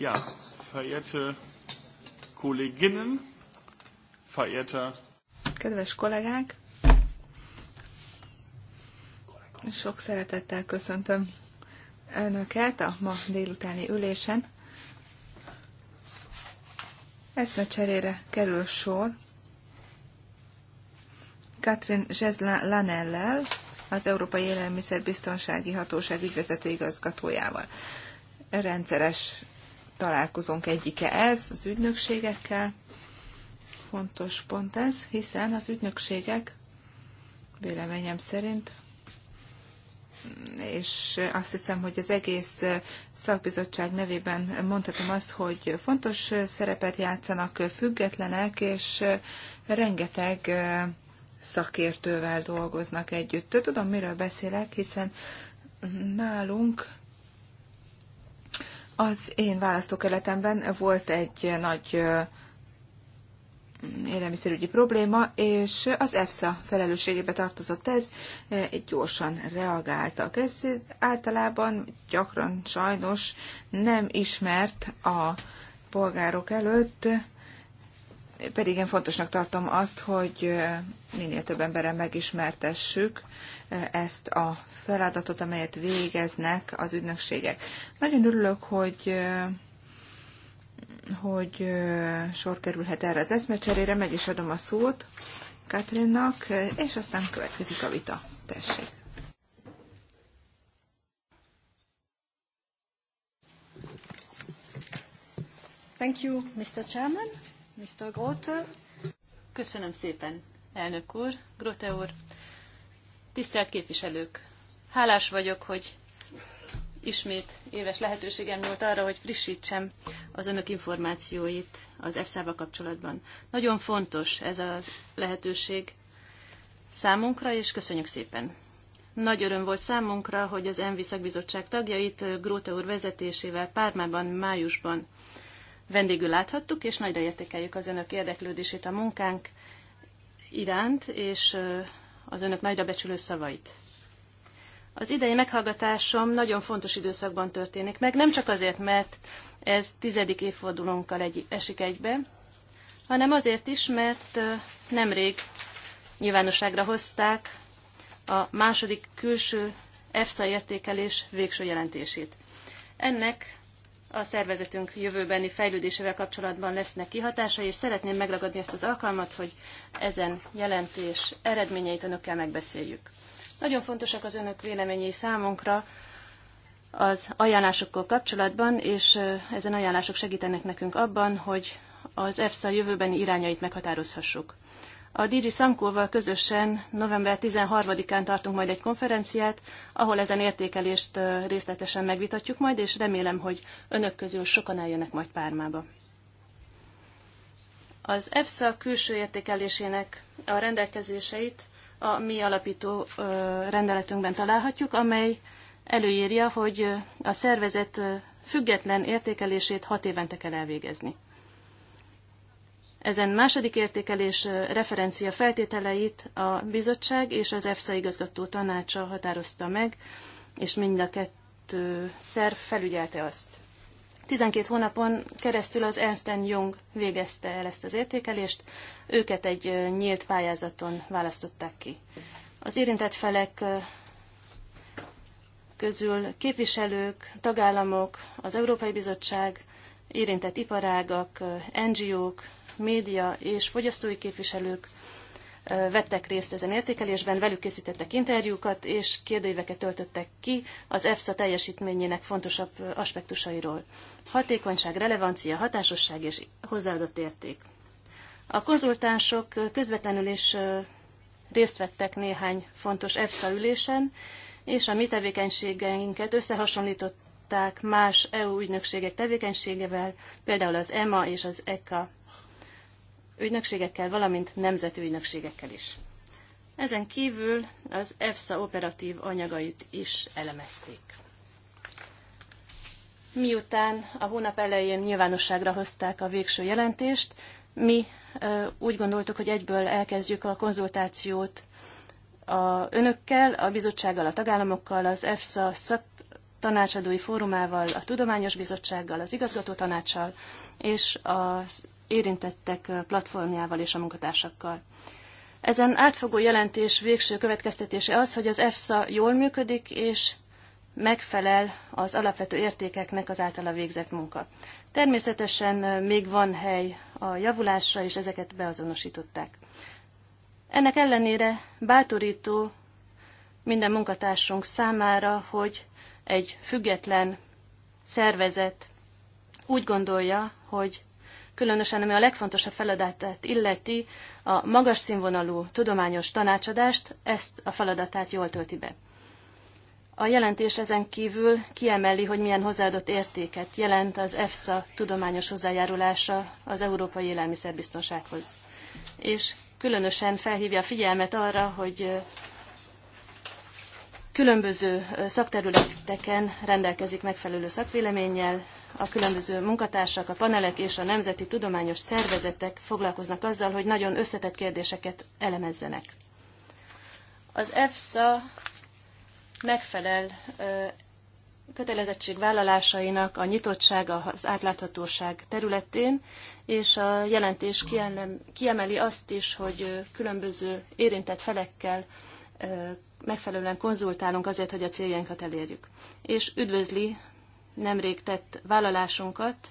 Ja, verehrte Kolleginnen, verehrter. Kedves kollégák, sok szeretettel köszöntöm Önöket a ma délutáni ülésen. Eszmecserére kerül sor Katrin Zsezla Lanellel, az Európai Élelmiszerbiztonsági Hatóság ügyvezető igazgatójával rendszeres találkozónk egyike ez, az ügynökségekkel. Fontos pont ez, hiszen az ügynökségek véleményem szerint és azt hiszem, hogy az egész szakbizottság nevében mondhatom azt, hogy fontos szerepet játszanak, függetlenek, és rengeteg szakértővel dolgoznak együtt. Tudom, miről beszélek, hiszen nálunk az én választókerületemben volt egy nagy élelmiszerügyi probléma, és az EFSA felelősségébe tartozott ez, egy gyorsan reagáltak. Ez általában gyakran sajnos nem ismert a polgárok előtt, pedig én fontosnak tartom azt, hogy minél több emberen megismertessük ezt a feladatot, amelyet végeznek az ügynökségek. Nagyon örülök, hogy hogy sor kerülhet erre az eszmecserére, meg is adom a szót Katrinnak, és aztán következik a vita. Tessék! Thank you, Mr. Chairman, Mr. Grote. Köszönöm szépen, elnök úr, Grote úr. Tisztelt képviselők! Hálás vagyok, hogy ismét éves lehetőségem volt arra, hogy frissítsem az önök információit az EFSA-val kapcsolatban. Nagyon fontos ez a lehetőség számunkra, és köszönjük szépen. Nagy öröm volt számunkra, hogy az ENVI szakbizottság tagjait Gróta úr vezetésével Pármában májusban vendégül láthattuk, és nagyra értékeljük az önök érdeklődését a munkánk iránt, és az önök nagyra becsülő szavait. Az idei meghallgatásom nagyon fontos időszakban történik meg, nem csak azért, mert ez tizedik évfordulónkkal egy, esik egybe, hanem azért is, mert nemrég nyilvánosságra hozták a második külső EFSA értékelés végső jelentését. Ennek a szervezetünk jövőbeni fejlődésével kapcsolatban lesznek kihatásai, és szeretném megragadni ezt az alkalmat, hogy ezen jelentés eredményeit önökkel megbeszéljük. Nagyon fontosak az önök véleményei számunkra az ajánlásokkal kapcsolatban, és ezen ajánlások segítenek nekünk abban, hogy az EFSA jövőbeni irányait meghatározhassuk. A DG Sankóval közösen november 13-án tartunk majd egy konferenciát, ahol ezen értékelést részletesen megvitatjuk majd, és remélem, hogy önök közül sokan eljönnek majd Pármába. Az EFSA külső értékelésének a rendelkezéseit a mi alapító rendeletünkben találhatjuk, amely előírja, hogy a szervezet független értékelését hat évente kell elvégezni. Ezen második értékelés referencia feltételeit a bizottság és az EFSA igazgató tanácsa határozta meg, és mind a kettő szerv felügyelte azt. 12 hónapon keresztül az Ernst Young végezte el ezt az értékelést, őket egy nyílt pályázaton választották ki. Az érintett felek közül képviselők, tagállamok, az Európai Bizottság, érintett iparágak, NGO-k, média és fogyasztói képviselők vettek részt ezen értékelésben, velük készítettek interjúkat, és kérdőíveket töltöttek ki az EFSA teljesítményének fontosabb aspektusairól. Hatékonyság, relevancia, hatásosság és hozzáadott érték. A konzultánsok közvetlenül is részt vettek néhány fontos EFSA ülésen, és a mi tevékenységeinket összehasonlították más EU ügynökségek tevékenységevel, például az EMA és az ECA ügynökségekkel, valamint nemzeti ügynökségekkel is. Ezen kívül az EFSA operatív anyagait is elemezték. Miután a hónap elején nyilvánosságra hozták a végső jelentést, mi úgy gondoltuk, hogy egyből elkezdjük a konzultációt a önökkel, a bizottsággal, a tagállamokkal, az EFSA szaktanácsadói fórumával, a tudományos bizottsággal, az igazgató tanácssal és az érintettek platformjával és a munkatársakkal. Ezen átfogó jelentés végső következtetése az, hogy az EFSA jól működik, és megfelel az alapvető értékeknek az általa végzett munka. Természetesen még van hely a javulásra, és ezeket beazonosították. Ennek ellenére bátorító minden munkatársunk számára, hogy egy független szervezet úgy gondolja, hogy különösen ami a legfontosabb feladatát illeti, a magas színvonalú tudományos tanácsadást, ezt a feladatát jól tölti be. A jelentés ezen kívül kiemeli, hogy milyen hozzáadott értéket jelent az EFSA tudományos hozzájárulása az európai élelmiszerbiztonsághoz. És különösen felhívja a figyelmet arra, hogy különböző szakterületeken rendelkezik megfelelő szakvéleménnyel, a különböző munkatársak, a panelek és a nemzeti tudományos szervezetek foglalkoznak azzal, hogy nagyon összetett kérdéseket elemezzenek. Az EFSA megfelel kötelezettségvállalásainak a nyitottság, az átláthatóság területén, és a jelentés kiemeli azt is, hogy különböző érintett felekkel megfelelően konzultálunk azért, hogy a céljainkat elérjük. És üdvözli nemrég tett vállalásunkat,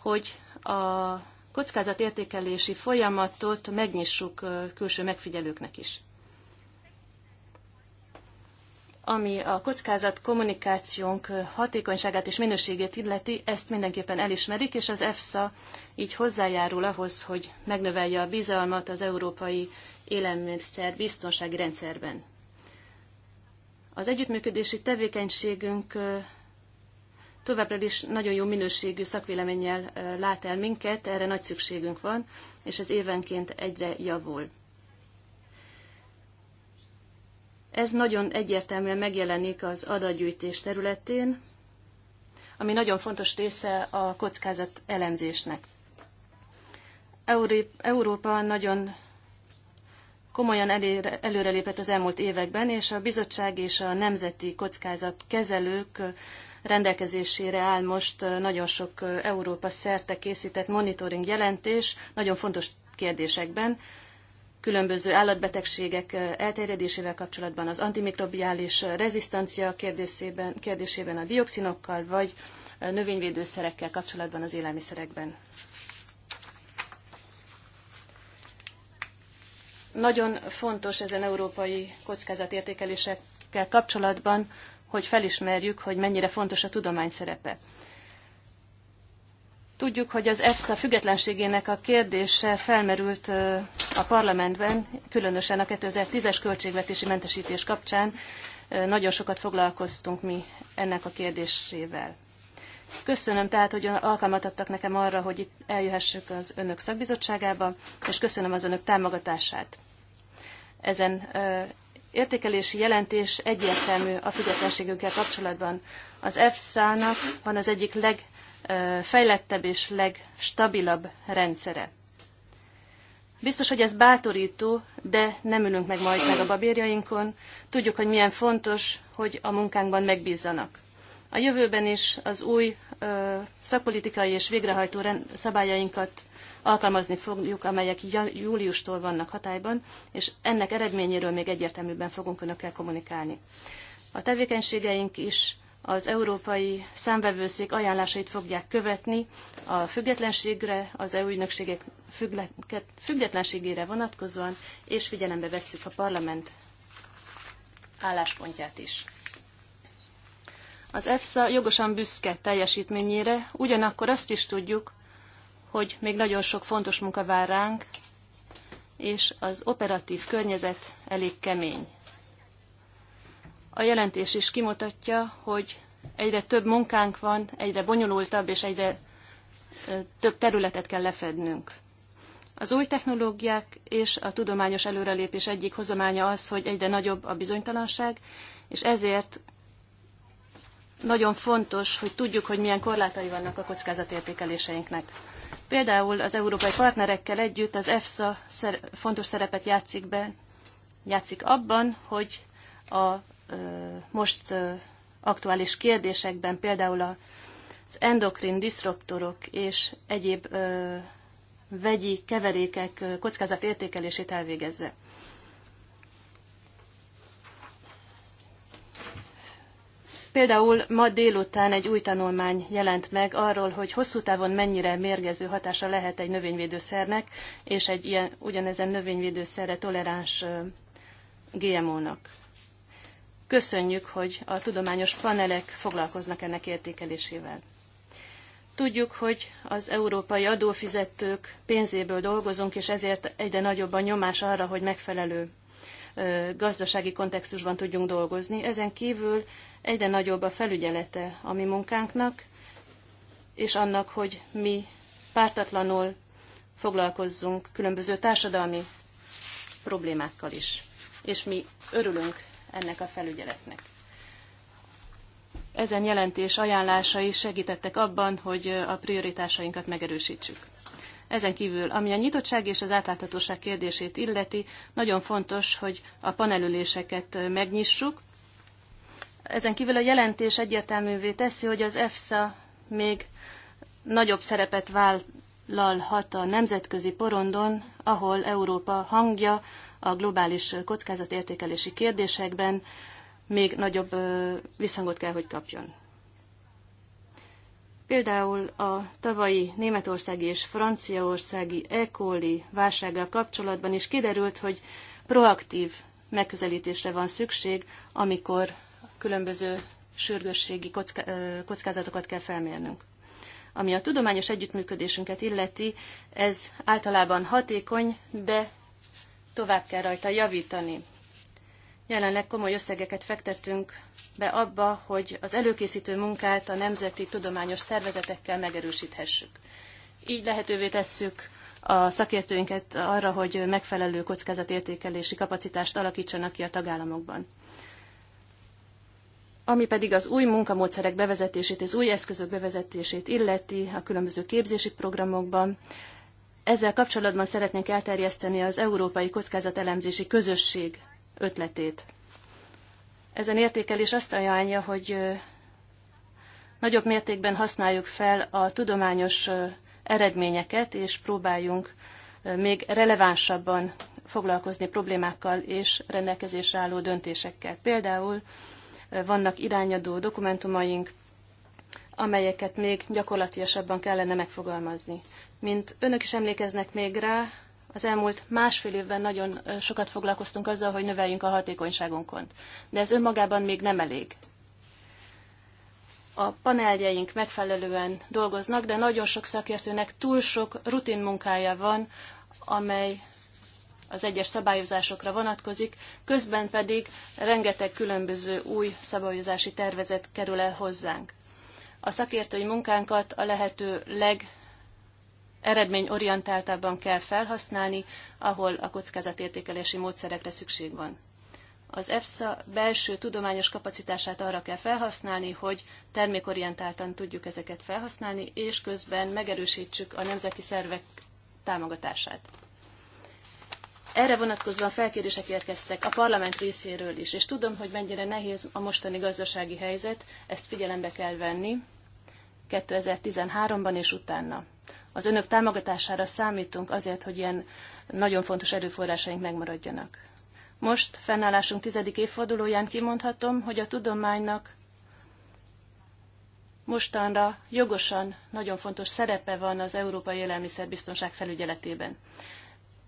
hogy a kockázatértékelési folyamatot megnyissuk külső megfigyelőknek is. Ami a kockázat kommunikációnk hatékonyságát és minőségét illeti, ezt mindenképpen elismerik, és az EFSA így hozzájárul ahhoz, hogy megnövelje a bizalmat az európai élelmiszer biztonsági rendszerben. Az együttműködési tevékenységünk továbbra is nagyon jó minőségű szakvéleménnyel lát el minket, erre nagy szükségünk van, és ez évenként egyre javul. Ez nagyon egyértelműen megjelenik az adatgyűjtés területén, ami nagyon fontos része a kockázat elemzésnek. Európa nagyon komolyan elére, előrelépett az elmúlt években, és a bizottság és a nemzeti kockázatkezelők rendelkezésére áll most nagyon sok Európa szerte készített monitoring jelentés, nagyon fontos kérdésekben, különböző állatbetegségek elterjedésével kapcsolatban, az antimikrobiális rezisztancia kérdésében, kérdésében a dioxinokkal, vagy növényvédőszerekkel kapcsolatban az élelmiszerekben. Nagyon fontos ezen európai kockázatértékelésekkel kapcsolatban, hogy felismerjük, hogy mennyire fontos a tudomány szerepe. Tudjuk, hogy az EFSA függetlenségének a kérdése felmerült a parlamentben, különösen a 2010-es költségvetési mentesítés kapcsán. Nagyon sokat foglalkoztunk mi ennek a kérdésével. Köszönöm tehát, hogy alkalmat adtak nekem arra, hogy itt eljöhessük az önök szakbizottságába, és köszönöm az önök támogatását. Ezen ö, értékelési jelentés egyértelmű a függetlenségünkkel kapcsolatban. Az EFSA-nak van az egyik legfejlettebb és legstabilabb rendszere. Biztos, hogy ez bátorító, de nem ülünk meg majd meg a babérjainkon. Tudjuk, hogy milyen fontos, hogy a munkánkban megbízzanak. A jövőben is az új ö, szakpolitikai és végrehajtó rend, szabályainkat alkalmazni fogjuk, amelyek júliustól vannak hatályban, és ennek eredményéről még egyértelműbben fogunk önökkel kommunikálni. A tevékenységeink is az európai számvevőszék ajánlásait fogják követni a függetlenségre, az EU ügynökségek függetlenségére vonatkozóan, és figyelembe vesszük a parlament álláspontját is. Az EFSA jogosan büszke teljesítményére, ugyanakkor azt is tudjuk, hogy még nagyon sok fontos munka vár ránk, és az operatív környezet elég kemény. A jelentés is kimutatja, hogy egyre több munkánk van, egyre bonyolultabb és egyre több területet kell lefednünk. Az új technológiák és a tudományos előrelépés egyik hozománya az, hogy egyre nagyobb a bizonytalanság, és ezért nagyon fontos, hogy tudjuk, hogy milyen korlátai vannak a kockázatértékeléseinknek. Például az európai partnerekkel együtt az EFSA fontos szerepet játszik be, játszik abban, hogy a most aktuális kérdésekben, például az endokrin diszruptorok és egyéb vegyi keverékek kockázatértékelését elvégezze. Például ma délután egy új tanulmány jelent meg arról, hogy hosszú távon mennyire mérgező hatása lehet egy növényvédőszernek, és egy ilyen, ugyanezen növényvédőszerre toleráns GMO-nak. Köszönjük, hogy a tudományos panelek foglalkoznak ennek értékelésével. Tudjuk, hogy az európai adófizetők pénzéből dolgozunk, és ezért egyre nagyobb a nyomás arra, hogy megfelelő gazdasági kontextusban tudjunk dolgozni. Ezen kívül egyre nagyobb a felügyelete a mi munkánknak, és annak, hogy mi pártatlanul foglalkozzunk különböző társadalmi problémákkal is. És mi örülünk ennek a felügyeletnek. Ezen jelentés ajánlásai segítettek abban, hogy a prioritásainkat megerősítsük. Ezen kívül, ami a nyitottság és az átláthatóság kérdését illeti, nagyon fontos, hogy a panelüléseket megnyissuk, ezen kívül a jelentés egyértelművé teszi, hogy az EFSA még nagyobb szerepet vállalhat a nemzetközi porondon, ahol Európa hangja a globális kockázatértékelési kérdésekben még nagyobb visszhangot kell, hogy kapjon. Például a tavalyi németországi és franciaországi EKOLI válsággal kapcsolatban is kiderült, hogy proaktív megközelítésre van szükség, amikor különböző sürgősségi kocká, kockázatokat kell felmérnünk. Ami a tudományos együttműködésünket illeti, ez általában hatékony, de tovább kell rajta javítani. Jelenleg komoly összegeket fektettünk be abba, hogy az előkészítő munkát a nemzeti tudományos szervezetekkel megerősíthessük. Így lehetővé tesszük a szakértőinket arra, hogy megfelelő kockázatértékelési kapacitást alakítsanak ki a tagállamokban. Ami pedig az új munkamódszerek bevezetését, az új eszközök bevezetését illeti a különböző képzési programokban, ezzel kapcsolatban szeretnénk elterjeszteni az Európai Kockázatelemzési Közösség ötletét. Ezen értékelés azt ajánlja, hogy nagyobb mértékben használjuk fel a tudományos eredményeket, és próbáljunk még relevánsabban foglalkozni problémákkal és rendelkezésre álló döntésekkel. Például vannak irányadó dokumentumaink, amelyeket még gyakorlatilasabban kellene megfogalmazni. Mint önök is emlékeznek még rá, az elmúlt másfél évben nagyon sokat foglalkoztunk azzal, hogy növeljünk a hatékonyságunkon. De ez önmagában még nem elég. A paneljeink megfelelően dolgoznak, de nagyon sok szakértőnek túl sok rutin munkája van, amely az egyes szabályozásokra vonatkozik, közben pedig rengeteg különböző új szabályozási tervezet kerül el hozzánk. A szakértői munkánkat a lehető legeredményorientáltabban kell felhasználni, ahol a kockázatértékelési módszerekre szükség van. Az EFSA belső tudományos kapacitását arra kell felhasználni, hogy termékorientáltan tudjuk ezeket felhasználni, és közben megerősítsük a nemzeti szervek támogatását. Erre vonatkozóan felkérések érkeztek a parlament részéről is, és tudom, hogy mennyire nehéz a mostani gazdasági helyzet, ezt figyelembe kell venni 2013-ban és utána. Az önök támogatására számítunk azért, hogy ilyen nagyon fontos erőforrásaink megmaradjanak. Most, fennállásunk tizedik évfordulóján kimondhatom, hogy a tudománynak mostanra jogosan nagyon fontos szerepe van az európai élelmiszerbiztonság felügyeletében.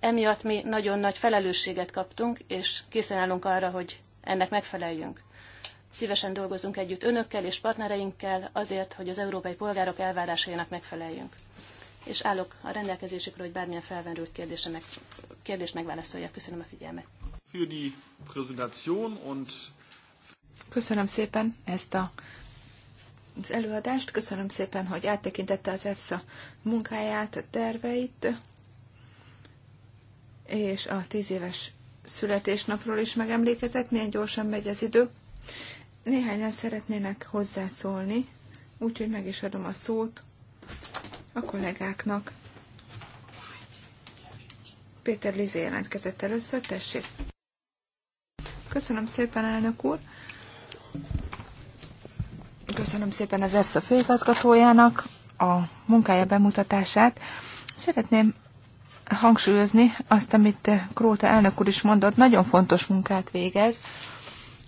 Emiatt mi nagyon nagy felelősséget kaptunk, és készen állunk arra, hogy ennek megfeleljünk. Szívesen dolgozunk együtt önökkel és partnereinkkel azért, hogy az európai polgárok elvárásainak megfeleljünk. És állok a rendelkezésükre, hogy bármilyen felvenrült kérdése meg, kérdést megválaszoljak. Köszönöm a figyelmet. Köszönöm szépen ezt a, az előadást, köszönöm szépen, hogy áttekintette az EFSA munkáját, a terveit és a tíz éves születésnapról is megemlékezett, milyen gyorsan megy az idő. Néhányan szeretnének hozzászólni, úgyhogy meg is adom a szót a kollégáknak. Péter Lizé jelentkezett először, tessék. Köszönöm szépen, elnök úr. Köszönöm szépen az EFSA főigazgatójának a munkája bemutatását. Szeretném hangsúlyozni azt, amit Króta elnök úr is mondott, nagyon fontos munkát végez,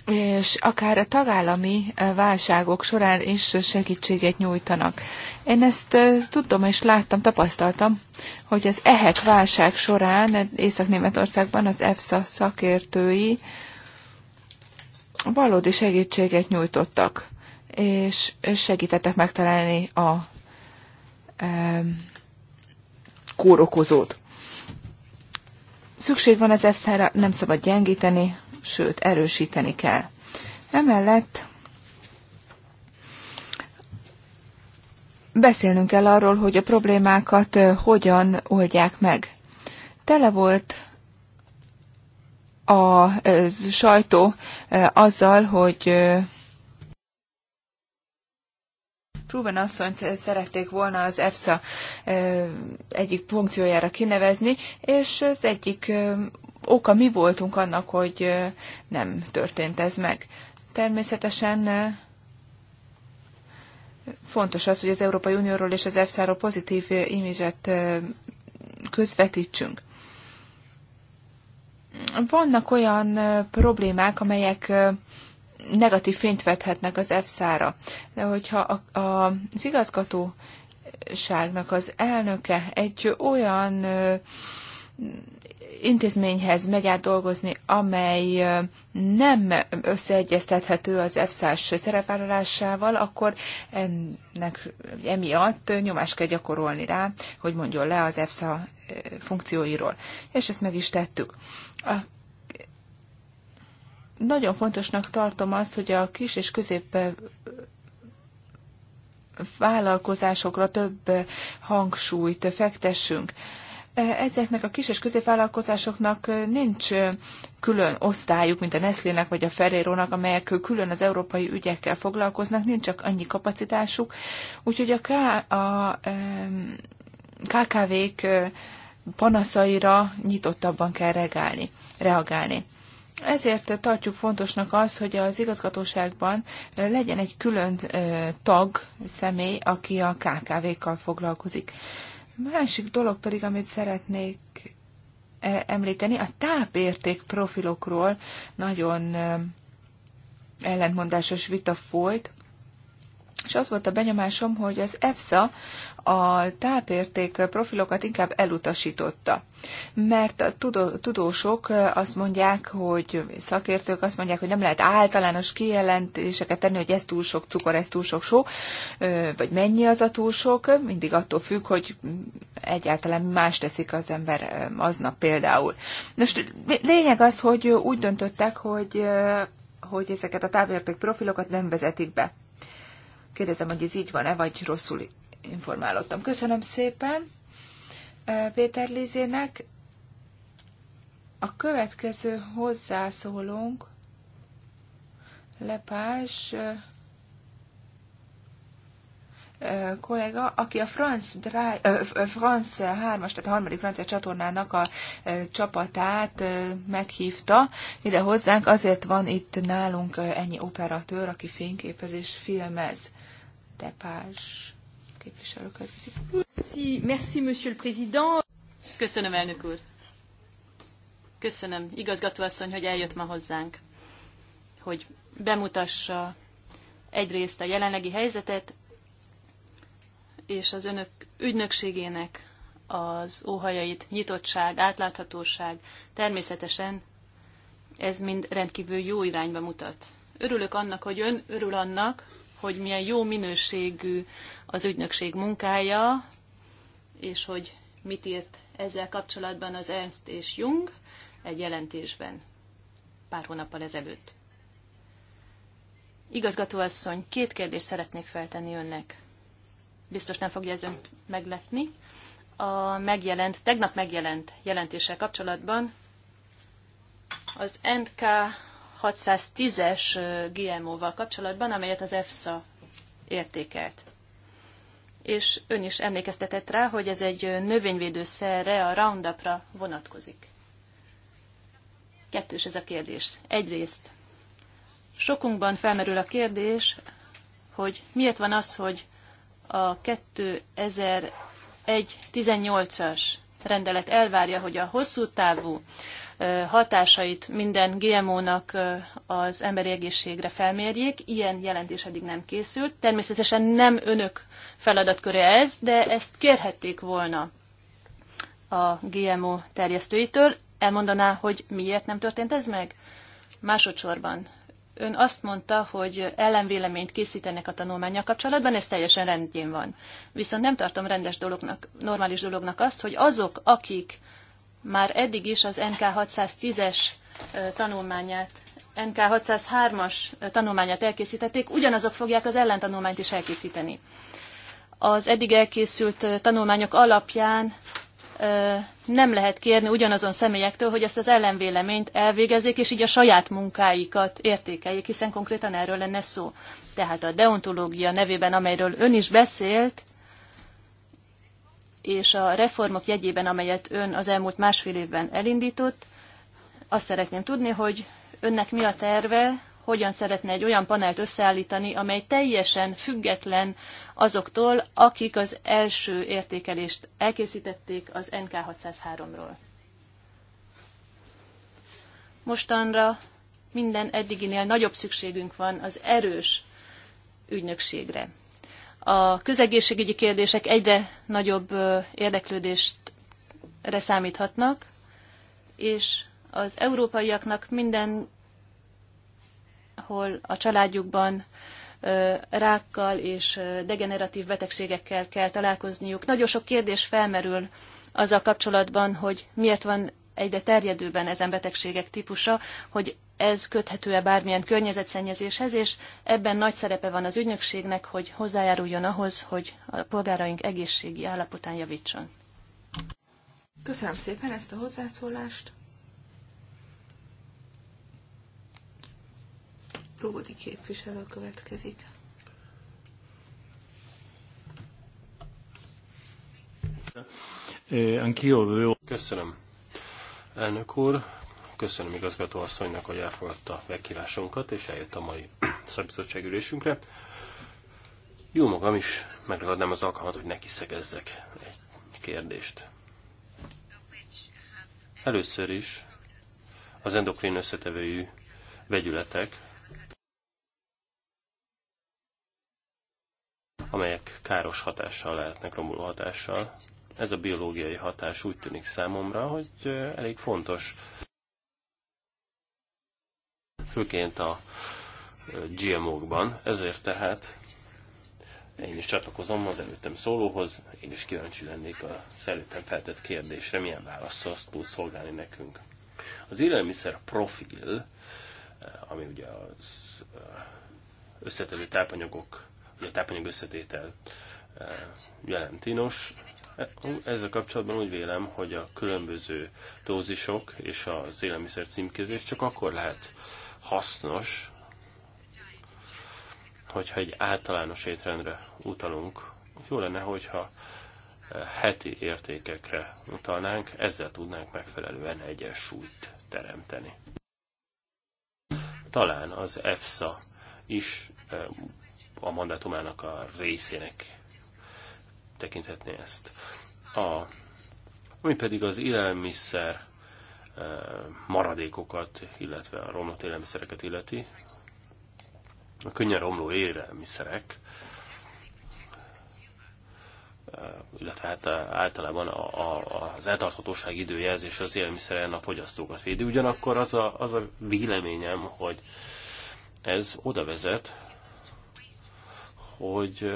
és akár a tagállami eh, válságok során is segítséget nyújtanak. Én ezt eh, tudom és láttam, tapasztaltam, hogy az EHEC válság során Észak-Németországban az EFSA szakértői valódi segítséget nyújtottak, és segítettek megtalálni a kórokozót. Szükség van az efsz ra nem szabad gyengíteni, sőt, erősíteni kell. Emellett beszélnünk kell arról, hogy a problémákat hogyan oldják meg. Tele volt a sajtó azzal, hogy Ruben asszonyt eh, szerették volna az EFSA eh, egyik funkciójára kinevezni, és az egyik eh, oka mi voltunk annak, hogy nem történt ez meg. Természetesen fontos az, hogy az Európai Unióról és az EFSA-ról pozitív imidzset közvetítsünk. Vannak olyan problémák, amelyek negatív fényt vethetnek az efsz ra De hogyha a, a, az igazgatóságnak az elnöke egy olyan ö, intézményhez megy át dolgozni, amely nem összeegyeztethető az efsz s szerepvállalásával, akkor ennek emiatt nyomást kell gyakorolni rá, hogy mondjon le az EFSA funkcióiról. És ezt meg is tettük. A nagyon fontosnak tartom azt, hogy a kis és közép vállalkozásokra több hangsúlyt fektessünk. Ezeknek a kis és középvállalkozásoknak nincs külön osztályuk, mint a Nestlének vagy a Ferrerónak, amelyek külön az európai ügyekkel foglalkoznak, nincs csak annyi kapacitásuk. Úgyhogy a, K, a KKV-k panaszaira nyitottabban kell reagálni, reagálni. Ezért tartjuk fontosnak az, hogy az igazgatóságban legyen egy külön tag, személy, aki a KKV-kkal foglalkozik. Másik dolog pedig, amit szeretnék e, említeni, a tápérték profilokról nagyon ellentmondásos vita folyt, és az volt a benyomásom, hogy az EFSA a tápérték profilokat inkább elutasította. Mert a tudósok azt mondják, hogy szakértők azt mondják, hogy nem lehet általános kijelentéseket tenni, hogy ez túl sok cukor, ez túl sok só, vagy mennyi az a túl sok, mindig attól függ, hogy egyáltalán más teszik az ember aznap például. Most lényeg az, hogy úgy döntöttek, hogy, hogy ezeket a tápérték profilokat nem vezetik be. Kérdezem, hogy ez így van-e, vagy rosszul informálottam Köszönöm szépen eh, Péter Lizének. A következő hozzászólónk Lepás eh, eh, kollega, aki a France, Dry, France 3-as, tehát a harmadik francia csatornának a csapatát meghívta ide hozzánk, azért van itt nálunk ennyi operatőr, aki fényképez és filmez. Depás képviselő következik. Merci, merci, monsieur le président. Köszönöm, elnök úr. Köszönöm, igazgatóasszony, hogy eljött ma hozzánk, hogy bemutassa egyrészt a jelenlegi helyzetet, és az önök ügynökségének az óhajait, nyitottság, átláthatóság, természetesen ez mind rendkívül jó irányba mutat. Örülök annak, hogy ön örül annak, hogy milyen jó minőségű az ügynökség munkája, és hogy mit írt ezzel kapcsolatban az Ernst és Jung egy jelentésben pár hónappal ezelőtt. Igazgatóasszony, két kérdést szeretnék feltenni önnek. Biztos nem fogja ez önt meglepni. A megjelent, tegnap megjelent jelentéssel kapcsolatban az NK 610-es GMO-val kapcsolatban, amelyet az EFSA értékelt. És ön is emlékeztetett rá, hogy ez egy növényvédőszerre, a Roundupra vonatkozik. Kettős ez a kérdés. Egyrészt sokunkban felmerül a kérdés, hogy miért van az, hogy a 2001-18-as rendelet elvárja, hogy a hosszú távú hatásait minden GMO-nak az emberi egészségre felmérjék. Ilyen jelentés eddig nem készült. Természetesen nem önök feladatköre ez, de ezt kérhették volna a GMO terjesztőitől. Elmondaná, hogy miért nem történt ez meg? Másodszorban ön azt mondta, hogy ellenvéleményt készítenek a tanulmánya kapcsolatban, ez teljesen rendjén van. Viszont nem tartom rendes dolognak, normális dolognak azt, hogy azok, akik már eddig is az NK 610-es tanulmányát, NK 603-as tanulmányát elkészítették, ugyanazok fogják az ellentanulmányt is elkészíteni. Az eddig elkészült tanulmányok alapján nem lehet kérni ugyanazon személyektől, hogy ezt az ellenvéleményt elvégezzék, és így a saját munkáikat értékeljék, hiszen konkrétan erről lenne szó. Tehát a deontológia nevében, amelyről ön is beszélt, és a reformok jegyében, amelyet ön az elmúlt másfél évben elindított, azt szeretném tudni, hogy önnek mi a terve, hogyan szeretne egy olyan panelt összeállítani, amely teljesen független azoktól, akik az első értékelést elkészítették az NK603-ról. Mostanra minden eddiginél nagyobb szükségünk van az erős ügynökségre a közegészségügyi kérdések egyre nagyobb érdeklődést számíthatnak, és az európaiaknak mindenhol a családjukban rákkal és degeneratív betegségekkel kell találkozniuk. Nagyon sok kérdés felmerül azzal kapcsolatban, hogy miért van egyre terjedőben ezen betegségek típusa, hogy ez köthető-e bármilyen környezetszennyezéshez, és ebben nagy szerepe van az ügynökségnek, hogy hozzájáruljon ahhoz, hogy a polgáraink egészségi állapotán javítson. Köszönöm szépen ezt a hozzászólást. Ródi képviselő következik. Köszönöm. Elnök úr, Köszönöm igazgató asszonynak, hogy elfogadta megkívásunkat, és eljött a mai szakbizottság ülésünkre. Jó magam is megragadnám az alkalmat, hogy neki szegezzek egy kérdést. Először is az endokrin összetevőjű vegyületek, amelyek káros hatással lehetnek, romuló hatással. Ez a biológiai hatás úgy tűnik számomra, hogy eh, elég fontos főként a GMO-kban. Ezért tehát én is csatlakozom az előttem szólóhoz, én is kíváncsi lennék a előttem feltett kérdésre, milyen válaszol tud szolgálni nekünk. Az élelmiszer profil, ami ugye az összetevő tápanyagok, vagy a tápanyag összetétel jelenti. Nos, ezzel kapcsolatban úgy vélem, hogy a különböző dózisok és az élelmiszer címkézés csak akkor lehet hasznos, hogyha egy általános étrendre utalunk. Jó lenne, hogyha eh, heti értékekre utalnánk, ezzel tudnánk megfelelően egyensúlyt teremteni. Talán az EFSA is eh, a mandátumának a részének tekinthetné ezt. A, ami pedig az élelmiszer maradékokat, illetve a romlott élelmiszereket illeti. A könnyen romló élelmiszerek, illetve hát általában a, a, az eltarthatóság időjelzés az élelmiszeren a fogyasztókat védi. Ugyanakkor az a, az a véleményem, hogy ez oda vezet, hogy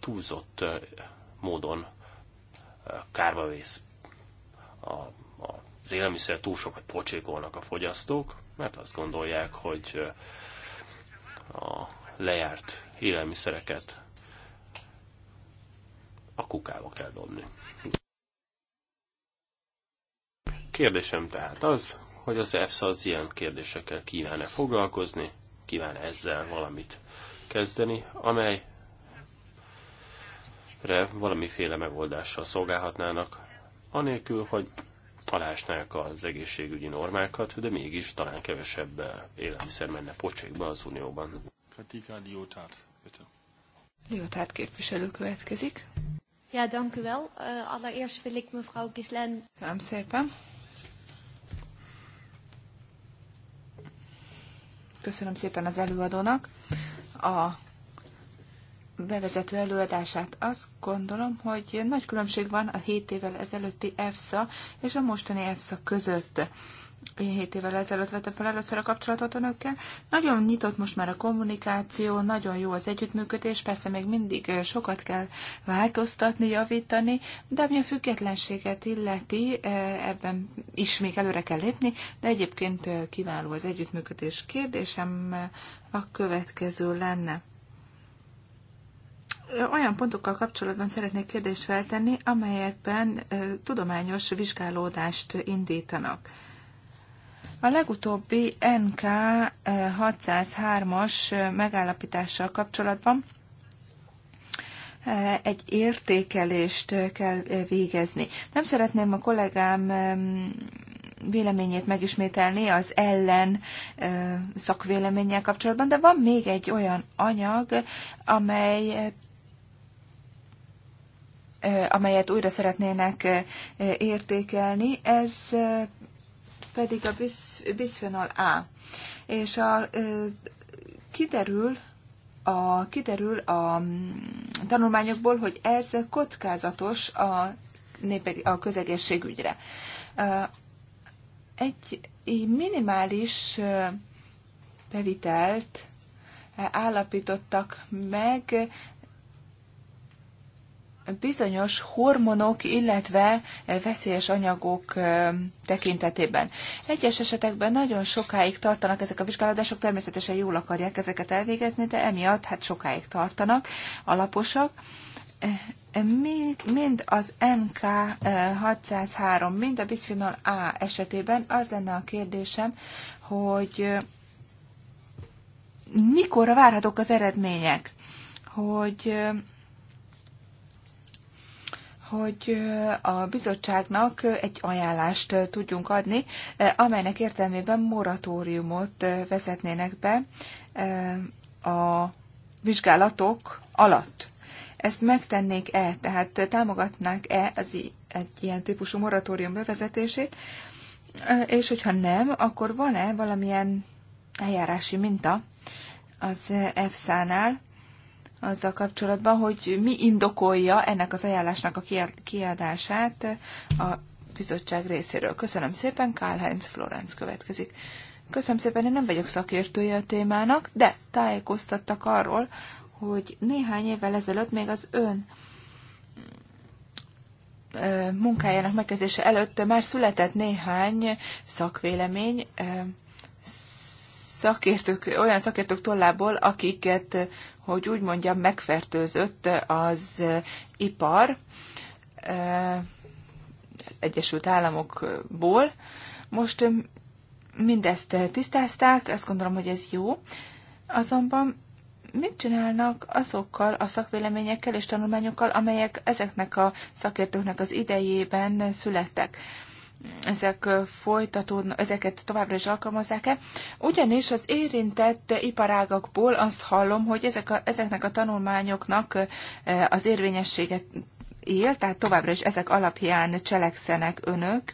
túlzott módon kárba vész a az élelmiszer túl sokat pocsékolnak a fogyasztók, mert azt gondolják, hogy a lejárt élelmiszereket a kukába kell dobni. Kérdésem tehát az, hogy az EFSA az ilyen kérdésekkel kíván-e foglalkozni, kíván ezzel valamit kezdeni, amely valamiféle megoldással szolgálhatnának, anélkül, hogy alásnák az egészségügyi normákat, de mégis talán kevesebb élelmiszer menne pocsékba az Unióban. Katika Diótát, bitte. Diótát képviselő következik. Ja, dank u wel. Uh, allereerst wil ik mevrouw Gislen... Köszönöm szépen. Köszönöm szépen az előadónak a bevezető előadását. Azt gondolom, hogy nagy különbség van a 7 évvel ezelőtti EFSA és a mostani EFSA között. Én 7 évvel ezelőtt vettem fel először a kapcsolatot önökkel. Nagyon nyitott most már a kommunikáció, nagyon jó az együttműködés, persze még mindig sokat kell változtatni, javítani, de ami a függetlenséget illeti, e, ebben is még előre kell lépni, de egyébként e, kiváló az együttműködés kérdésem e, a következő lenne olyan pontokkal kapcsolatban szeretnék kérdést feltenni, amelyekben tudományos vizsgálódást indítanak. A legutóbbi NK 603-as megállapítással kapcsolatban egy értékelést kell végezni. Nem szeretném a kollégám véleményét megismételni az ellen szakvéleménnyel kapcsolatban, de van még egy olyan anyag, amelyet Eh, amelyet újra szeretnének eh, értékelni, ez eh, pedig a bisphenol A. És a, kiderül, a, kiderül a mm, tanulmányokból, hogy ez kockázatos a, a közegészségügyre. Egy minimális bevitelt állapítottak meg, bizonyos hormonok, illetve eh, veszélyes anyagok eh, tekintetében. Egyes esetekben nagyon sokáig tartanak ezek a vizsgálatok. természetesen jól akarják ezeket elvégezni, de emiatt hát sokáig tartanak, alaposak. Eh, mind az NK603, mind a bisphenol A esetében az lenne a kérdésem, hogy mikor várhatók az eredmények, hogy hogy a bizottságnak egy ajánlást tudjunk adni, amelynek értelmében moratóriumot vezetnének be a vizsgálatok alatt. Ezt megtennék-e, tehát támogatnák-e az egy ilyen típusú moratórium bevezetését, és hogyha nem, akkor van-e valamilyen eljárási minta az EFSA-nál, azzal kapcsolatban, hogy mi indokolja ennek az ajánlásnak a kiadását a bizottság részéről. Köszönöm szépen, Karl-Heinz Florenz következik. Köszönöm szépen, én nem vagyok szakértője a témának, de tájékoztattak arról, hogy néhány évvel ezelőtt még az ön munkájának megkezdése előtt már született néhány szakvélemény szakértők, olyan szakértők tollából, akiket, hogy úgy mondjam, megfertőzött az ipar eh, az Egyesült Államokból. Most mindezt tisztázták, azt gondolom, hogy ez jó. Azonban mit csinálnak azokkal a szakvéleményekkel és tanulmányokkal, amelyek ezeknek a szakértőknek az idejében születtek? ezek folytatódnak, ezeket továbbra is alkalmazzák-e. Ugyanis az érintett iparágakból azt hallom, hogy ezek a, ezeknek a tanulmányoknak az érvényességet él, tehát továbbra is ezek alapján cselekszenek önök.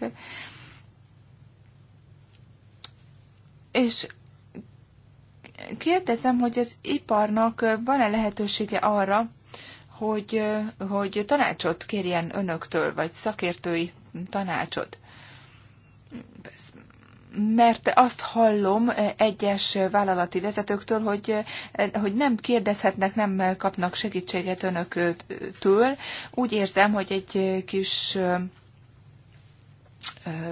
És kérdezem, hogy az iparnak van-e lehetősége arra, hogy, hogy tanácsot kérjen önöktől, vagy szakértői tanácsot? mert azt hallom eh, egyes vállalati vezetőktől, hogy, eh, hogy nem kérdezhetnek, nem kapnak segítséget önöktől. Úgy érzem, hogy egy kis eh,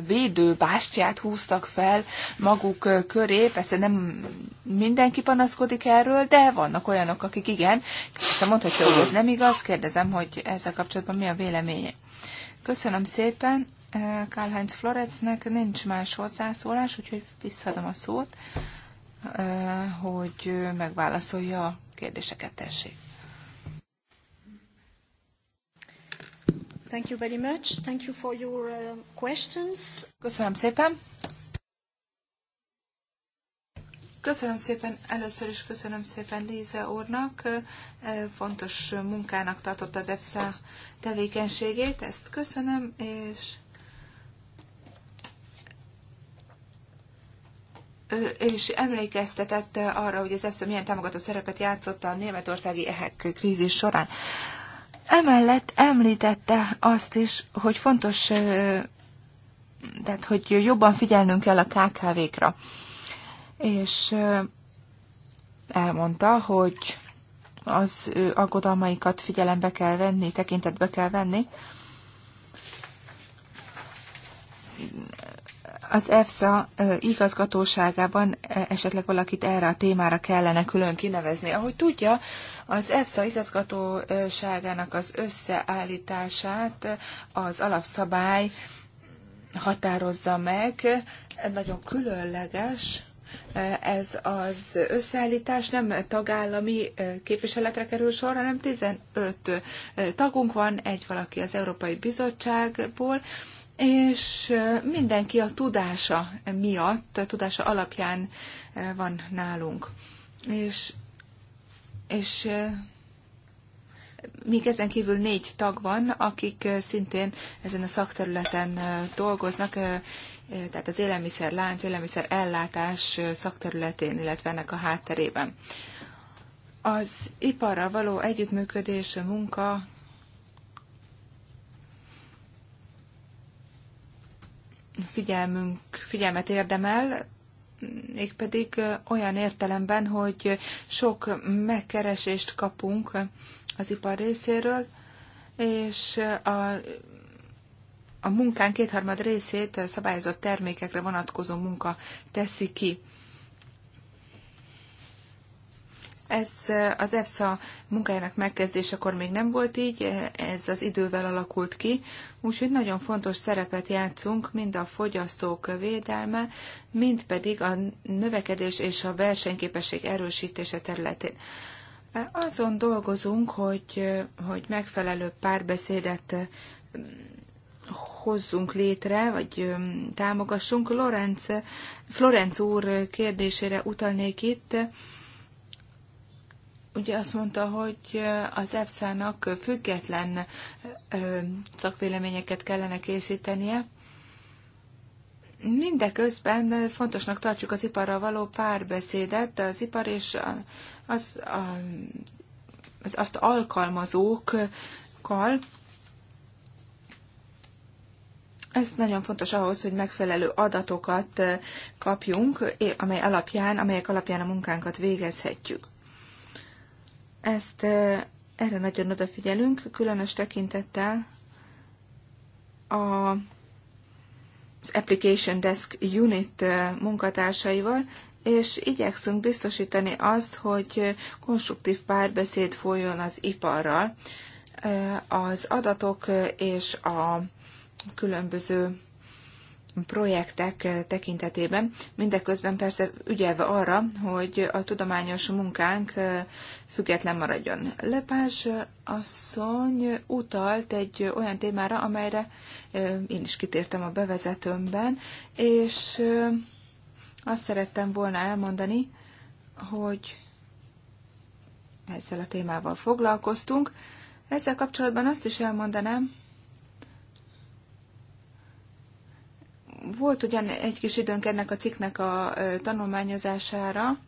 védőbástyát húztak fel maguk köré. Persze nem mindenki panaszkodik erről, de vannak olyanok, akik igen. Persze mondhatja, hogy ez nem igaz. Kérdezem, hogy ezzel kapcsolatban mi a véleménye. Köszönöm szépen. Karl-Heinz nincs más hozzászólás, úgyhogy visszadom a szót, hogy megválaszolja a kérdéseket, tessék. Thank you very much. Thank you for your uh, questions. Köszönöm szépen. Köszönöm szépen, először is köszönöm szépen Líze úrnak. Fontos munkának tartott az EFSA tevékenységét, ezt köszönöm, és és emlékeztetett arra, hogy az EFSA milyen támogató szerepet játszott a németországi ehek krízis során. Emellett említette azt is, hogy fontos, tehát hogy jobban figyelnünk kell a KKV-kra. És elmondta, hogy az ő aggodalmaikat figyelembe kell venni, tekintetbe kell venni az EFSA igazgatóságában esetleg valakit erre a témára kellene külön kinevezni. Ahogy tudja, az EFSA igazgatóságának az összeállítását az alapszabály határozza meg. Nagyon különleges ez az összeállítás nem tagállami képviseletre kerül sor, hanem 15 tagunk van, egy valaki az Európai Bizottságból, és mindenki a tudása miatt, a tudása alapján van nálunk. És, és még ezen kívül négy tag van, akik szintén ezen a szakterületen dolgoznak, tehát az élelmiszerlánc, lánc, élelmiszer ellátás szakterületén, illetve ennek a hátterében. Az iparra való együttműködés, munka figyelmünk, figyelmet érdemel, mégpedig olyan értelemben, hogy sok megkeresést kapunk az ipar részéről, és a, a munkán kétharmad részét szabályozott termékekre vonatkozó munka teszi ki. Ez eh, az EFSA munkájának megkezdésekor még nem volt így, eh, ez az idővel alakult ki, úgyhogy nagyon fontos szerepet játszunk mind a fogyasztók védelme, mind pedig a növekedés és a versenyképesség erősítése területén. Eh, azon dolgozunk, hogy, hogy megfelelő párbeszédet hozzunk létre, vagy támogassunk. Lorenz, Florenc úr kérdésére utalnék itt, ugye azt mondta, hogy az EFSA-nak független szakvéleményeket kellene készítenie. Mindeközben fontosnak tartjuk az iparral való párbeszédet, az ipar és az, az azt alkalmazókkal. Ez nagyon fontos ahhoz, hogy megfelelő adatokat kapjunk, amely alapján, amelyek alapján a munkánkat végezhetjük. Ezt erre nagyon odafigyelünk, különös tekintettel a, az Application Desk Unit munkatársaival, és igyekszünk biztosítani azt, hogy konstruktív párbeszéd folyjon az iparral. Az adatok és a különböző projektek eh, tekintetében, mindeközben persze ügyelve arra, hogy a tudományos munkánk eh, független maradjon. Lepás eh, asszony utalt egy olyan témára, amelyre én is kitértem a bevezetőmben, és azt szerettem volna elmondani, hogy ezzel a témával foglalkoztunk. Ezzel kapcsolatban azt is elmondanám, Volt ugyan egy kis időnk ennek a cikknek a tanulmányozására,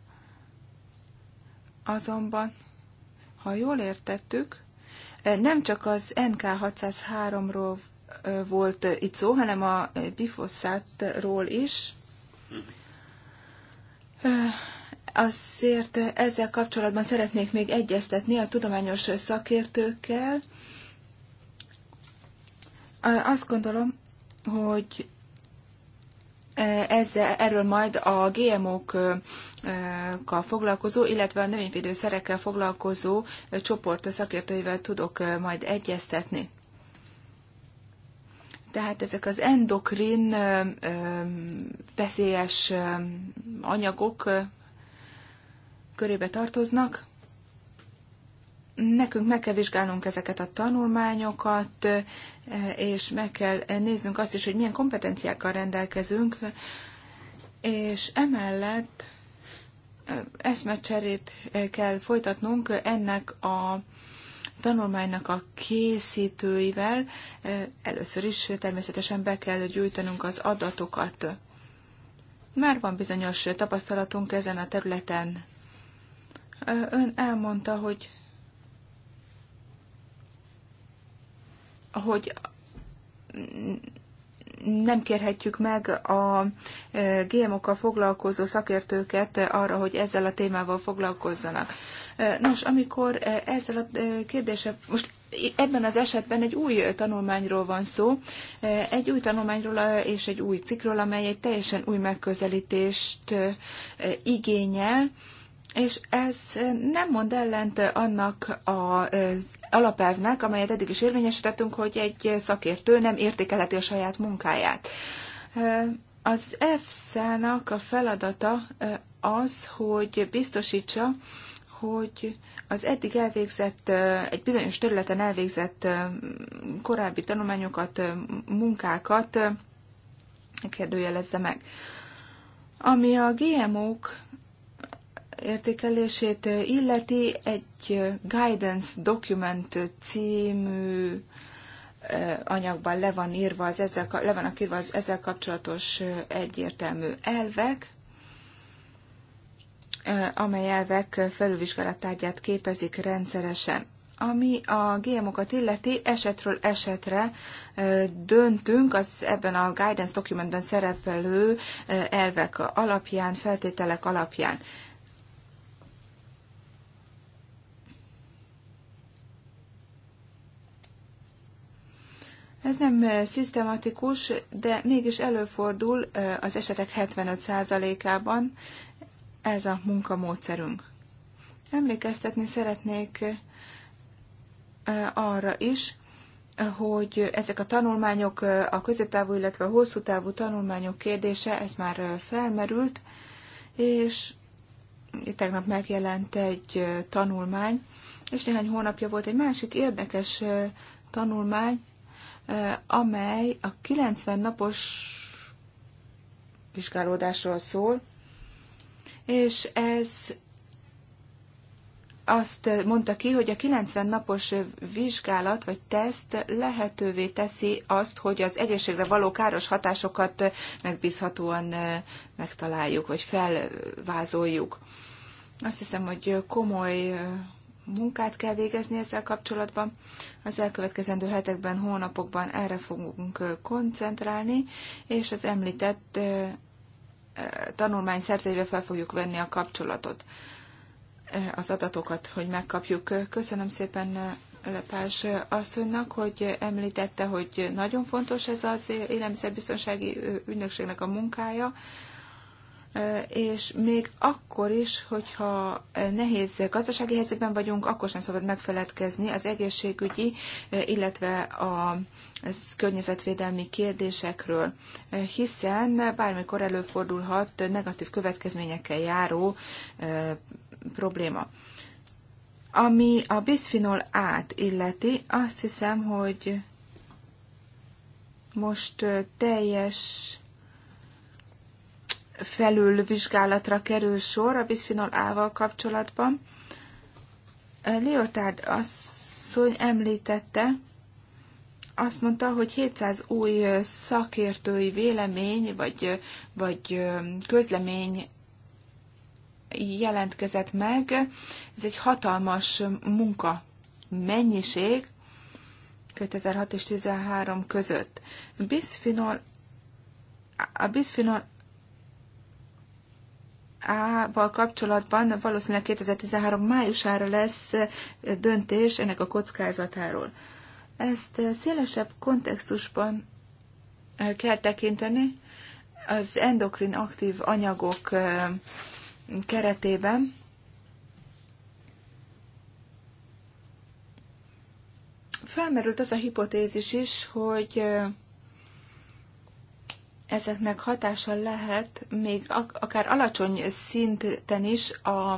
azonban, ha jól értettük, nem csak az NK603-ról volt itt szó, hanem a bifoszátról is. Azért ezzel kapcsolatban szeretnék még egyeztetni a tudományos szakértőkkel. Azt gondolom, hogy ezzel, erről majd a GMO-kkal foglalkozó, illetve a növényvédőszerekkel foglalkozó csoport szakértőivel tudok majd egyeztetni. Tehát ezek az endokrin veszélyes anyagok körébe tartoznak. Nekünk meg kell vizsgálnunk ezeket a tanulmányokat, és meg kell néznünk azt is, hogy milyen kompetenciákkal rendelkezünk, és emellett eszmecserét kell folytatnunk ennek a tanulmánynak a készítőivel. Először is természetesen be kell gyűjtenünk az adatokat. Már van bizonyos tapasztalatunk ezen a területen. Ön elmondta, hogy hogy nem kérhetjük meg a e, GMO-kkal foglalkozó szakértőket arra, hogy ezzel a témával foglalkozzanak. E, nos, amikor e, ezzel a kérdéssel, most ebben az esetben egy új tanulmányról van szó, egy új tanulmányról és egy új cikkről, amely egy teljesen új megközelítést igényel, és ez nem mond ellent annak az alapelvnek, amelyet eddig is érvényesítettünk, hogy egy szakértő nem értékelheti a saját munkáját. Az EFSA-nak a feladata az, hogy biztosítsa, hogy az eddig elvégzett, egy bizonyos területen elvégzett korábbi tanulmányokat, munkákat kérdőjelezze meg. Ami a GMO-k értékelését illeti, egy Guidance Document című anyagban le, van írva az ezzel, le vannak írva az ezzel kapcsolatos egyértelmű elvek, amely elvek felülvizsgálatárgyát képezik rendszeresen. Ami a GMO-kat illeti, esetről esetre döntünk az ebben a guidance dokumentben szerepelő elvek alapján, feltételek alapján. Ez nem szisztematikus, de mégis előfordul az esetek 75%-ában ez a munkamódszerünk. Emlékeztetni szeretnék arra is, hogy ezek a tanulmányok, a középtávú, illetve a hosszú távú tanulmányok kérdése, ez már felmerült, és tegnap megjelent egy tanulmány, és néhány hónapja volt egy másik érdekes tanulmány, Eh, amely a 90 napos vizsgálódásról szól, és ez azt mondta ki, hogy a 90 napos vizsgálat vagy teszt lehetővé teszi azt, hogy az egészségre való káros hatásokat megbízhatóan eh, megtaláljuk, vagy felvázoljuk. Azt hiszem, hogy komoly eh, munkát kell végezni ezzel kapcsolatban. Az elkövetkezendő hetekben, hónapokban erre fogunk koncentrálni, és az említett tanulmány szerzőjével fel fogjuk venni a kapcsolatot, az adatokat, hogy megkapjuk. Köszönöm szépen Lepás asszonynak, hogy említette, hogy nagyon fontos ez az élelmiszerbiztonsági ügynökségnek a munkája, és még akkor is, hogyha nehéz gazdasági helyzetben vagyunk, akkor sem szabad megfeledkezni az egészségügyi, illetve a környezetvédelmi kérdésekről, hiszen bármikor előfordulhat negatív következményekkel járó probléma. Ami a bisphenol át illeti, azt hiszem, hogy most teljes felülvizsgálatra kerül sor a bisphenol A-val kapcsolatban. Leotard asszony említette, azt mondta, hogy 700 új szakértői vélemény vagy, vagy közlemény jelentkezett meg. Ez egy hatalmas munka mennyiség 2006 és 2013 között. a bisphenol val kapcsolatban valószínűleg 2013 májusára lesz eh, döntés ennek a kockázatáról. Ezt eh, szélesebb kontextusban eh, kell tekinteni az endokrin aktív anyagok keretében. Felmerült az a hipotézis is, hogy ezeknek hatása lehet még akár alacsony szinten is a,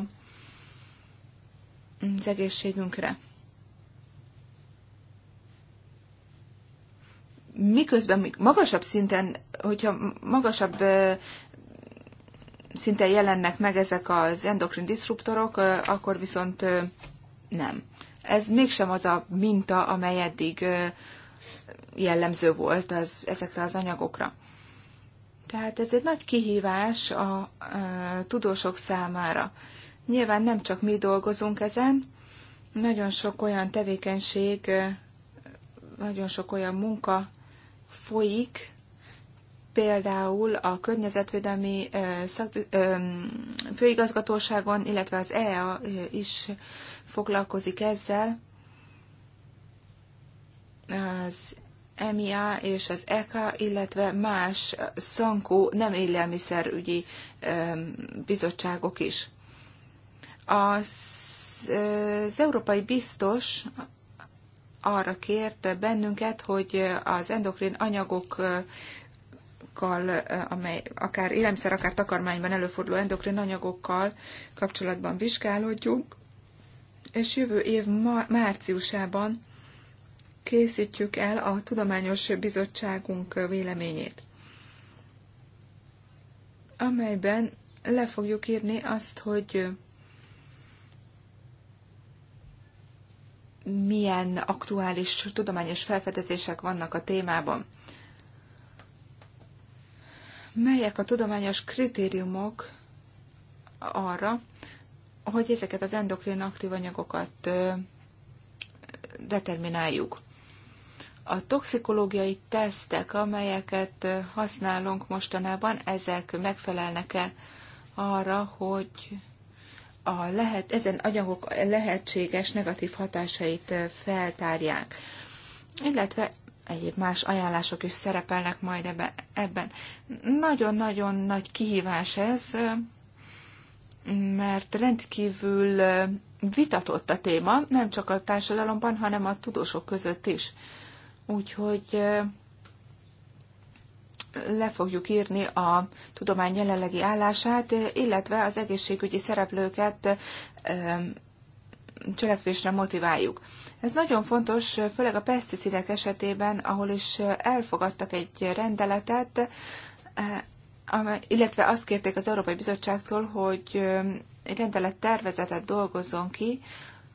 az egészségünkre. Miközben még magasabb szinten, hogyha magasabb szinten jelennek meg ezek az endokrin diszruptorok, akkor viszont nem. Ez mégsem az a minta, amely eddig jellemző volt az, ezekre az anyagokra. Tehát ez egy nagy kihívás a, tudósok számára. Nyilván nem csak mi dolgozunk ezen, nagyon sok olyan tevékenység, nagyon sok olyan munka folyik, például a környezetvédelmi szak, főigazgatóságon, illetve az EA is foglalkozik ezzel, az EMIA és az ECA, illetve más szankó nem élelmiszerügyi bizottságok is. Az, az európai biztos arra kért bennünket, hogy az endokrin anyagok anyagokkal, amely akár élelmiszer, akár takarmányban előforduló endokrin anyagokkal kapcsolatban vizsgálódjunk, és jövő év márciusában készítjük el a Tudományos Bizottságunk véleményét, amelyben le fogjuk írni azt, hogy milyen aktuális tudományos felfedezések vannak a témában. Melyek a tudományos kritériumok arra, hogy ezeket az endokrin aktív anyagokat determináljuk. A toxikológiai tesztek, amelyeket használunk mostanában, ezek megfelelnek-e arra, hogy a lehet, ezen anyagok lehetséges negatív hatásait feltárják, illetve egyéb más ajánlások is szerepelnek majd ebben. Nagyon-nagyon nagy kihívás ez, mert rendkívül vitatott a téma, nem csak a társadalomban, hanem a tudósok között is. Úgyhogy le fogjuk írni a tudomány jelenlegi állását, illetve az egészségügyi szereplőket cselekvésre motiváljuk. Ez nagyon fontos, főleg a peszticidek esetében, ahol is elfogadtak egy rendeletet, illetve azt kérték az Európai Bizottságtól, hogy egy rendelet tervezetet dolgozzon ki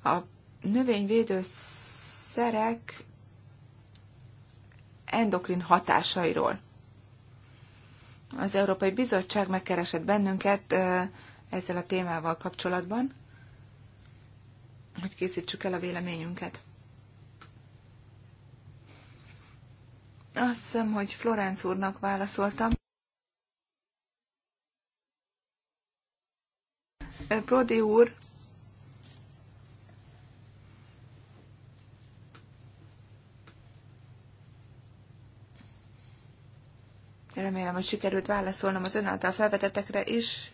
a növényvédőszerek endokrin hatásairól. Az Európai Bizottság megkeresett bennünket ezzel a témával kapcsolatban, hogy készítsük el a véleményünket. Azt hiszem, hogy Florenc úrnak válaszoltam. Prodi úr remélem, hogy sikerült válaszolnom az ön által felvetetekre is.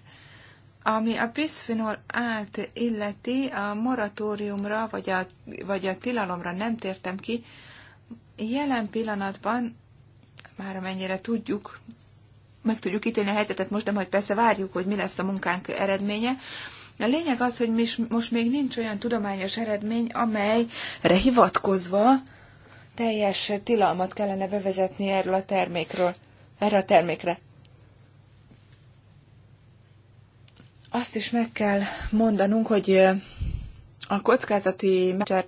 Ami a bisphenol át illeti, a moratóriumra vagy a, vagy a tilalomra nem tértem ki. Jelen pillanatban, már amennyire tudjuk, meg tudjuk ítélni a helyzetet most, de majd persze várjuk, hogy mi lesz a munkánk eredménye. A lényeg az, hogy most még nincs olyan tudományos eredmény, amelyre hivatkozva teljes tilalmat kellene bevezetni erről a termékről erre a termékre. Azt is meg kell mondanunk, hogy a kockázati mert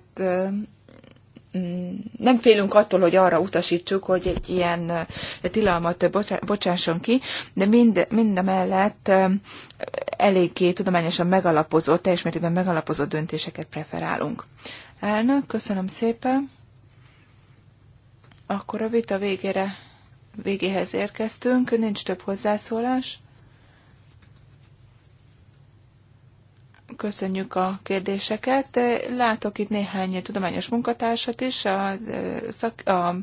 mm, nem félünk attól, hogy arra utasítsuk, hogy egy ilyen tilalmat bocsásson ki, de mind, mind a mellett eléggé tudományosan megalapozott, teljes mértékben megalapozott döntéseket preferálunk. Elnök, köszönöm szépen. Akkor a vita végére végéhez érkeztünk, nincs több hozzászólás. Köszönjük a kérdéseket. Látok itt néhány tudományos munkatársat is a, szak, a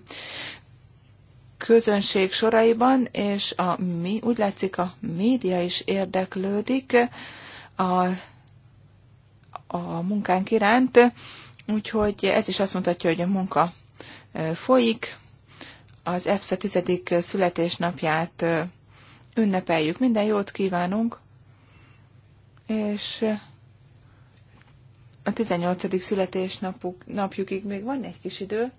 közönség soraiban, és a mi, úgy látszik a média is érdeklődik a, a munkánk iránt, úgyhogy ez is azt mutatja, hogy a munka e, folyik, az EFSA tizedik születésnapját ünnepeljük. Minden jót kívánunk, és a 18. születésnapjukig még van egy kis idő.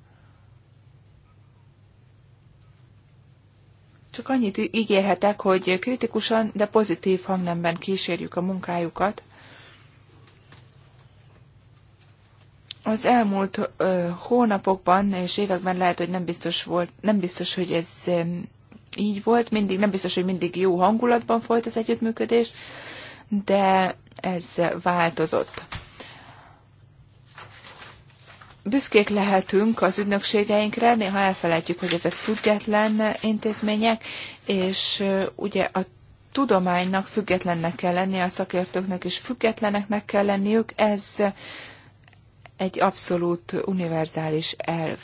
Csak annyit ígérhetek, hogy kritikusan, de pozitív hangnemben kísérjük a munkájukat. Az elmúlt ö, hónapokban és években lehet, hogy nem biztos volt, nem biztos, hogy ez ö, így volt, mindig, nem biztos, hogy mindig jó hangulatban folyt az együttműködés, de ez változott. Büszkék lehetünk az ügynökségeinkre, néha elfelejtjük, hogy ezek független intézmények, és ugye a tudománynak függetlennek kell lennie, a szakértőknek is függetleneknek kell lenniük, ez egy abszolút univerzális elv.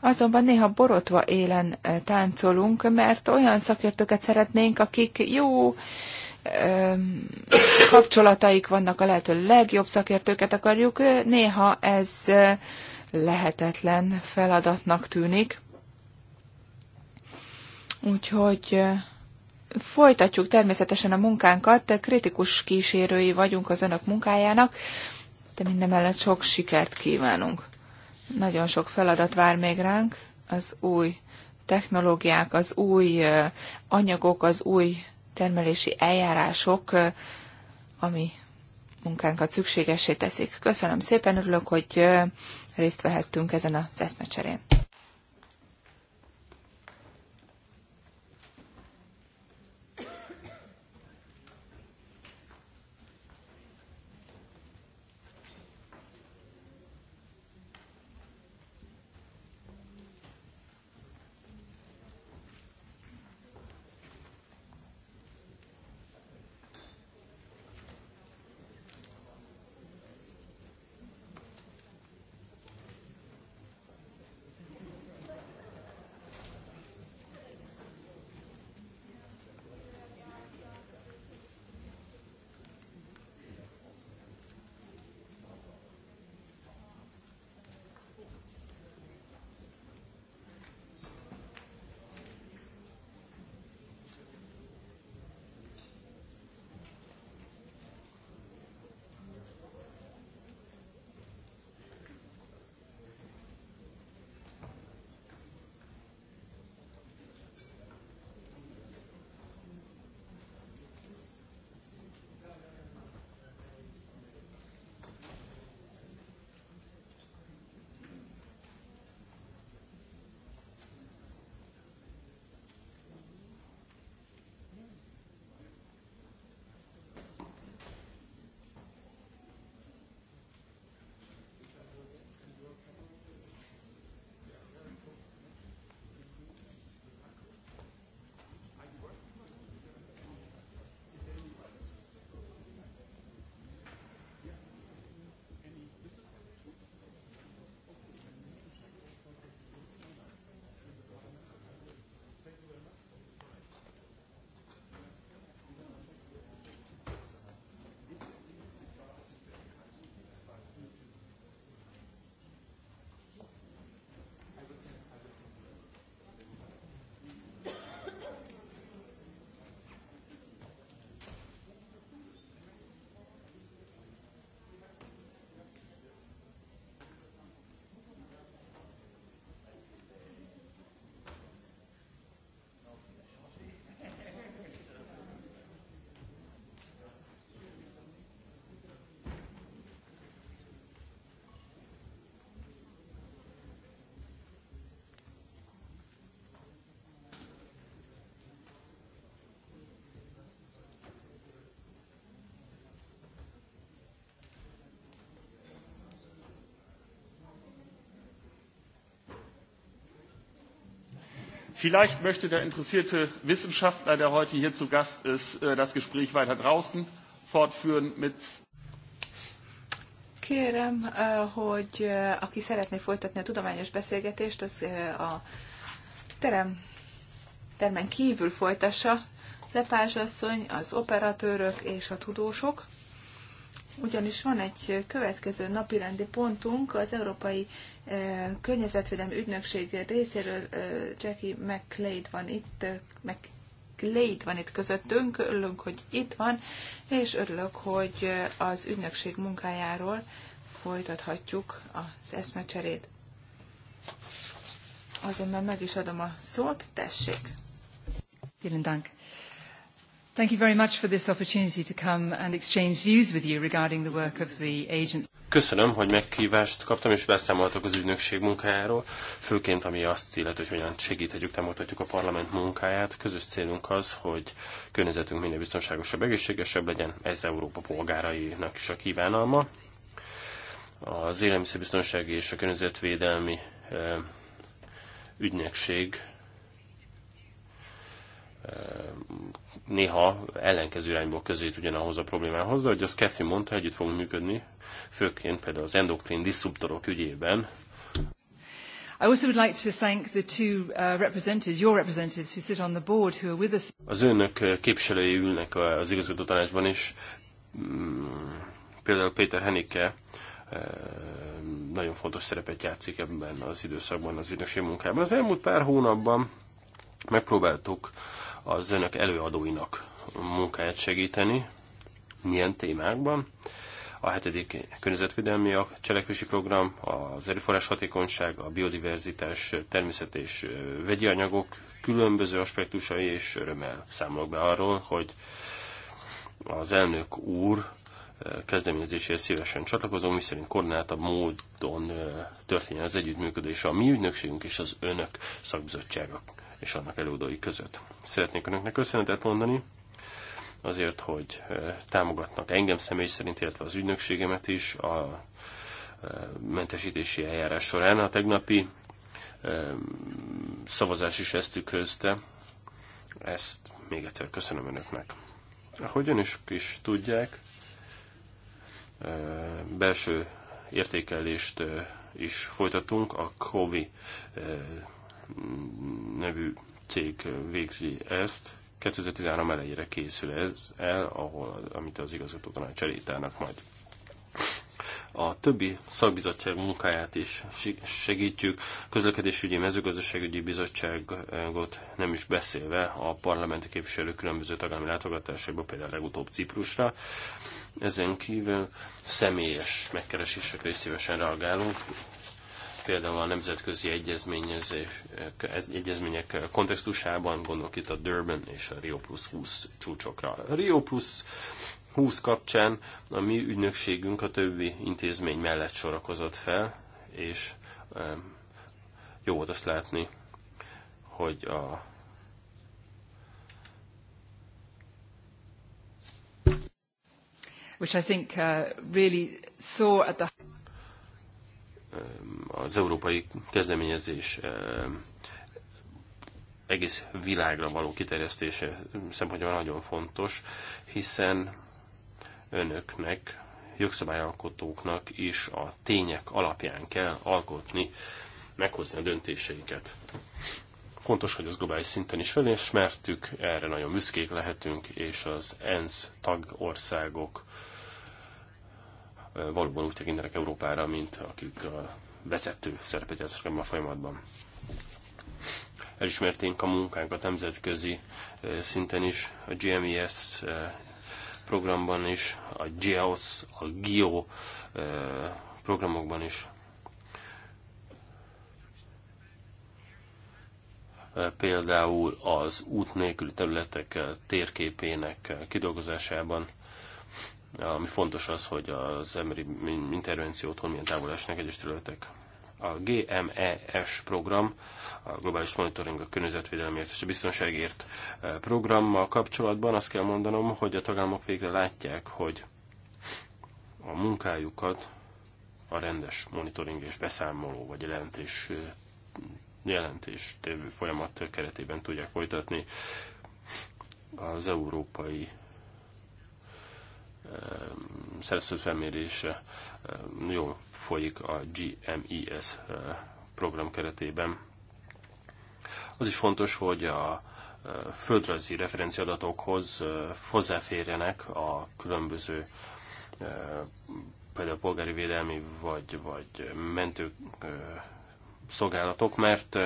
Azonban néha borotva élen eh, táncolunk, mert olyan szakértőket szeretnénk, akik jó kapcsolataik vannak, a lehető legjobb szakértőket akarjuk. Eh, néha ez eh, lehetetlen feladatnak tűnik. Úgyhogy folytatjuk természetesen a munkánkat, kritikus kísérői vagyunk az önök munkájának, de mindemellett sok sikert kívánunk. Nagyon sok feladat vár még ránk, az új technológiák, az új anyagok, az új termelési eljárások, ami munkánkat szükségessé teszik. Köszönöm szépen, örülök, hogy részt vehettünk ezen az eszmecserén. Vielleicht möchte der interessierte Wissenschaftler, der heute hier zu Gast ist, äh, das Gespräch weiter draußen fortführen mit. Kérem, äh, hogy äh, aki szeretné folytatni a tudományos beszélgetést, az a terem, termen kívül folytassa. Lepázsasszony, az operatőrök és a tudósok ugyanis van egy következő napirendi pontunk az Európai eh, Környezetvédelmi Ügynökség részéről. Eh, Jackie McLeod van itt, eh, McLeod van itt közöttünk, örülünk, hogy itt van, és örülök, hogy az ügynökség munkájáról folytathatjuk az eszmecserét. Azonnal meg is adom a szót, tessék! Vielen Dank. Thank you very much for this opportunity to come and exchange views with you regarding the work of the Köszönöm, hogy megkívást kaptam, és beszámoltak az ügynökség munkájáról, főként ami azt illeti, hogy hogyan segíthetjük, támogatjuk a parlament munkáját. Közös célunk az, hogy környezetünk minél biztonságosabb, egészségesebb legyen, ez Európa polgárainak is a kívánalma. Az élelmiszerbiztonsági és a környezetvédelmi eh, ügynökség néha ellenkező irányból közelít ugyanahoz a problémához, de hogy az Kathy mondta, együtt fogunk működni, főként például az endokrin diszruptorok ügyében. I also would like to thank the two uh, representatives, your representatives who sit on the board who are with us. Az önök képviselői ülnek az igazgató tanácsban is, mm, például Péter Henike e, nagyon fontos szerepet játszik ebben az időszakban, az ügynökség munkában. Az elmúlt pár hónapban megpróbáltuk az önök előadóinak munkáját segíteni, milyen témákban. A hetedik környezetvédelmi a cselekvési program, az erőforrás hatékonyság, a biodiverzitás, természet és vegyi anyagok különböző aspektusai, és örömmel számolok be arról, hogy az elnök úr kezdeményezéséhez szívesen csatlakozom, miszerint a módon történjen az együttműködés a mi ügynökségünk és az önök szakbizottságok és annak előadói között. Szeretnék Önöknek köszönetet mondani azért, hogy eh, támogatnak engem személy szerint, illetve az ügynökségemet is a eh, mentesítési eljárás során. A tegnapi eh, szavazás is ezt tükrözte. Ezt még egyszer köszönöm Önöknek. Ahogy is, is tudják, belső értékelést is folytatunk a COVID nevű cég végzi ezt. 2013 elejére készül ez el, ahol, amit az igazgató tanács elítelnek majd. A többi szakbizottság munkáját is segítjük, közlekedésügyi, mezőgazdaságügyi bizottságot nem is beszélve a parlamenti képviselők különböző tagállami látogatásaiba, például legutóbb Ciprusra. Ezen kívül személyes megkeresésekre is szívesen reagálunk, például a nemzetközi egyezményezés, egyezmények kontextusában, gondolok itt a Durban és a Rio Plus 20 csúcsokra. A Rio Plus 20 kapcsán a mi ügynökségünk a többi intézmény mellett sorakozott fel, és jó volt azt látni, hogy a which I think uh, really saw at the az európai kezdeményezés egész világra való kiterjesztése szempontjából nagyon fontos, hiszen önöknek, jogszabályalkotóknak is a tények alapján kell alkotni, meghozni a döntéseiket. Fontos, hogy az globális szinten is felismertük, erre nagyon büszkék lehetünk, és az ENSZ tagországok valóban úgy tekintenek Európára, mint akik a vezető szerepet ebben a folyamatban. Elismerténk a munkánkat nemzetközi szinten is, a GMES programban is, a GEOS, a GIO programokban is. Például az út nélküli területek térképének kidolgozásában ami fontos az, hogy az emberi otthon milyen távol esnek egyes területek. A GMES program, a Globális Monitoring a Környezetvédelemért és a Biztonságért e, programmal kapcsolatban azt kell mondanom, hogy a tagállamok végre látják, hogy a munkájukat a rendes monitoring és beszámoló vagy jelentés e, jelentés e, folyamat keretében tudják folytatni. Az európai szerszőz felmérése jó folyik a GMIS program keretében. Az is fontos, hogy a földrajzi referenciadatokhoz hozzáférjenek a különböző például polgári védelmi vagy, vagy mentő szolgálatok, mert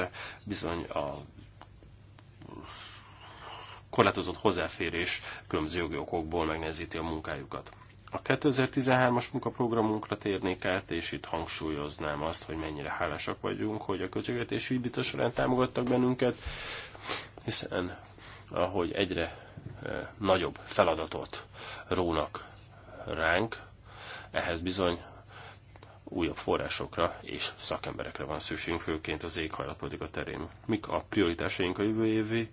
bizony a korlátozott hozzáférés különböző jogi okokból megnehezíti a munkájukat. A 2013-as munkaprogramunkra térnék át, és itt hangsúlyoznám azt, hogy mennyire hálásak vagyunk, hogy a költségvetési vita során támogattak bennünket, hiszen ahogy egyre eh, nagyobb feladatot rónak ránk, ehhez bizony újabb forrásokra és szakemberekre van szükségünk, főként az éghajlatpolitika terén. Mik a prioritásaink a jövő évi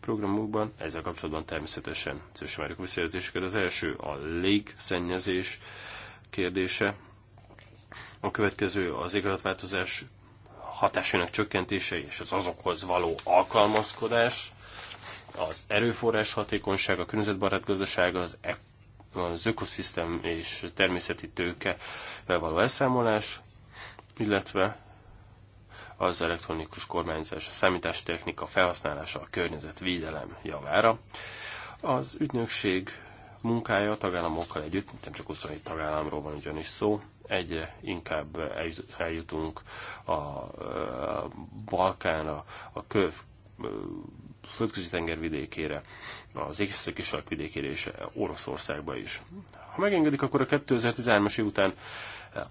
programokban? Ezzel kapcsolatban természetesen szükség visszajelzéseket. Az első a légszennyezés kérdése, a következő az éghajlatváltozás hatásainak csökkentése és az azokhoz való alkalmazkodás, az erőforrás hatékonyság, a környezetbarát gazdaság, az az ökoszisztem és természeti tőke való elszámolás, illetve az elektronikus kormányzás, a számítástechnika felhasználása a környezetvédelem javára. Az ügynökség munkája a tagállamokkal együtt, nem csak 27 tagállamról van ugyanis szó, egyre inkább eljutunk a Balkánra, a köv földközi tenger vidékére, az északi sark vidékére és Oroszországba is. Ha megengedik, akkor a 2013-as év után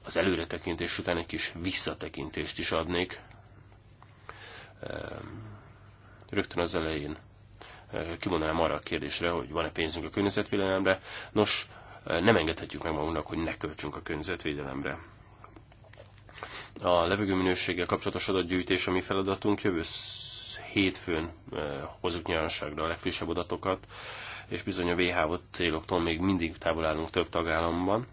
az előretekintés után egy kis visszatekintést is adnék. Ehm, rögtön az elején e, kimondanám arra a kérdésre, hogy van-e pénzünk a környezetvédelemre. Nos, e, nem engedhetjük meg magunknak, hogy ne költsünk a környezetvédelemre. A levegőminőséggel kapcsolatos adatgyűjtés a mi feladatunk, jövő hétfőn hozzuk nyilvánosságra a legfrissebb adatokat, és bizony a WHO céloktól még mindig távol állunk több tagállamban,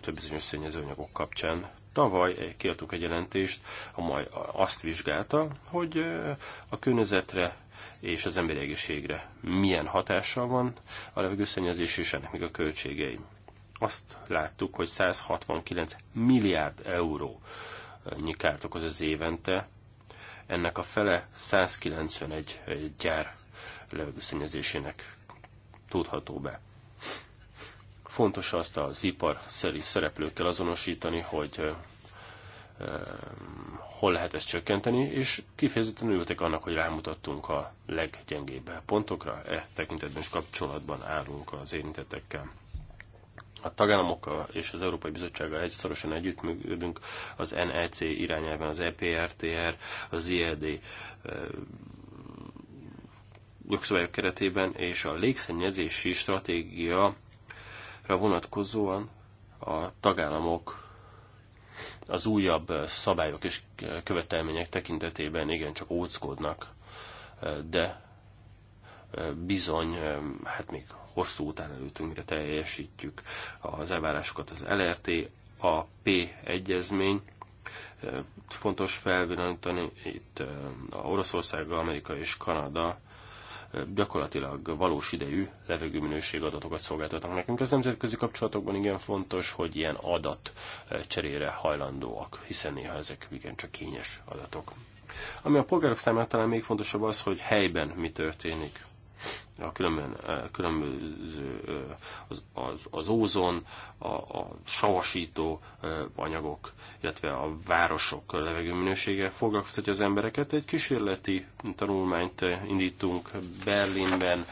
több bizonyos szennyezőanyagok kapcsán. Tavaly eh, kiadtuk egy jelentést, amely azt vizsgálta, hogy a környezetre és az emberi egészségre milyen hatással van a levegőszennyezés és ennek még a költségei. Azt láttuk, hogy 169 milliárd euró nyikárt okoz az évente, ennek a fele 191 gyár levegőszennyezésének tudható be. Fontos azt az szeri szereplőkkel azonosítani, hogy hol lehet ezt csökkenteni, és kifejezetten ültek annak, hogy rámutattunk a leggyengébb pontokra, e tekintetben is kapcsolatban állunk az érintettekkel. A tagállamokkal és az Európai Bizottsággal egy szorosan együttműködünk az NEC irányában, az EPRTR, az IED eh, jogszabályok keretében, és a légszennyezési stratégiára vonatkozóan a tagállamok az újabb szabályok és követelmények tekintetében igencsak óckodnak, eh, de eh, bizony, hát még hosszú után előttünkre teljesítjük az elvárásokat. Az LRT, a P egyezmény, fontos felvilágítani itt a Oroszország, Amerika és Kanada gyakorlatilag valós idejű levegőminőség adatokat szolgáltatnak nekünk. Ez nemzetközi kapcsolatokban igen fontos, hogy ilyen adat cserére hajlandóak, hiszen néha ezek igen csak kényes adatok. Ami a polgárok számára talán még fontosabb az, hogy helyben mi történik a különben, különböző az, az, az ózon, a, a savasító anyagok, illetve a városok levegőminősége foglalkoztatja az embereket. Egy kísérleti tanulmányt indítunk Berlinben,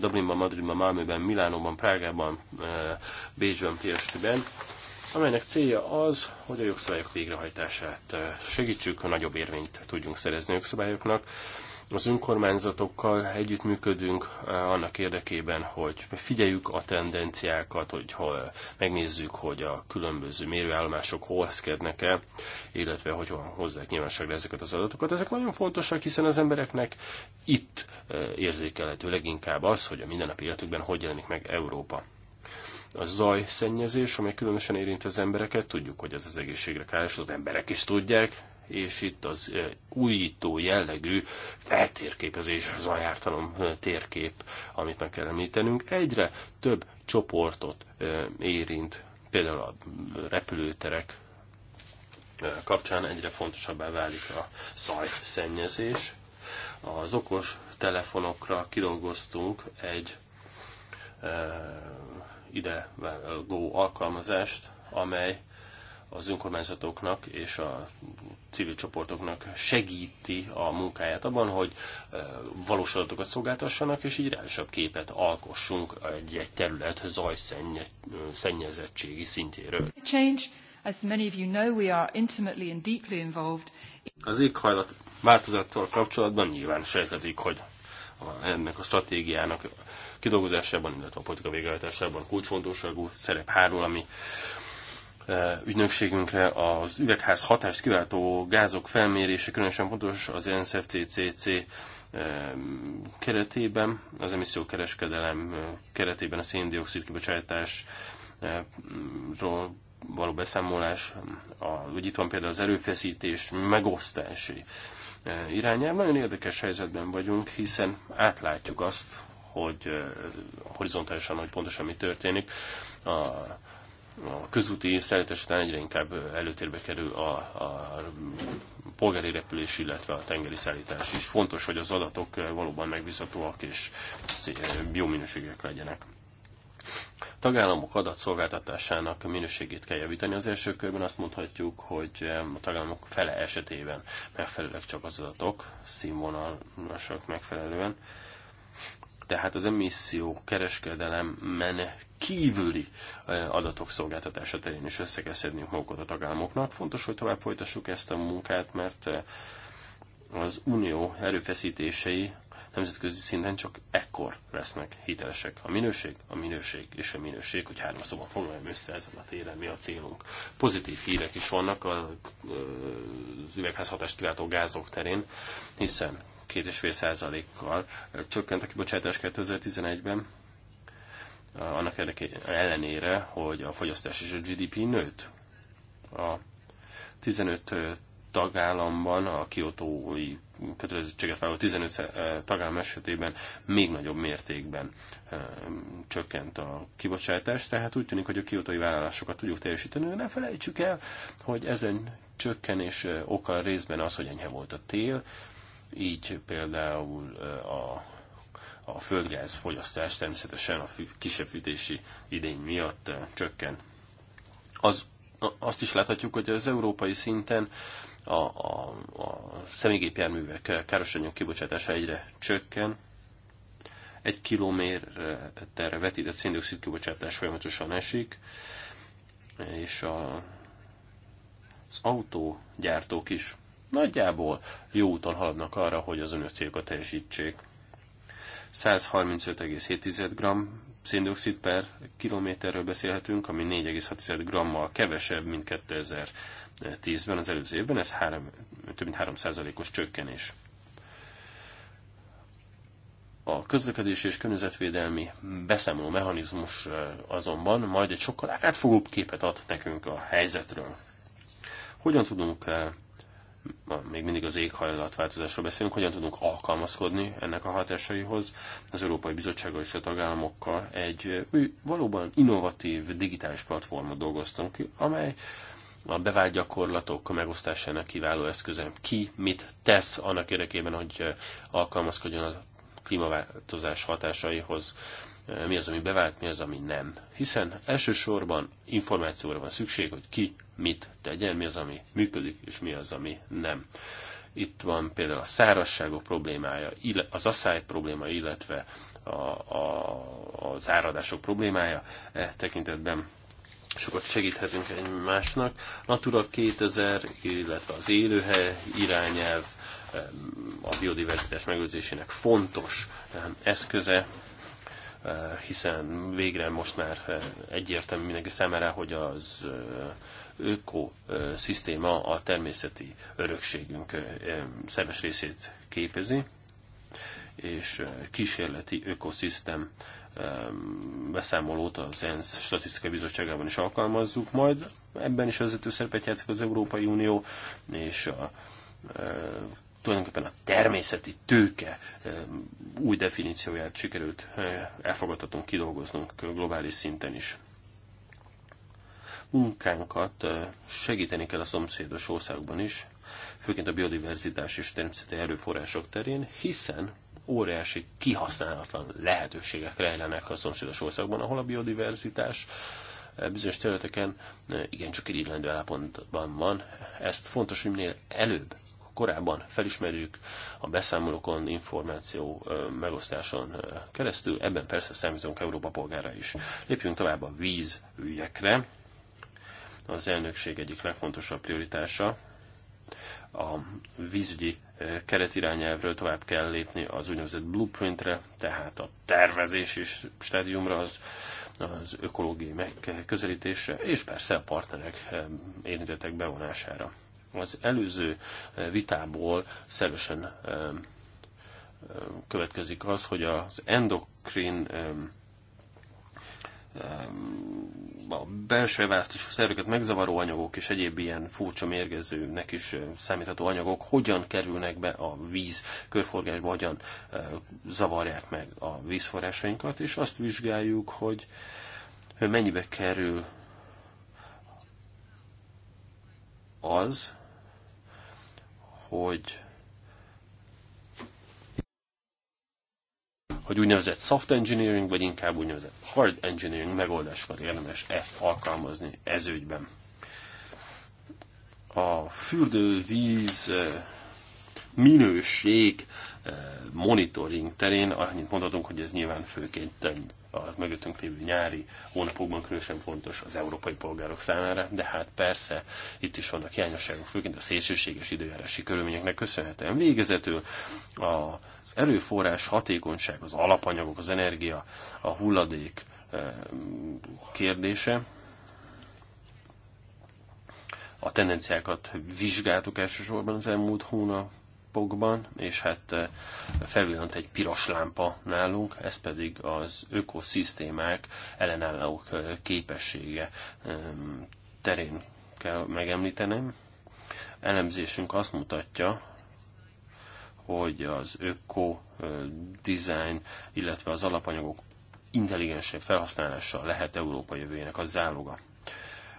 Dublinban, Madridban, Malmöben, Milánóban, Prágában, Bécsben, Piestben amelynek célja az, hogy a jogszabályok végrehajtását segítsük, hogy nagyobb érvényt tudjunk szerezni a jogszabályoknak az önkormányzatokkal együttműködünk eh, annak érdekében, hogy figyeljük a tendenciákat, hogy hol megnézzük, hogy a különböző mérőállomások hol szkednek el, illetve hogy hozzák nyilvánosságra ezeket az adatokat. Ezek nagyon fontosak, hiszen az embereknek itt eh, érzékelhető leginkább az, hogy a mindennapi életükben hogy jelenik meg Európa a zajszennyezés, amely különösen érinti az embereket. Tudjuk, hogy ez az egészségre káros, az emberek is tudják, és itt az újító jellegű feltérképezés, zajártalom térkép, amit meg kell említenünk, egyre több csoportot érint, például a repülőterek kapcsán egyre fontosabbá válik a zajszennyezés. Az okos telefonokra kidolgoztunk egy e, ide go alkalmazást, amely az önkormányzatoknak és a civil csoportoknak segíti a munkáját abban, hogy valós adatokat szolgáltassanak, és így reálisabb képet alkossunk egy, egy terület zajszennyezettségi szintjéről. Change. As many of you know, we are intimately and deeply involved. Az éghajlat változattal kapcsolatban nyilván sejtetik, hogy ennek a stratégiának kidolgozásában, illetve a politika végrehajtásában kulcsfontosságú szerep hárul, ami ügynökségünkre az üvegház hatást kiváltó gázok felmérése különösen fontos az NSFCCC keretében, az emissziókereskedelem keretében a széndiokszid kibocsátásról való beszámolás, a, úgy itt van például az erőfeszítés megosztási irányában. Nagyon érdekes helyzetben vagyunk, hiszen átlátjuk azt, hogy horizontálisan, hogy pontosan mi történik. A a közúti szállítás után egyre inkább előtérbe kerül a, a polgári repülés, illetve a tengeri szállítás is. Fontos, hogy az adatok valóban megbízhatóak és jó minőségek legyenek. A tagállamok adatszolgáltatásának minőségét kell javítani. Az első körben azt mondhatjuk, hogy a tagállamok fele esetében megfelelőek csak az adatok, színvonalasak megfelelően tehát az emisszió kereskedelemen kívüli adatok szolgáltatása terén is össze kell magukat a tagállamoknak. Fontos, hogy tovább folytassuk ezt a munkát, mert az unió erőfeszítései nemzetközi szinten csak ekkor lesznek hitelesek. A minőség, a minőség és a minőség, hogy három szóban foglaljam össze ezen a téren, mi a célunk. Pozitív hírek is vannak az üvegházhatást kiváltó gázok terén, hiszen 2,5%-kal csökkent a kibocsátás 2011-ben, annak ellenére, hogy a fogyasztás és a GDP nőtt. A 15 tagállamban a kiotói kötelezettséget vállaló 15 tagállam esetében még nagyobb mértékben csökkent a kibocsátás, tehát úgy tűnik, hogy a kiotói vállalásokat tudjuk teljesíteni, de ne felejtsük el, hogy ezen csökkenés oka részben az, hogy enyhe volt a tél, így például a, a földgáz fogyasztás természetesen a kisebb fűtési idény miatt csökken. Az, azt is láthatjuk, hogy az európai szinten a, a, a személygépjárművek károsanyag kibocsátása egyre csökken, egy kilométerre vetített széndiokszid kibocsátás folyamatosan esik, és a, az autógyártók is nagyjából jó úton haladnak arra, hogy az önös célokat teljesítsék. 135,7 g széndiokszid per kilométerről beszélhetünk, ami 4,6 grammal kevesebb, mint 2010-ben, az előző évben, ez három, több mint 3%-os csökkenés. A közlekedés és környezetvédelmi beszámoló mechanizmus eh, azonban majd egy sokkal átfogóbb képet ad nekünk a helyzetről. Hogyan tudunk eh, még mindig az éghajlatváltozásról beszélünk, hogyan tudunk alkalmazkodni ennek a hatásaihoz. Az Európai Bizottsággal és a tagállamokkal egy valóban innovatív digitális platformot dolgoztunk ki, amely a bevált gyakorlatok megosztásának kiváló eszköze. Ki mit tesz annak érdekében, hogy alkalmazkodjon a klímaváltozás hatásaihoz mi az, ami bevált, mi az, ami nem. Hiszen elsősorban információra van szükség, hogy ki mit tegyen, mi az, ami működik, és mi az, ami nem. Itt van például a szárazságok problémája, az asszály probléma, illetve a, a, az áradások problémája. E tekintetben sokat segíthetünk egymásnak. Natura 2000, illetve az élőhely irányelv e, a biodiverzitás megőrzésének fontos e, eszköze, Eh, hiszen végre most már eh, egyértelmű mindenki számára, hogy az eh, ökoszisztéma a természeti örökségünk szerves részét képezi, és kísérleti ökoszisztem beszámolót az ENSZ statisztikai bizottságában is alkalmazzuk majd. Ebben is vezető szerepet játszik az Európai Unió, és a tulajdonképpen a természeti tőke új definícióját sikerült elfogadhatunk kidolgoznunk globális szinten is. Munkánkat segíteni kell a szomszédos országban is, főként a biodiverzitás és természeti erőforrások terén, hiszen óriási kihasználatlan lehetőségek rejlenek a szomszédos országban, ahol a biodiverzitás bizonyos területeken igencsak irigylendő állapotban van. Ezt fontos, hogy minél előbb korábban felismerjük a beszámolókon, információ megosztáson keresztül. Ebben persze számítunk Európa polgára is. Lépjünk tovább a vízügyekre. Az elnökség egyik legfontosabb prioritása a vízügyi keretirányelvről tovább kell lépni az úgynevezett blueprintre, tehát a tervezési stádiumra, az, az ökológiai megközelítésre, és persze a partnerek érintettek bevonására az előző eh, vitából szerűen eh, eh, következik az, hogy az endokrin a belső eválasztású szerveket megzavaró anyagok és egyéb ilyen furcsa mérgezőnek is számítható anyagok hogyan kerülnek be a víz körforgásba, hogyan zavarják meg a vízforrásainkat, és azt vizsgáljuk, hogy mennyibe kerül az, hogy hogy úgynevezett soft engineering, vagy inkább úgynevezett hard engineering megoldásokat érdemes-e alkalmazni ez ügyben. A fürdővíz eh, minőség eh, monitoring terén annyit mondhatunk, hogy ez nyilván főként a mögöttünk lévő nyári hónapokban különösen fontos az európai polgárok számára, de hát persze itt is vannak hiányosságok, főként a szélsőséges időjárási körülményeknek köszönhetően. Végezetül az erőforrás hatékonyság, az alapanyagok, az energia, a hulladék eh, kérdése, a tendenciákat vizsgáltuk elsősorban az elmúlt hónap, napokban, és hát eh, felvillant egy piros lámpa nálunk, ez pedig az ökoszisztémák ellenállók eh, képessége terén kell megemlítenem. Elemzésünk azt mutatja, hogy az öko eh, design, illetve az alapanyagok intelligensebb felhasználással lehet Európa jövőjének a záloga.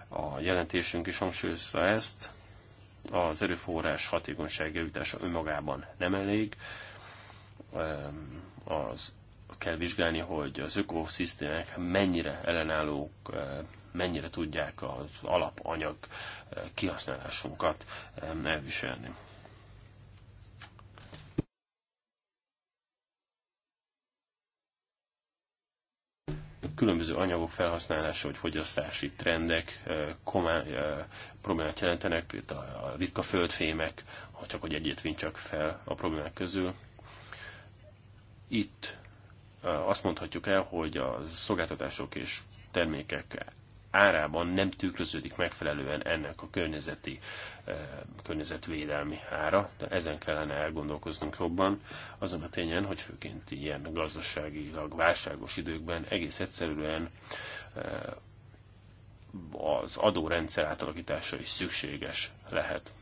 A jelentésünk is hangsúlyozza ezt, az erőforrás hatékonyság javítása önmagában nem elég. Az kell vizsgálni, hogy az ökoszisztémák mennyire ellenállók, mennyire tudják az alapanyag kihasználásunkat elviselni. különböző anyagok felhasználása vagy fogyasztási trendek komá, problémát jelentenek, például a ritka földfémek, ha csak hogy egyet vincsak fel a problémák közül. Itt azt mondhatjuk el, hogy a szolgáltatások és termékek árában nem tükröződik megfelelően ennek a környezeti, eh, környezetvédelmi ára, de ezen kellene elgondolkoznunk jobban, azon a tényen, hogy főként ilyen gazdaságilag válságos időkben egész egyszerűen eh, az adórendszer átalakítása is szükséges lehet.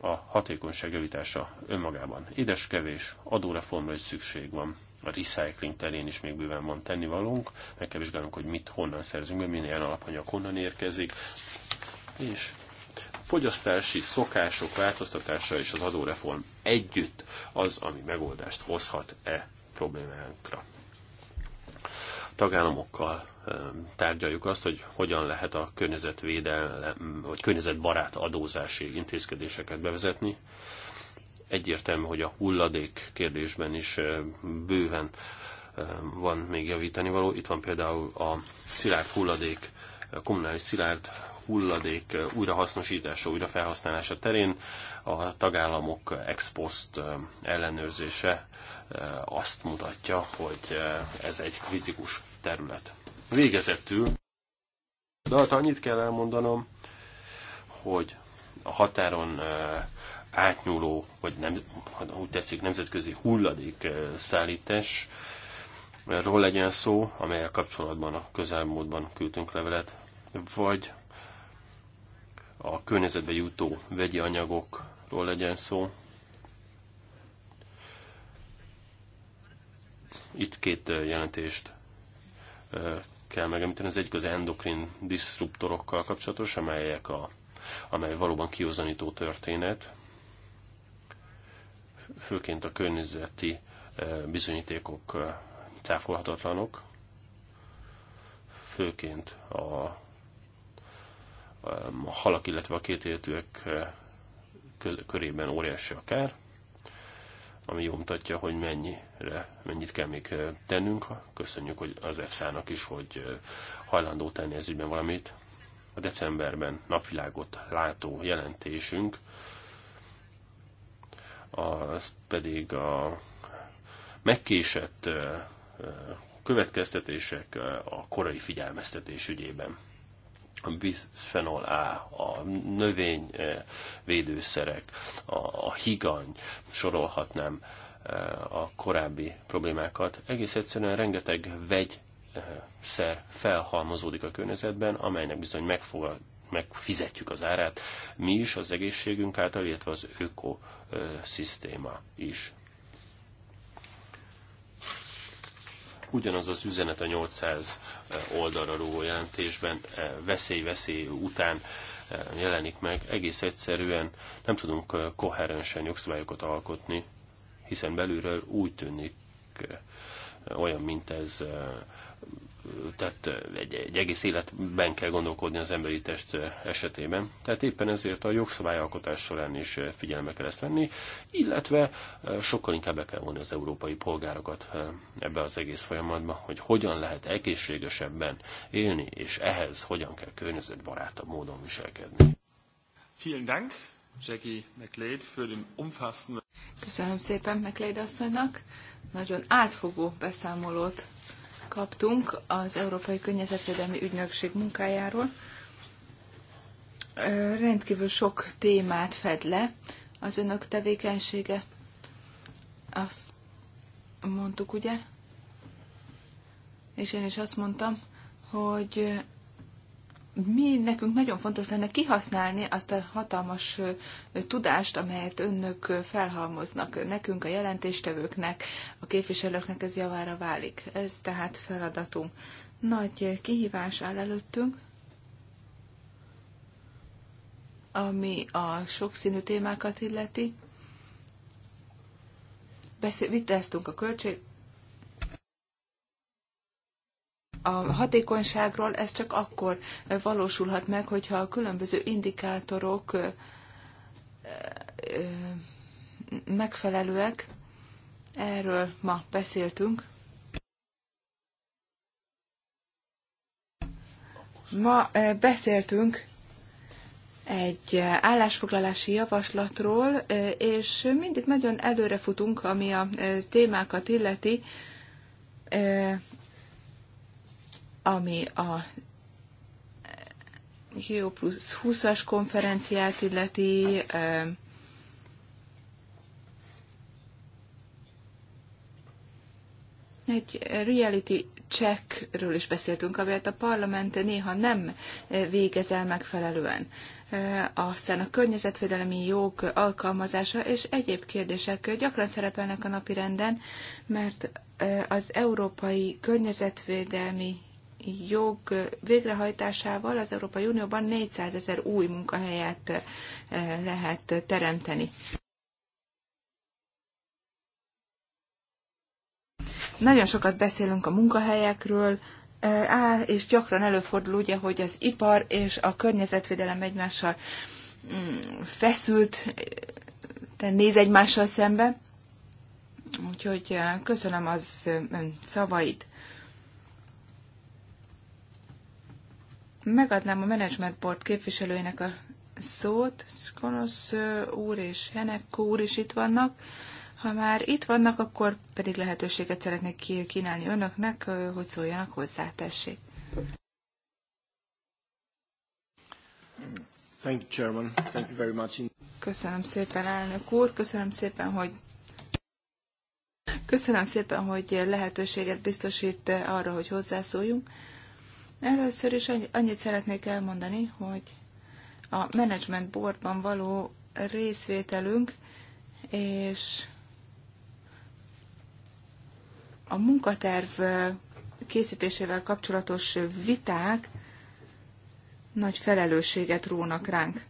A hatékonyság javítása önmagában édeskevés, adóreformra is szükség van a recycling terén is még bőven van tennivalónk, meg kell vizsgálnunk, hogy mit honnan szerzünk be, milyen alapanyag honnan érkezik, és fogyasztási szokások változtatása és az adóreform együtt az, ami megoldást hozhat e problémánkra. Tagállamokkal tárgyaljuk azt, hogy hogyan lehet a környezetvédelem, vagy környezetbarát adózási intézkedéseket bevezetni egyértelmű, hogy a hulladék kérdésben is bőven van még javítani való. Itt van például a szilárd hulladék, a kommunális szilárd hulladék újrahasznosítása, újrafelhasználása terén a tagállamok ex post ellenőrzése azt mutatja, hogy ez egy kritikus terület. Végezetül, de hát annyit kell elmondanom, hogy a határon átnyúló, vagy nem, úgy tetszik, nemzetközi hulladék eh, szállítás ról legyen szó, amelyel kapcsolatban a közelmódban küldtünk levelet, vagy a környezetbe jutó vegyi anyagokról legyen szó. Itt két eh, jelentést eh, kell megemlíteni. Az egyik az endokrin diszruptorokkal kapcsolatos, amelyek a, amely valóban kiozanító történet főként a környezeti bizonyítékok cáfolhatatlanok, főként a, a halak, illetve a kétéltőek körében óriási a kár, ami jól mutatja, hogy mennyire, mennyit kell még tennünk. Köszönjük hogy az EFSA-nak is, hogy hajlandó tenni ez ügyben valamit. A decemberben napvilágot látó jelentésünk az pedig a megkésett következtetések a korai figyelmeztetés ügyében. A bisphenol A, a növényvédőszerek, a, a higany, sorolhatnám a korábbi problémákat. Egész egyszerűen rengeteg vegy felhalmozódik a környezetben, amelynek bizony megfogad megfizetjük az árát mi is az egészségünk által, illetve az ökoszisztéma is. Ugyanaz az üzenet a 800 oldalra rúgó jelentésben eh, veszély-veszély után eh, jelenik meg. Egész egyszerűen nem tudunk eh, koherensen jogszabályokat alkotni, hiszen belülről úgy tűnik olyan, mint ez tehát egy, egy egész életben kell gondolkodni az emberi test esetében. Tehát éppen ezért a jogszabályalkotás során is figyelembe kell ezt venni, illetve sokkal inkább be kell vonni az európai polgárokat ebbe az egész folyamatba, hogy hogyan lehet egészségesebben élni, és ehhez hogyan kell környezetbarátabb módon viselkedni. Vielen Dank, Jackie McLeod, für den umfassenden... Köszönöm szépen McLeod asszonynak. Nagyon átfogó beszámolót kaptunk az Európai Környezetvédelmi Ügynökség munkájáról. Rendkívül sok témát fed le az önök tevékenysége. Azt mondtuk, ugye? És én is azt mondtam, hogy mi nekünk nagyon fontos lenne kihasználni azt a hatalmas tudást, amelyet önök felhalmoznak nekünk, a jelentéstevőknek, a képviselőknek ez javára válik. Ez tehát feladatunk. Nagy kihívás áll előttünk, ami a sokszínű témákat illeti. Beszél, vitáztunk a költség, a hatékonyságról ez csak akkor valósulhat meg, hogyha a különböző indikátorok megfelelőek. Erről ma beszéltünk. Ma beszéltünk egy állásfoglalási javaslatról, és mindig nagyon előre futunk, ami a témákat illeti ami a Hio plusz 20-as konferenciát illeti, egy reality checkről is beszéltünk, amelyet a parlament néha nem végez el megfelelően. Aztán a környezetvédelmi jog alkalmazása és egyéb kérdések gyakran szerepelnek a napirenden, mert az európai környezetvédelmi jog végrehajtásával az Európai Unióban 400 ezer új munkahelyet eh, lehet teremteni. Nagyon sokat beszélünk a munkahelyekről, eh, á és gyakran előfordul ugye, hogy az ipar és a környezetvédelem egymással mm, feszült, néz egymással szembe. Úgyhogy eh, köszönöm az ön szavait. Megadnám a Management Board képviselőinek a szót. Skonosz úr és Henekko úr is itt vannak. Ha már itt vannak, akkor pedig lehetőséget szeretnék kínálni önöknek, hogy szóljanak hozzá, tessék. Thank you, Chairman. Thank you very much. Köszönöm szépen, elnök úr. Köszönöm szépen, hogy Köszönöm szépen, hogy lehetőséget biztosít arra, hogy hozzászóljunk. Először is annyit szeretnék elmondani, hogy a Management Boardban való részvételünk és a munkaterv készítésével kapcsolatos viták nagy felelősséget rónak ránk,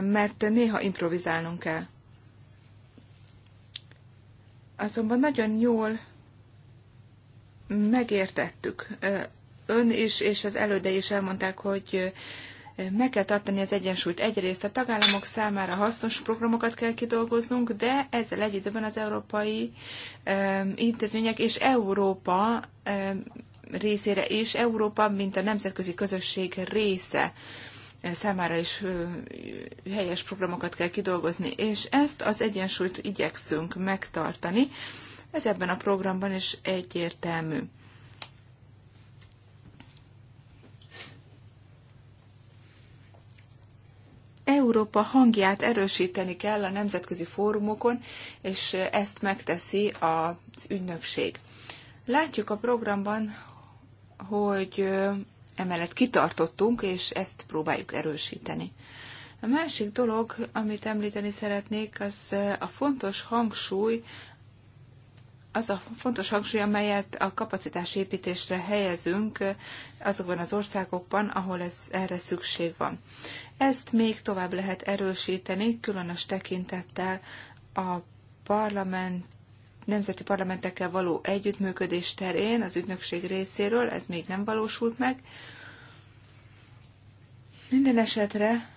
mert néha improvizálnunk kell. Azonban nagyon jól megértettük ön is és az elődei is elmondták, hogy meg kell tartani az egyensúlyt. Egyrészt a tagállamok számára hasznos programokat kell kidolgoznunk, de ezzel egy időben az európai intézmények és Európa részére is, Európa, mint a nemzetközi közösség része számára is helyes programokat kell kidolgozni, és ezt az egyensúlyt igyekszünk megtartani. Ez ebben a programban is egyértelmű. Európa hangját erősíteni kell a nemzetközi fórumokon, és ezt megteszi az ügynökség. Látjuk a programban, hogy emellett kitartottunk, és ezt próbáljuk erősíteni. A másik dolog, amit említeni szeretnék, az a fontos hangsúly, az a fontos hangsúly, amelyet a kapacitásépítésre helyezünk azokban az országokban, ahol ez, erre szükség van. Ezt még tovább lehet erősíteni, különös tekintettel a parlament nemzeti parlamentekkel való együttműködés terén az ügynökség részéről, ez még nem valósult meg. Minden esetre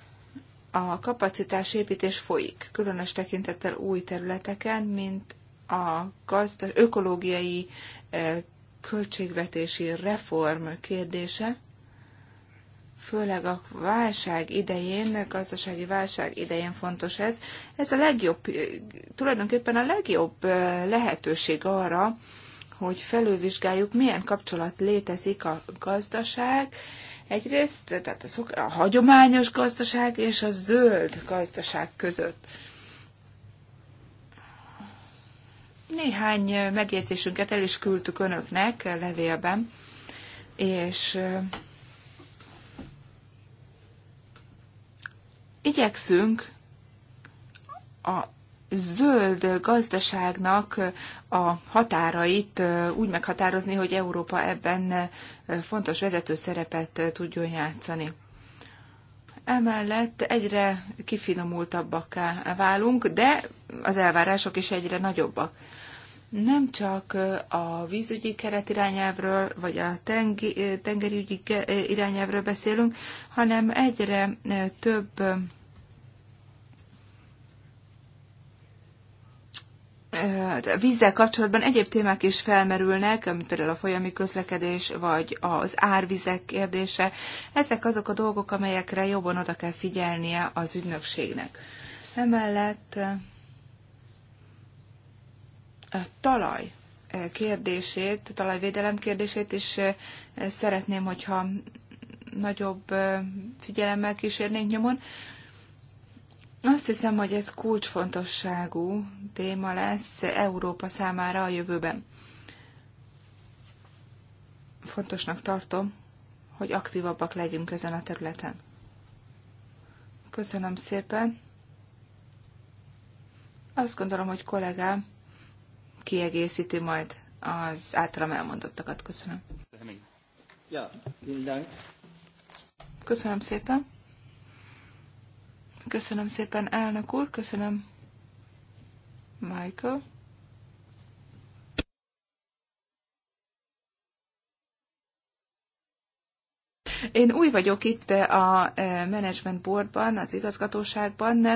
a kapacitásépítés folyik, különös tekintettel új területeken, mint a gazda, ökológiai eh, költségvetési reform kérdése főleg a válság idején, a gazdasági válság idején fontos ez. Ez a legjobb, tulajdonképpen a legjobb lehetőség arra, hogy felülvizsgáljuk, milyen kapcsolat létezik a gazdaság, egyrészt tehát a, szok, a hagyományos gazdaság és a zöld gazdaság között. Néhány megjegyzésünket el is küldtük önöknek levélben, és igyekszünk a zöld gazdaságnak a határait úgy meghatározni, hogy Európa ebben fontos vezető szerepet tudjon játszani. Emellett egyre kifinomultabbakká válunk, de az elvárások is egyre nagyobbak. Nem csak a vízügyi keretirányelvről, vagy a tengeri ügyi irányelvről beszélünk, hanem egyre több vízzel kapcsolatban egyéb témák is felmerülnek, mint például a folyami közlekedés, vagy az árvizek kérdése. Ezek azok a dolgok, amelyekre jobban oda kell figyelnie az ügynökségnek. Emellett a talaj kérdését, a talajvédelem kérdését is szeretném, hogyha nagyobb figyelemmel kísérnénk nyomon. Azt hiszem, hogy ez kulcsfontosságú téma lesz Európa számára a jövőben. Fontosnak tartom, hogy aktívabbak legyünk ezen a területen. Köszönöm szépen. Azt gondolom, hogy kollégám kiegészíti majd az általam elmondottakat. Köszönöm. Köszönöm szépen. Köszönöm szépen, elnök úr, köszönöm, Michael. Én új vagyok itt a eh, Management Boardban, az igazgatóságban,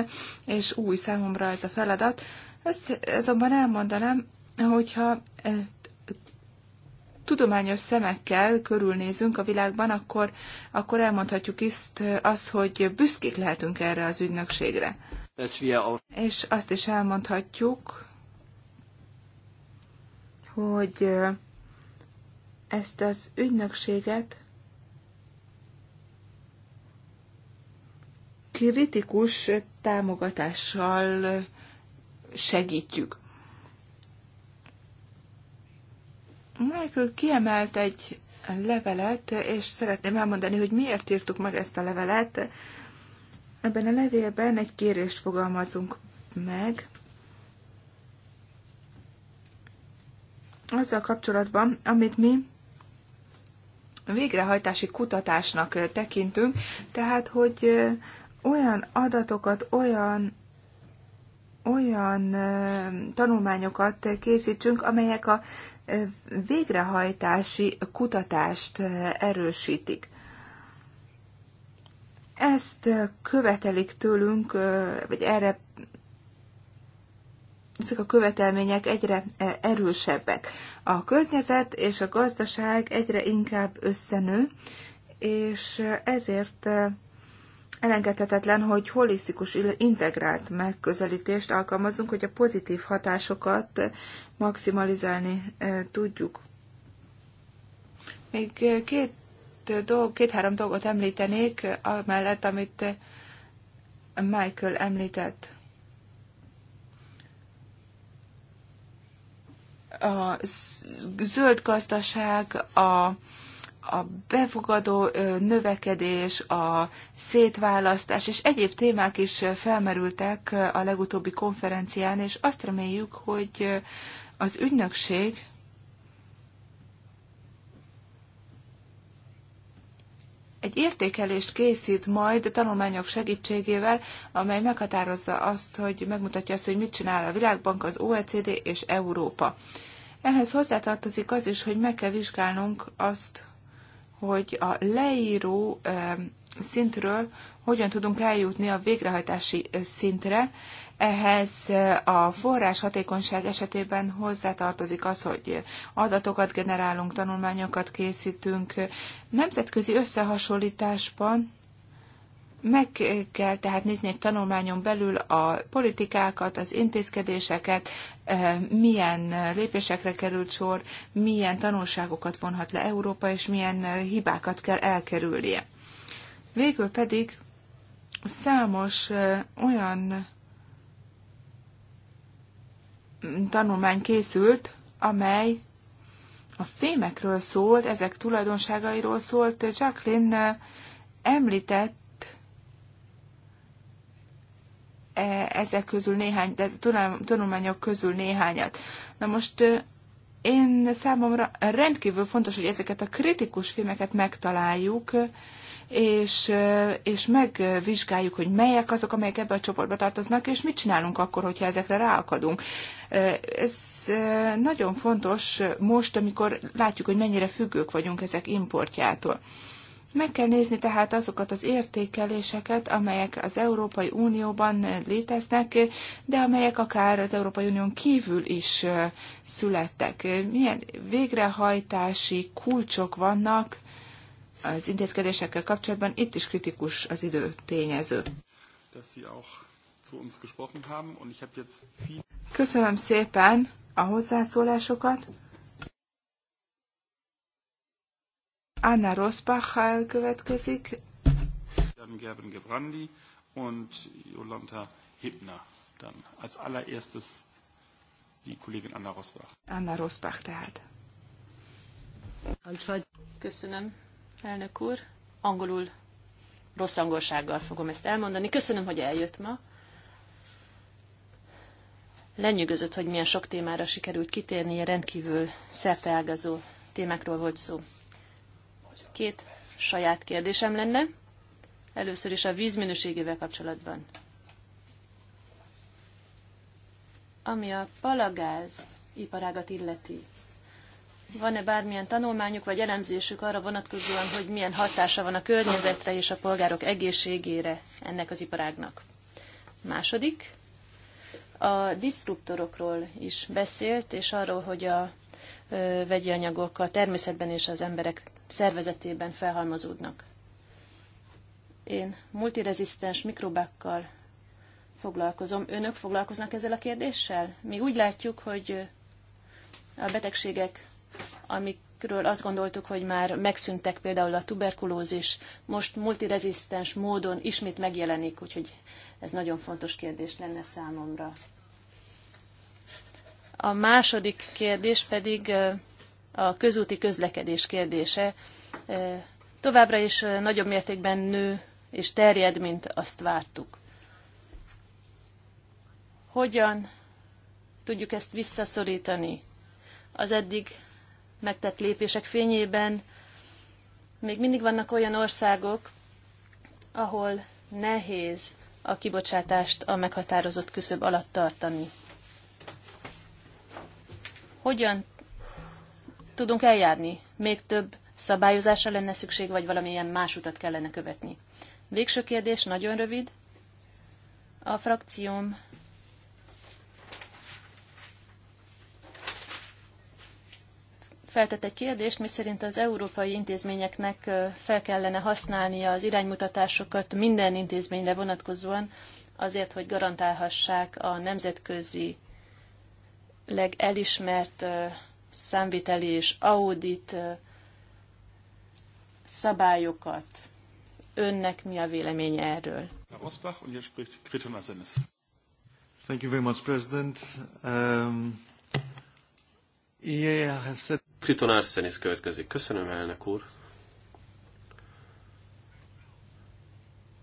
és új számomra ez a feladat. Ezt azonban elmondanám, hogyha eh, tudományos szemekkel körülnézünk a világban, akkor, akkor elmondhatjuk ezt, azt, hogy büszkék lehetünk erre az ügynökségre. És azt is elmondhatjuk, hogy ezt az ügynökséget kritikus támogatással segítjük. Michael kiemelt egy levelet, és szeretném elmondani, hogy miért írtuk meg ezt a levelet. Ebben a levélben egy kérést fogalmazunk meg, azzal kapcsolatban, amit mi végrehajtási kutatásnak tekintünk, tehát, hogy olyan adatokat, olyan olyan tanulmányokat készítsünk, amelyek a végrehajtási kutatást eh, erősítik. Ezt eh, követelik tőlünk, eh, vagy erre ezek a követelmények egyre erősebbek. A környezet és a gazdaság egyre inkább összenő, és ezért elengedhetetlen, hogy holisztikus, integrált megközelítést alkalmazunk, hogy a pozitív hatásokat maximalizálni e, tudjuk. Még két dolg, két-három dolgot említenék, amellett, amit Michael említett. A zöld gazdaság, a a befogadó növekedés, a szétválasztás és egyéb témák is felmerültek a legutóbbi konferencián, és azt reméljük, hogy az ügynökség egy értékelést készít majd tanulmányok segítségével, amely meghatározza azt, hogy megmutatja azt, hogy mit csinál a Világbank, az OECD és Európa. Ehhez hozzátartozik az is, hogy meg kell vizsgálnunk azt, hogy a leíró szintről hogyan tudunk eljutni a végrehajtási szintre. Ehhez a forrás hatékonyság esetében hozzátartozik az, hogy adatokat generálunk, tanulmányokat készítünk. Nemzetközi összehasonlításban meg kell tehát nézni egy tanulmányon belül a politikákat, az intézkedéseket, eh, milyen lépésekre került sor, milyen tanulságokat vonhat le Európa, és milyen eh, hibákat kell elkerülnie. Végül pedig számos eh, olyan tanulmány készült, amely a fémekről szólt, ezek tulajdonságairól szólt. Jacqueline említett E, ezek közül néhány, de tanulmányok közül néhányat. Na most én számomra rendkívül fontos, hogy ezeket a kritikus filmeket megtaláljuk, és, és megvizsgáljuk, hogy melyek azok, amelyek ebbe a csoportba tartoznak, és mit csinálunk akkor, hogyha ezekre ráakadunk. Ez nagyon fontos most, amikor látjuk, hogy mennyire függők vagyunk ezek importjától. Meg kell nézni tehát azokat az értékeléseket, amelyek az Európai Unióban léteznek, de amelyek akár az Európai Unión kívül is születtek. Milyen végrehajtási kulcsok vannak az intézkedésekkel kapcsolatban, itt is kritikus az idő tényező. Köszönöm szépen a hozzászólásokat. Anna Rosbach következik. Dann Gerben Gebrandi und Jolanta Hibner. Dann als allererstes die Kollegin Anna Rosbach. Anna Rosbach hat. Köszönöm, elnök úr. Angolul rossz angolsággal fogom ezt elmondani. Köszönöm, hogy eljött ma. Lenyűgözött, hogy milyen sok témára sikerült kitérnie, rendkívül szerteágazó témákról volt szó. Két saját kérdésem lenne. Először is a víz minőségével kapcsolatban. Ami a palagáz iparágat illeti, van-e bármilyen tanulmányuk vagy elemzésük arra vonatkozóan, hogy milyen hatása van a környezetre és a polgárok egészségére ennek az iparágnak? Második, a disruptorokról is beszélt, és arról, hogy a vegyi anyagok a természetben és az emberek szervezetében felhalmozódnak. Én multirezisztens mikrobákkal foglalkozom. Önök foglalkoznak ezzel a kérdéssel? Mi úgy látjuk, hogy a betegségek, amikről azt gondoltuk, hogy már megszűntek, például a tuberkulózis, most multirezisztens módon ismét megjelenik, úgyhogy ez nagyon fontos kérdés lenne számomra. A második kérdés pedig a közúti közlekedés kérdése e, továbbra is e, nagyobb mértékben nő és terjed, mint azt vártuk. Hogyan tudjuk ezt visszaszorítani? Az eddig megtett lépések fényében még mindig vannak olyan országok, ahol nehéz a kibocsátást a meghatározott küszöb alatt tartani. Hogyan tudunk eljárni? Még több szabályozásra lenne szükség, vagy valamilyen más utat kellene követni? Végső kérdés, nagyon rövid. A frakcióm feltett egy kérdést, miszerint az európai intézményeknek fel kellene használnia az iránymutatásokat minden intézményre vonatkozóan, azért, hogy garantálhassák a nemzetközi legelismert számviteli és audit szabályokat. Önnek mi a véleménye erről? Kriton Thank you very much, President. Um, yeah, I have said... Kriton Arsenis következik. Köszönöm, elnök úr.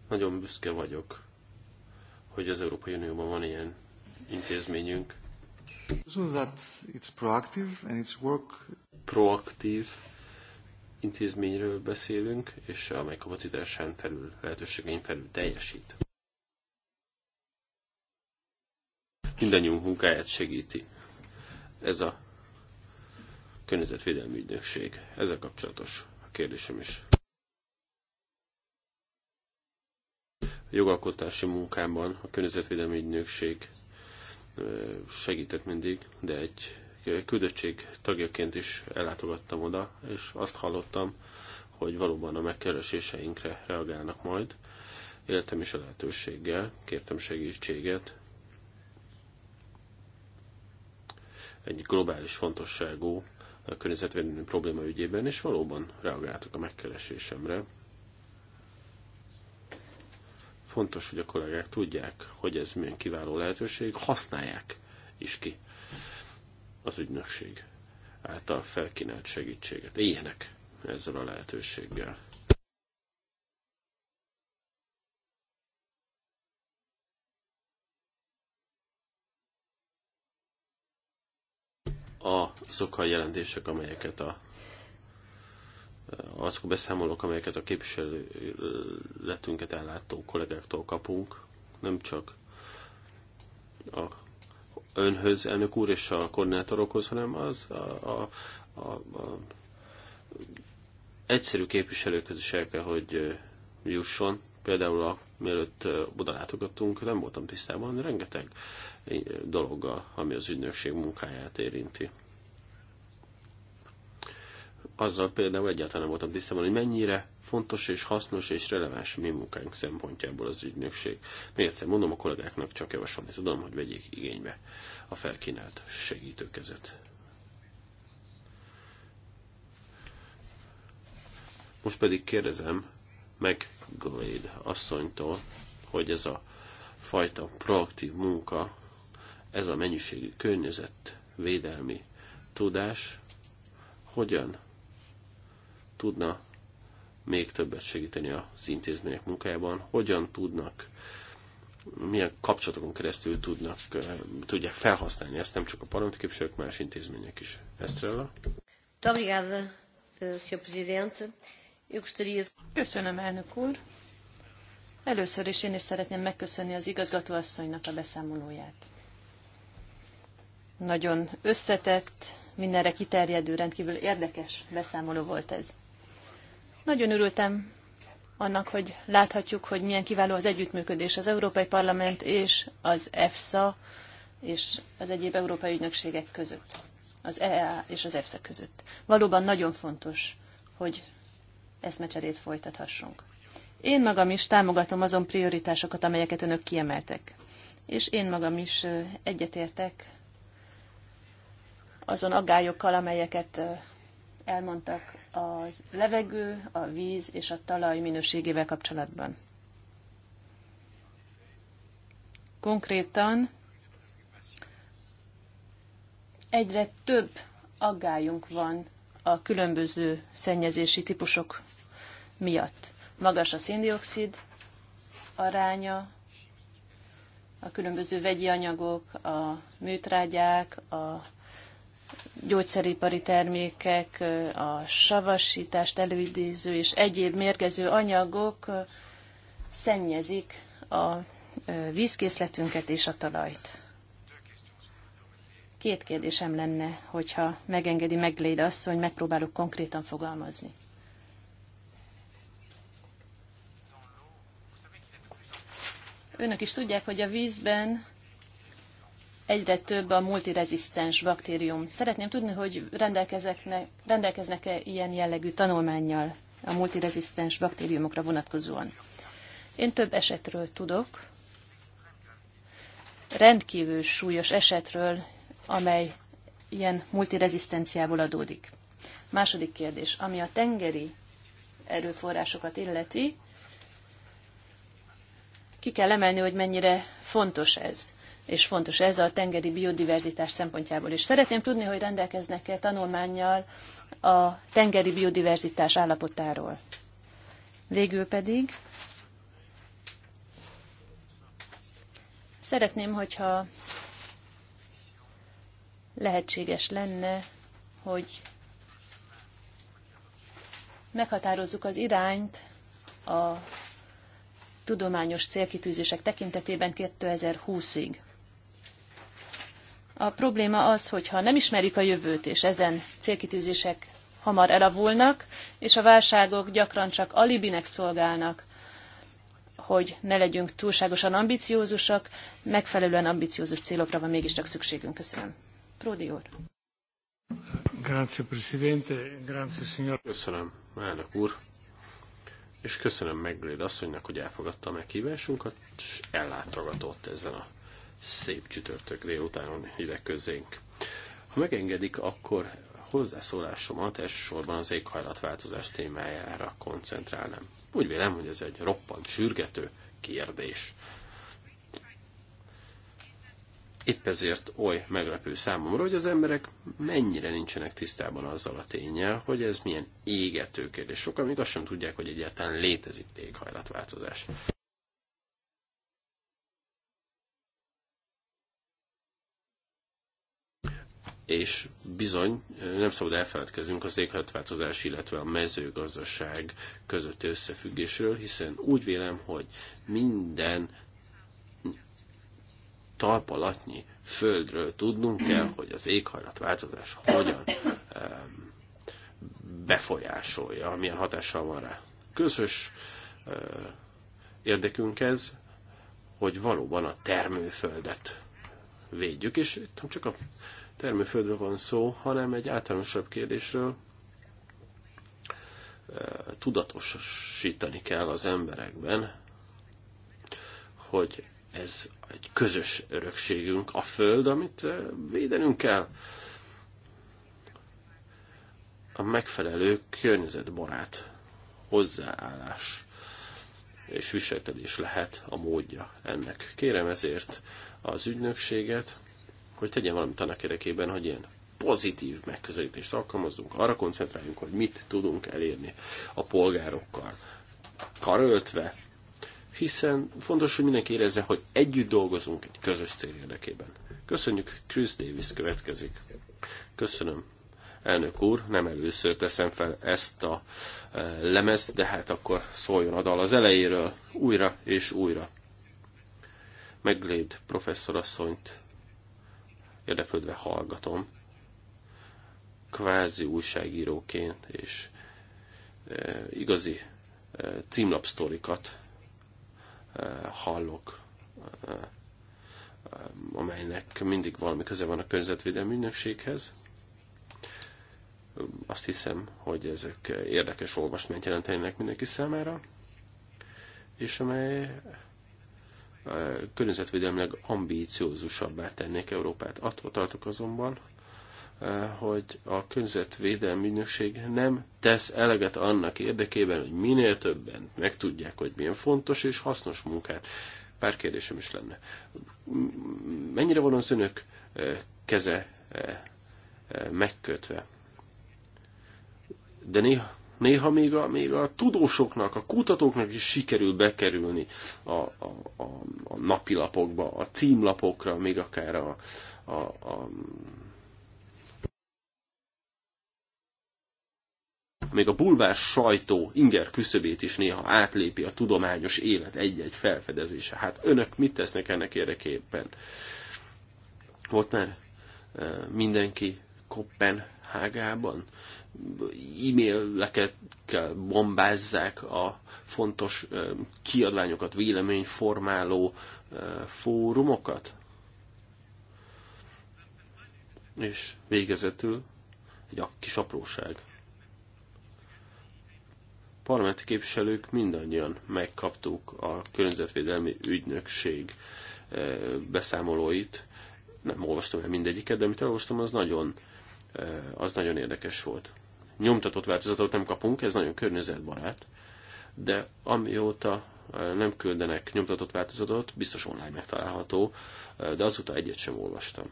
Nagyon büszke vagyok, hogy az Európai Unióban van ilyen intézményünk, Proaktív intézményről beszélünk, és amely kapacitásán felül, lehetőségein felül teljesít. Mindannyiunk munkáját segíti ez a környezetvédelmi ügynökség. Ezzel kapcsolatos a kérdésem is. A jogalkotási munkában a környezetvédelmi ügynökség segített mindig, de egy küldöttség tagjaként is ellátogattam oda, és azt hallottam, hogy valóban a megkereséseinkre reagálnak majd. Éltem is a lehetőséggel, kértem segítséget. Egy globális fontosságú környezetvédelmi probléma ügyében, és valóban reagáltak a megkeresésemre. Fontos, hogy a kollégák tudják, hogy ez milyen kiváló lehetőség, használják is ki az ügynökség által felkínált segítséget. Éljenek ezzel a lehetőséggel. azok a jelentések, amelyeket a azok a beszámolók, amelyeket a képviselőletünket ellátó kollégáktól kapunk, nem csak a önhöz, elnök úr és a koordinátorokhoz, hanem az a, a, a, a egyszerű képviselőkhöz is el kell, hogy jusson. Például a, mielőtt oda látogattunk, nem voltam tisztában, rengeteg dologgal, ami az ügynökség munkáját érinti azzal például egyáltalán nem voltam tisztában, hogy mennyire fontos és hasznos és releváns mi munkánk szempontjából az ügynökség. Még egyszer mondom a kollégáknak, csak javasolni tudom, hogy vegyék igénybe a felkínált segítőkezet. Most pedig kérdezem meg Glade asszonytól, hogy ez a fajta proaktív munka, ez a mennyiségű környezetvédelmi tudás hogyan tudna még többet segíteni az intézmények munkájában, hogyan tudnak, milyen kapcsolatokon keresztül tudnak, eh, tudják felhasználni ezt nem csak a parlamenti képviselők, más intézmények is. Estrella? Eh, Köszönöm, elnök úr. Először is én is szeretném megköszönni az igazgatóasszonynak a beszámolóját. Nagyon összetett, mindenre kiterjedő, rendkívül érdekes beszámoló volt ez. Nagyon örültem annak, hogy láthatjuk, hogy milyen kiváló az együttműködés az Európai Parlament és az EFSA és az egyéb európai ügynökségek között, az EEA és az EFSA között. Valóban nagyon fontos, hogy eszmecserét folytathassunk. Én magam is támogatom azon prioritásokat, amelyeket önök kiemeltek. És én magam is egyetértek azon aggályokkal, amelyeket elmondtak az levegő, a víz és a talaj minőségével kapcsolatban. Konkrétan egyre több aggályunk van a különböző szennyezési típusok miatt. Magas a széndiokszid aránya, a különböző vegyi anyagok, a műtrágyák, a gyógyszeripari termékek, a savasítást előidéző és egyéb mérgező anyagok szennyezik a vízkészletünket és a talajt. Két kérdésem lenne, hogyha megengedi Megléd hogy megpróbálok konkrétan fogalmazni. Önök is tudják, hogy a vízben egyre több a multirezisztens baktérium. Szeretném tudni, hogy rendelkeznek-e ilyen jellegű tanulmányjal a multirezisztens baktériumokra vonatkozóan. Én több esetről tudok, rendkívül súlyos esetről, amely ilyen multirezisztenciából adódik. Második kérdés, ami a tengeri erőforrásokat illeti, ki kell emelni, hogy mennyire fontos ez és fontos ez a tengeri biodiverzitás szempontjából is. Szeretném tudni, hogy rendelkeznek-e tanulmányjal a tengeri biodiverzitás állapotáról. Végül pedig szeretném, hogyha lehetséges lenne, hogy meghatározzuk az irányt a tudományos célkitűzések tekintetében 2020-ig. A probléma az, hogyha nem ismerik a jövőt, és ezen célkitűzések hamar elavulnak, és a válságok gyakran csak alibinek szolgálnak, hogy ne legyünk túlságosan ambiciózusak, megfelelően ambiciózus célokra van mégiscsak szükségünk. Köszönöm. Pródi úr. Grazie, Presidente. Grazie, signor. Köszönöm, elnök úr. És köszönöm Megléd asszonynak, hogy elfogadta a meghívásunkat, és ellátogatott ezen a szép csütörtök délután ide közénk. Ha megengedik, akkor hozzászólásomat elsősorban az éghajlatváltozás témájára koncentrálnám. Úgy vélem, hogy ez egy roppant sürgető kérdés. Épp ezért oly meglepő számomra, hogy az emberek mennyire nincsenek tisztában azzal a tényel, hogy ez milyen égető kérdés. Sokan még azt sem tudják, hogy egyáltalán létezik éghajlatváltozás. és bizony nem szabad elfeledkezünk az éghajlatváltozás, illetve a mezőgazdaság közötti összefüggésről, hiszen úgy vélem, hogy minden talpalatnyi földről tudnunk kell, hogy az éghajlatváltozás hogyan befolyásolja, milyen hatással van rá. Közös érdekünk ez, hogy valóban a termőföldet védjük, és itt csak a termőföldről van szó, hanem egy általánosabb kérdésről tudatosítani kell az emberekben, hogy ez egy közös örökségünk, a Föld, amit védenünk kell. A megfelelő környezetbarát hozzáállás és viselkedés lehet a módja ennek. Kérem ezért az ügynökséget, hogy tegyen valamit annak érdekében, hogy ilyen pozitív megközelítést alkalmazzunk, arra koncentráljunk, hogy mit tudunk elérni a polgárokkal karöltve, hiszen fontos, hogy mindenki érezze, hogy együtt dolgozunk egy közös cél érdekében. Köszönjük, Chris Davis következik. Köszönöm, elnök úr, nem először teszem fel ezt a e, lemezt, de hát akkor szóljon a dal az elejéről, újra és újra. Megléd professzorasszonyt érdeklődve hallgatom. Kvázi újságíróként és e, igazi e, címlapsztorikat e, hallok, e, e, amelynek mindig valami köze van a környezetvédelmi ügynökséghez. Azt hiszem, hogy ezek érdekes olvasmányt jelentenek mindenki számára, és amely környezetvédelmileg ambíciózusabbá tennék Európát. Attól tartok azonban, hogy a környezetvédelmi ügynökség nem tesz eleget annak érdekében, hogy minél többen megtudják, hogy milyen fontos és hasznos munkát. Pár kérdésem is lenne. Mennyire van az önök keze megkötve? De néha Néha még a, még a tudósoknak, a kutatóknak is sikerül bekerülni a, a, a, a napilapokba, a címlapokra, még akár a, a, a még a bulvár sajtó inger küszöbét is néha átlépi a tudományos élet egy-egy felfedezése. Hát önök mit tesznek ennek érdekében? Volt már eh, mindenki Kopenhágában, e-maileket bombázzák a fontos kiadványokat, véleményformáló fórumokat. És végezetül egy kis apróság. Parlamenti képviselők mindannyian megkaptuk a környezetvédelmi ügynökség beszámolóit. Nem olvastam el mindegyiket, de amit elolvastam, az nagyon, az nagyon érdekes volt nyomtatott változatot nem kapunk, ez nagyon környezetbarát, de amióta nem küldenek nyomtatott változatot, biztos online megtalálható, de azóta egyet sem olvastam.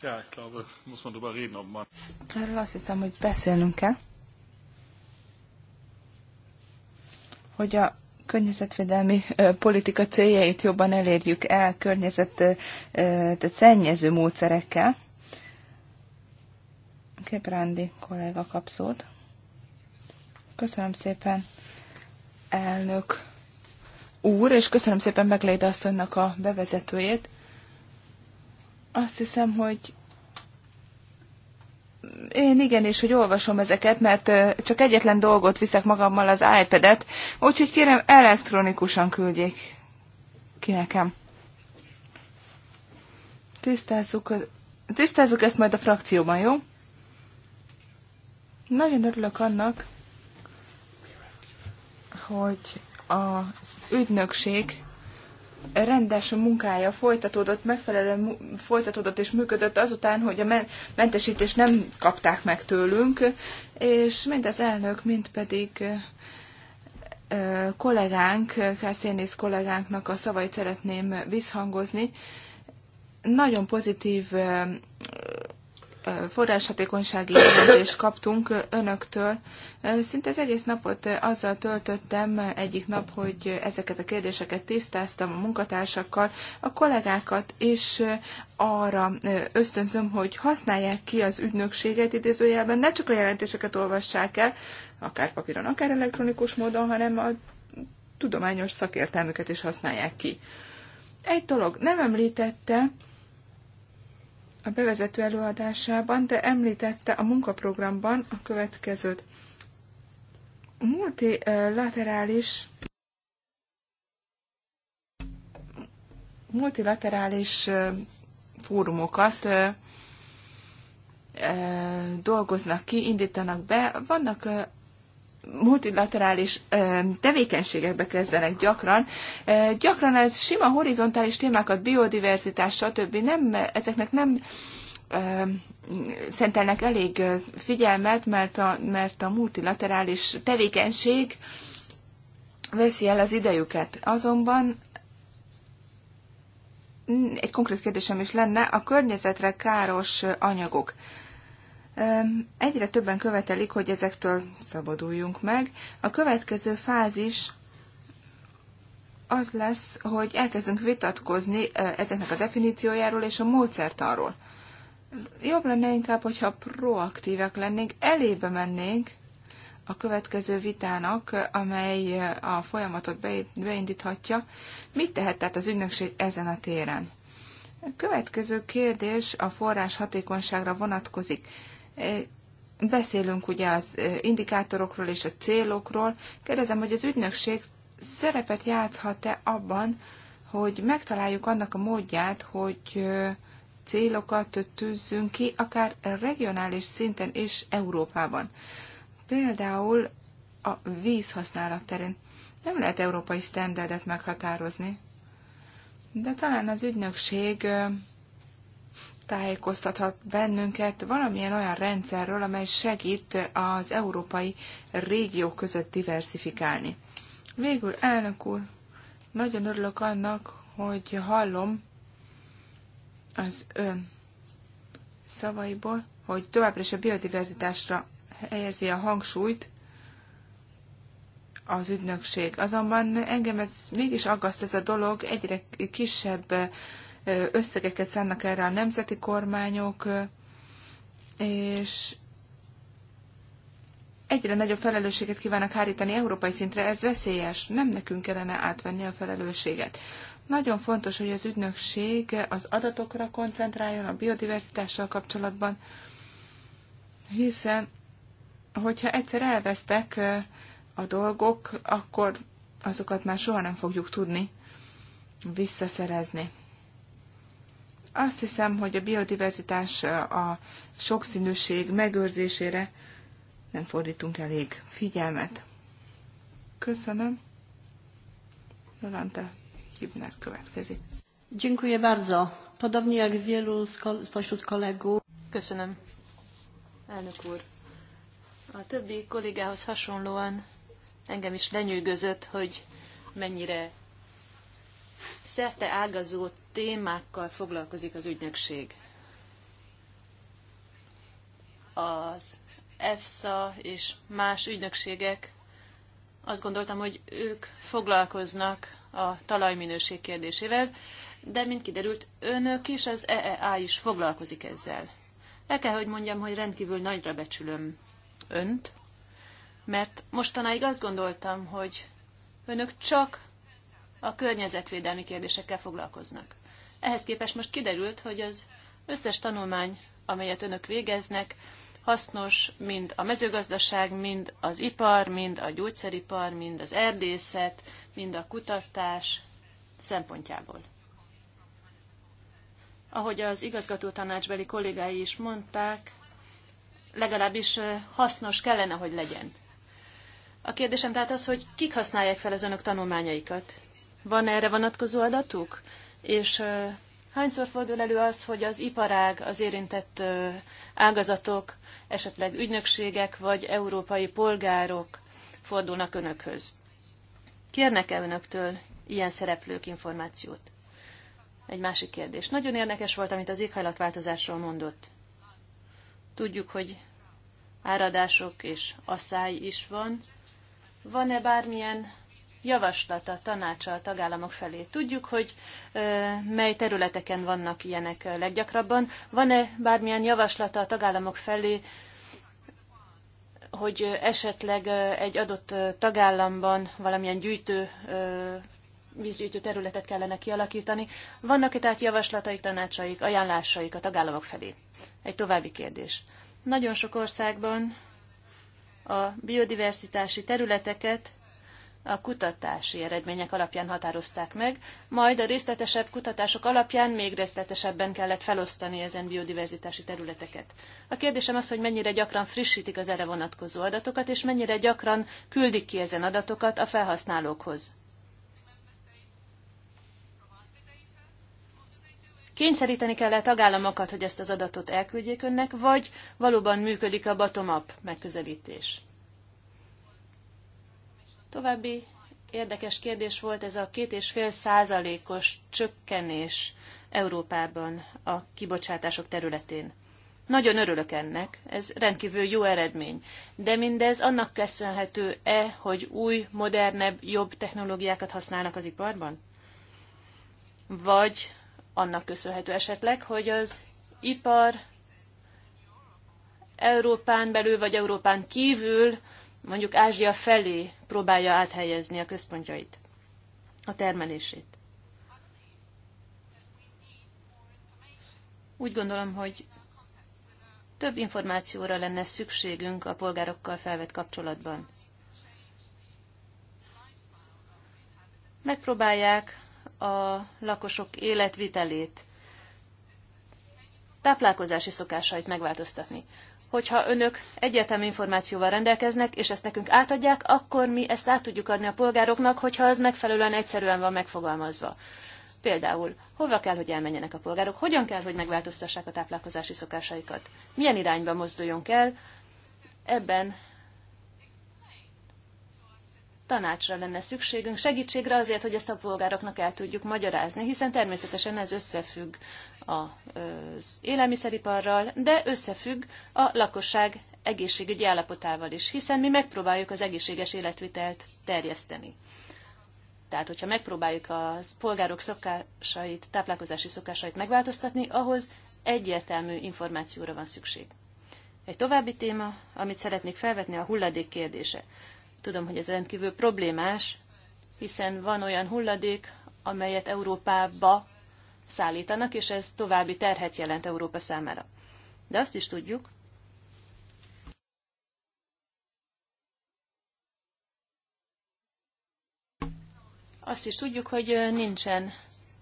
Ja, Erről azt hiszem, hogy beszélnünk kell, hogy a környezetvédelmi politika céljait jobban elérjük el környezetet szennyező módszerekkel. Képrándi kollega kap szót. Köszönöm szépen, elnök úr, és köszönöm szépen Megléd asszonynak a bevezetőjét. Azt hiszem, hogy én is hogy olvasom ezeket, mert csak egyetlen dolgot viszek magammal az iPad-et, úgyhogy kérem elektronikusan küldjék ki nekem. Tisztázzuk, tisztázzuk ezt majd a frakcióban, jó? Nagyon örülök annak, hogy az ügynökség rendes munkája folytatódott, megfelelően folytatódott és működött azután, hogy a mentesítést nem kapták meg tőlünk, és mind az elnök, mind pedig kollégánk, Kászénész kollégánknak a szavait szeretném visszhangozni. Nagyon pozitív forráshatékonysági jelentést kaptunk önöktől. Szinte az egész napot azzal töltöttem egyik nap, hogy ezeket a kérdéseket tisztáztam a munkatársakkal, a kollégákat, és arra ösztönzöm, hogy használják ki az ügynökséget idézőjelben, ne csak a jelentéseket olvassák el, akár papíron, akár elektronikus módon, hanem a tudományos szakértelmüket is használják ki. Egy dolog nem említette, a bevezető előadásában, de említette a munkaprogramban a következőt. Multilaterális multilaterális fórumokat dolgoznak ki, indítanak be. Vannak multilaterális tevékenységekbe kezdenek gyakran. Gyakran ez sima horizontális témákat, biodiverzitás, stb. Nem, ezeknek nem szentelnek elég figyelmet, mert a, mert a multilaterális tevékenység veszi el az idejüket. Azonban egy konkrét kérdésem is lenne, a környezetre káros anyagok. Egyre többen követelik, hogy ezektől szabaduljunk meg. A következő fázis az lesz, hogy elkezdünk vitatkozni ezeknek a definíciójáról és a módszertanról. Jobb lenne inkább, hogyha proaktívek lennénk, elébe mennénk a következő vitának, amely a folyamatot beindíthatja. Mit tehet tehát az ügynökség ezen a téren? A következő kérdés a forrás hatékonyságra vonatkozik. Beszélünk ugye az indikátorokról és a célokról. Kérdezem, hogy az ügynökség szerepet játszhat-e abban, hogy megtaláljuk annak a módját, hogy célokat tűzzünk ki, akár regionális szinten és Európában. Például a vízhasználat terén. Nem lehet európai sztenderdet meghatározni, de talán az ügynökség tájékoztathat bennünket valamilyen olyan rendszerről, amely segít az európai régiók között diversifikálni. Végül, elnök úr, nagyon örülök annak, hogy hallom az ön szavaiból, hogy továbbra is a biodiverzitásra helyezi a hangsúlyt az ügynökség. Azonban engem ez mégis aggaszt ez a dolog, egyre kisebb összegeket szánnak erre a nemzeti kormányok, és egyre nagyobb felelősséget kívánnak hárítani európai szintre, ez veszélyes, nem nekünk kellene átvenni a felelősséget. Nagyon fontos, hogy az ügynökség az adatokra koncentráljon a biodiverzitással kapcsolatban, hiszen hogyha egyszer elvesztek a dolgok, akkor azokat már soha nem fogjuk tudni visszaszerezni. Azt hiszem, hogy a biodiverzitás a sokszínűség megőrzésére nem fordítunk elég figyelmet. Köszönöm. Jolanta Hibner következik. Dziękuję bardzo. Podobnie jak wielu spośród kolegów. Köszönöm. Elnök úr. A többi kollégához hasonlóan engem is lenyűgözött, hogy mennyire szerte ágazó témákkal foglalkozik az ügynökség. Az EFSA és más ügynökségek azt gondoltam, hogy ők foglalkoznak a talajminőség kérdésével, de mint kiderült, önök is, az EEA is foglalkozik ezzel. El kell, hogy mondjam, hogy rendkívül nagyra becsülöm önt, mert mostanáig azt gondoltam, hogy önök csak a környezetvédelmi kérdésekkel foglalkoznak. Ehhez képest most kiderült, hogy az összes tanulmány, amelyet önök végeznek, hasznos mind a mezőgazdaság, mind az ipar, mind a gyógyszeripar, mind az erdészet, mind a kutatás szempontjából. Ahogy az igazgató tanácsbeli kollégái is mondták, legalábbis hasznos kellene, hogy legyen. A kérdésem tehát az, hogy kik használják fel az önök tanulmányaikat, van erre vonatkozó adatuk? És hányszor fordul elő az, hogy az iparág, az érintett ágazatok, esetleg ügynökségek vagy európai polgárok fordulnak önökhöz? Kérnek-e önöktől ilyen szereplők információt? Egy másik kérdés. Nagyon érdekes volt, amit az éghajlatváltozásról mondott. Tudjuk, hogy áradások és asszály is van. Van-e bármilyen javaslata, tanácsa a tagállamok felé. Tudjuk, hogy mely területeken vannak ilyenek leggyakrabban. Van-e bármilyen javaslata a tagállamok felé, hogy esetleg egy adott tagállamban valamilyen gyűjtő vízgyűjtő területet kellene kialakítani. Vannak-e tehát javaslataik, tanácsaik, ajánlásaik a tagállamok felé? Egy további kérdés. Nagyon sok országban a biodiversitási területeket a kutatási eredmények alapján határozták meg, majd a részletesebb kutatások alapján még részletesebben kellett felosztani ezen biodiverzitási területeket. A kérdésem az, hogy mennyire gyakran frissítik az erre vonatkozó adatokat, és mennyire gyakran küldik ki ezen adatokat a felhasználókhoz. Kényszeríteni kell a tagállamokat, hogy ezt az adatot elküldjék önnek, vagy valóban működik a bottom-up megközelítés? További érdekes kérdés volt ez a két és fél százalékos csökkenés Európában a kibocsátások területén. Nagyon örülök ennek, ez rendkívül jó eredmény. De mindez annak köszönhető-e, hogy új, modernebb, jobb technológiákat használnak az iparban? Vagy annak köszönhető esetleg, hogy az ipar Európán belül vagy Európán kívül mondjuk Ázsia felé próbálja áthelyezni a központjait, a termelését. Úgy gondolom, hogy több információra lenne szükségünk a polgárokkal felvett kapcsolatban. Megpróbálják a lakosok életvitelét, táplálkozási szokásait megváltoztatni hogyha önök egyértelmű információval rendelkeznek, és ezt nekünk átadják, akkor mi ezt át tudjuk adni a polgároknak, hogyha az megfelelően egyszerűen van megfogalmazva. Például, hova kell, hogy elmenjenek a polgárok, hogyan kell, hogy megváltoztassák a táplálkozási szokásaikat, milyen irányba mozduljon el, ebben tanácsra lenne szükségünk, segítségre azért, hogy ezt a polgároknak el tudjuk magyarázni, hiszen természetesen ez összefügg az élelmiszeriparral, de összefügg a lakosság egészségügyi állapotával is, hiszen mi megpróbáljuk az egészséges életvitelt terjeszteni. Tehát, hogyha megpróbáljuk a polgárok szokásait, táplálkozási szokásait megváltoztatni, ahhoz egyértelmű információra van szükség. Egy további téma, amit szeretnék felvetni, a hulladék kérdése. Tudom, hogy ez rendkívül problémás, hiszen van olyan hulladék, amelyet Európába szállítanak, és ez további terhet jelent Európa számára. De azt is tudjuk, azt is tudjuk, hogy nincsen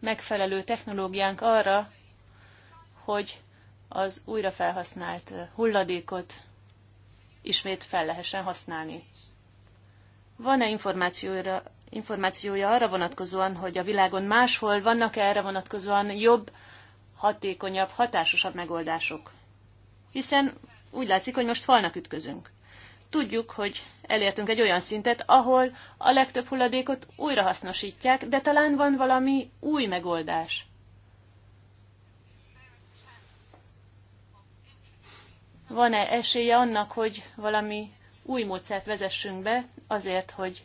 megfelelő technológiánk arra, hogy az újrafelhasznált hulladékot ismét fel lehessen használni. Van-e információja, információja arra vonatkozóan, hogy a világon máshol vannak-e erre vonatkozóan jobb, hatékonyabb, hatásosabb megoldások? Hiszen úgy látszik, hogy most falnak ütközünk. Tudjuk, hogy elértünk egy olyan szintet, ahol a legtöbb hulladékot újrahasznosítják, de talán van valami új megoldás. Van-e esélye annak, hogy valami új módszert vezessünk be azért, hogy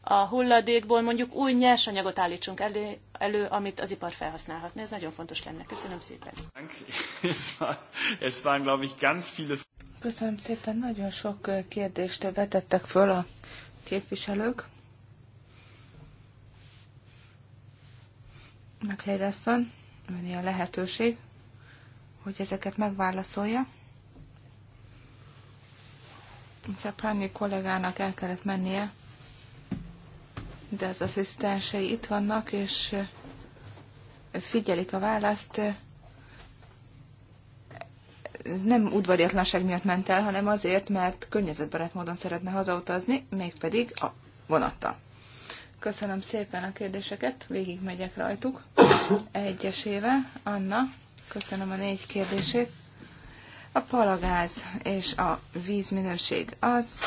a hulladékból mondjuk új nyersanyagot állítsunk elő, elő, amit az ipar felhasználhatna. Ez nagyon fontos lenne. Köszönöm szépen. Köszönöm szépen. Nagyon sok kérdést vetettek föl a képviselők. Meglédasszon, mennyi a lehetőség, hogy ezeket megválaszolja. Csapányi kollégának el kellett mennie, de az asszisztensei itt vannak, és figyelik a választ. Ez nem udvariatlanság miatt ment el, hanem azért, mert környezetbarát módon szeretne hazautazni, mégpedig a vonattal. Köszönöm szépen a kérdéseket, végig megyek rajtuk egyesével. Anna, köszönöm a négy kérdését. A palagáz és a vízminőség az.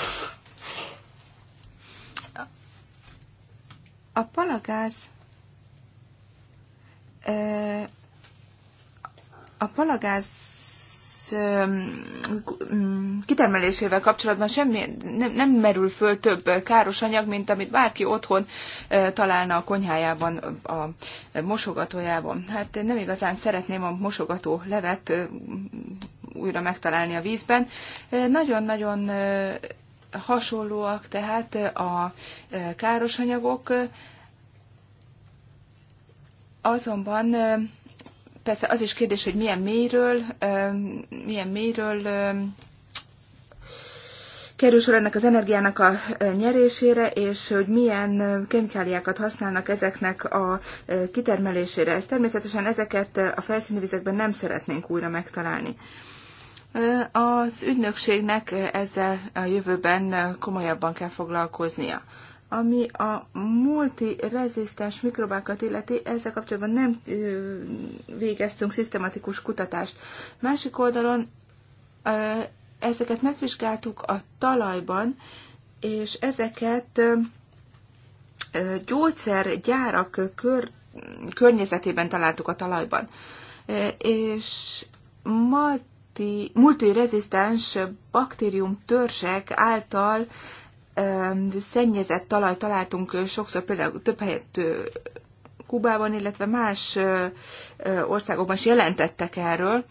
A palagáz a palagáz kitermelésével kapcsolatban semmi, nem, nem merül föl több káros anyag, mint amit bárki otthon találna a konyhájában, a mosogatójában. Hát nem igazán szeretném a mosogató levet újra megtalálni a vízben. Nagyon-nagyon hasonlóak tehát a káros anyagok, azonban persze az is kérdés, hogy milyen mélyről, milyen mélyről kerül sor ennek az energiának a nyerésére, és hogy milyen kemikáliákat használnak ezeknek a kitermelésére. Ez természetesen ezeket a felszíni vizekben nem szeretnénk újra megtalálni. Az ügynökségnek ezzel a jövőben komolyabban kell foglalkoznia. Ami a multirezisztens mikrobákat illeti, ezzel kapcsolatban nem végeztünk szisztematikus kutatást. Másik oldalon ezeket megvizsgáltuk a talajban, és ezeket gyógyszergyárak kör, környezetében találtuk a talajban. És majd multi, multirezisztens baktérium törzsek által szennyezett talaj találtunk sokszor, például több helyett Kubában, illetve más országokban is jelentettek erről,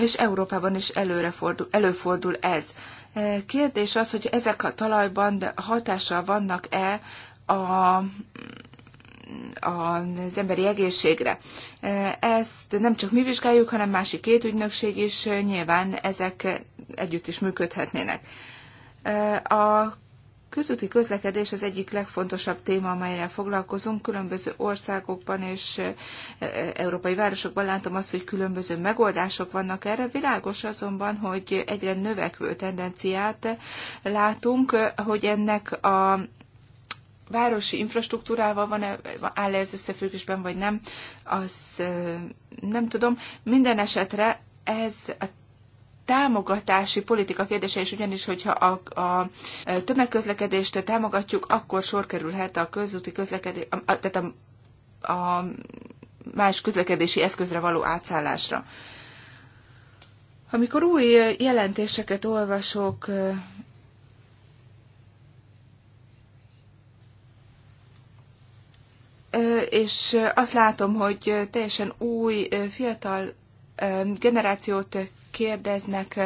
és Európában is előfordul, előfordul ez. Kérdés az, hogy ezek a talajban hatással vannak-e a az emberi egészségre. Ezt nem csak mi vizsgáljuk, hanem másik két ügynökség is nyilván ezek együtt is működhetnének. A közúti közlekedés az egyik legfontosabb téma, amelyre foglalkozunk. Különböző országokban és e, e, európai városokban látom azt, hogy különböző megoldások vannak erre. Világos azonban, hogy egyre növekvő tendenciát látunk, hogy ennek a városi infrastruktúrával van-e, áll -e ez összefüggésben, vagy nem, az nem tudom. Minden esetre ez a támogatási politika kérdése is ugyanis, hogyha a, a tömegközlekedést támogatjuk, akkor sor kerülhet a közúti közlekedés, a, tehát a, a más közlekedési eszközre való átszállásra. Amikor új jelentéseket olvasok és azt látom, hogy teljesen új, fiatal generációt kérdeznek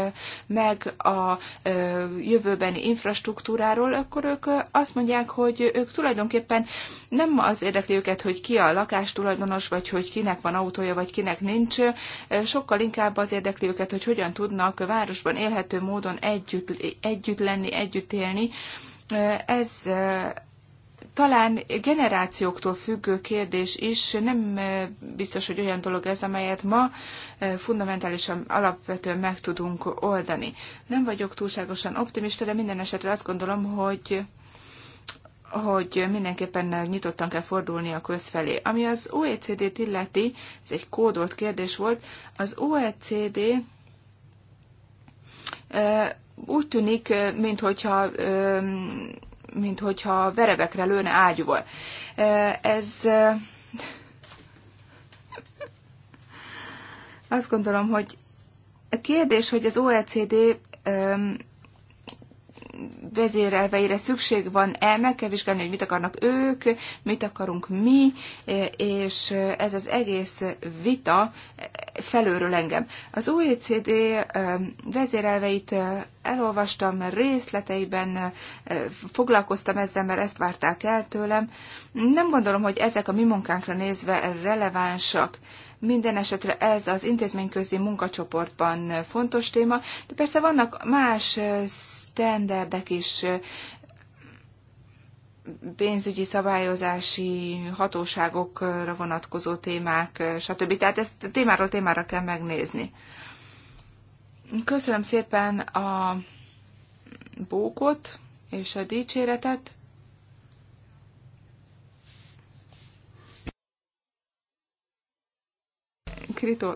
meg a jövőbeni infrastruktúráról, akkor ők azt mondják, hogy ők tulajdonképpen nem az érdekli őket, hogy ki a lakástulajdonos, vagy hogy kinek van autója, vagy kinek nincs, sokkal inkább az érdekli őket, hogy hogyan tudnak városban élhető módon együtt, együtt lenni, együtt élni. Ez talán generációktól függő kérdés is, nem eh, biztos, hogy olyan dolog ez, amelyet ma eh, fundamentálisan alapvetően meg tudunk oldani. Nem vagyok túlságosan optimista, de minden esetre azt gondolom, hogy hogy mindenképpen nyitottan kell fordulni a közfelé. Ami az OECD-t illeti, ez egy kódolt kérdés volt, az OECD eh, úgy tűnik, minthogyha mint hogyha verebekre lőne ágyúval. Ez azt gondolom, hogy a kérdés, hogy az OECD vezérelveire szükség van-e, meg kell vizsgálni, hogy mit akarnak ők, mit akarunk mi, és ez az egész vita felőről engem. Az OECD um, vezérelveit uh, elolvastam részleteiben, uh, foglalkoztam ezzel, mert ezt várták el tőlem. Nem gondolom, hogy ezek a mi munkánkra nézve relevánsak minden esetre ez az intézményközi munkacsoportban fontos téma, de persze vannak más standardek is, pénzügyi szabályozási hatóságokra vonatkozó témák, stb. Tehát ezt témáról témára kell megnézni. Köszönöm szépen a bókot és a dicséretet. Kritó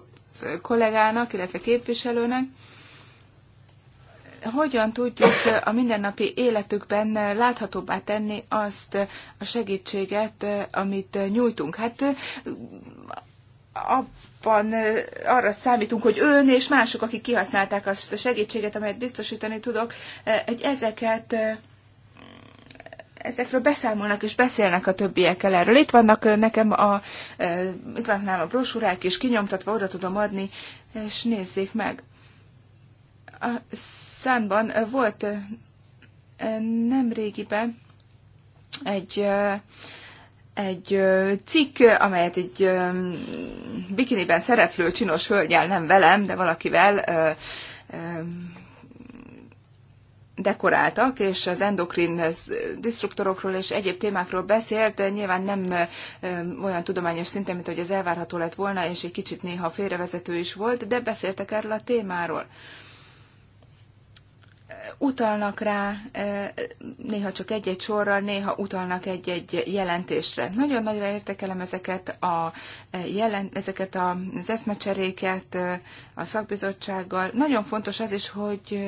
kollégának, illetve képviselőnek, hogyan tudjuk a mindennapi életükben láthatóbbá tenni azt a segítséget, amit nyújtunk. Hát abban arra számítunk, hogy ön és mások, akik kihasználták azt a segítséget, amelyet biztosítani tudok, egy ezeket ezekről beszámolnak és beszélnek a többiekkel erről. Itt vannak nekem a, itt vannak nálam a brosúrák is kinyomtatva, oda tudom adni, és nézzék meg. A számban volt nem régiben egy egy cikk, amelyet egy bikiniben szereplő csinos hölgyel, nem velem, de valakivel dekoráltak, és az endokrin disruptorokról és egyéb témákról beszélt, de nyilván nem olyan tudományos szinten, mint hogy ez elvárható lett volna, és egy kicsit néha félrevezető is volt, de beszéltek erről a témáról. Utalnak rá, néha csak egy-egy sorral, néha utalnak egy-egy jelentésre. Nagyon nagyra értekelem ezeket, a jelen, ezeket az eszmecseréket a szakbizottsággal. Nagyon fontos az is, hogy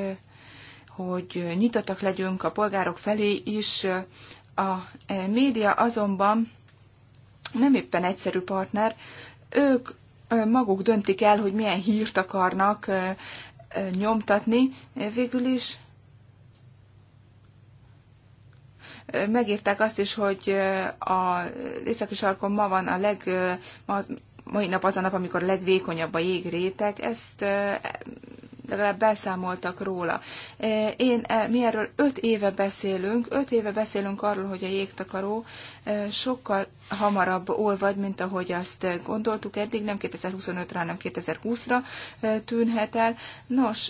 hogy nyitottak legyünk a polgárok felé is. A média azonban nem éppen egyszerű partner. Ők maguk döntik el, hogy milyen hírt akarnak nyomtatni. Végül is megírták azt is, hogy a északi sarkon ma van a leg, ma az, mai nap az a nap, amikor a legvékonyabb a jégréteg. Ezt legalább beszámoltak róla. E, én, e, mi erről öt éve beszélünk, öt éve beszélünk arról, hogy a jégtakaró e, sokkal hamarabb olvad, mint ahogy azt gondoltuk eddig, nem 2025-re, hanem 2020-ra tűnhet el. Nos,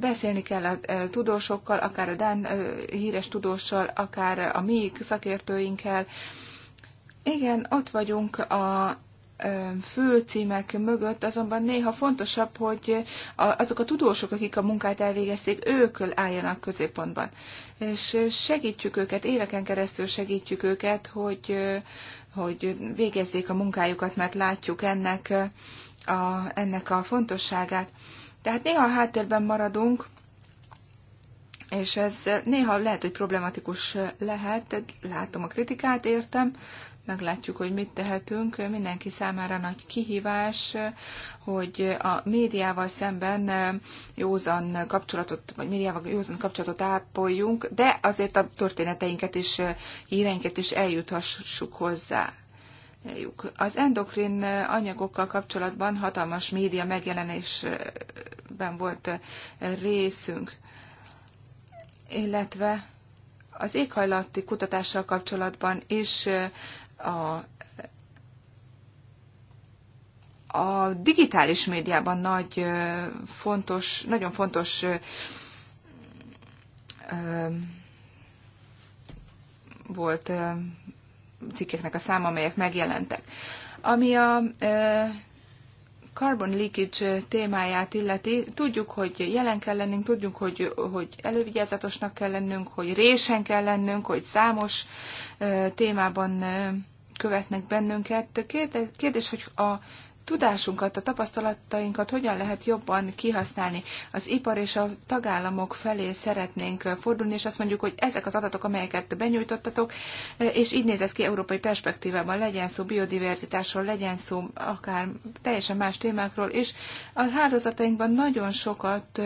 beszélni kell a tudósokkal, akár a Dán híres tudóssal, akár a mi szakértőinkkel. Igen, ott vagyunk a főcímek mögött azonban néha fontosabb, hogy azok a tudósok, akik a munkát elvégezték, ők álljanak középpontban. És segítjük őket, éveken keresztül segítjük őket, hogy, hogy végezzék a munkájukat, mert látjuk ennek a, ennek a fontosságát. Tehát néha a háttérben maradunk, és ez néha lehet, hogy problematikus lehet, látom a kritikát, értem, meglátjuk, hogy mit tehetünk. Mindenki számára nagy kihívás, hogy a médiával szemben józan kapcsolatot, vagy médiával józan kapcsolatot ápoljunk, de azért a történeteinket is, híreinket is eljuthassuk hozzá. Az endokrin anyagokkal kapcsolatban hatalmas média megjelenésben volt részünk, illetve az éghajlati kutatással kapcsolatban is a a digitális médiában nagy, fontos, nagyon fontos volt cikkeknek a száma, amelyek megjelentek. Ami a carbon leakage témáját illeti, tudjuk, hogy jelen kell lennünk, tudjuk, hogy, hogy elővigyázatosnak kell lennünk, hogy résen kell lennünk, hogy számos témában követnek bennünket. Kérdés, hogy a tudásunkat, a tapasztalatainkat hogyan lehet jobban kihasználni. Az ipar és a tagállamok felé szeretnénk fordulni, és azt mondjuk, hogy ezek az adatok, amelyeket benyújtottatok, és így néz ez ki európai perspektívában, legyen szó biodiverzitásról, legyen szó akár teljesen más témákról, és a hálózatainkban nagyon sokat,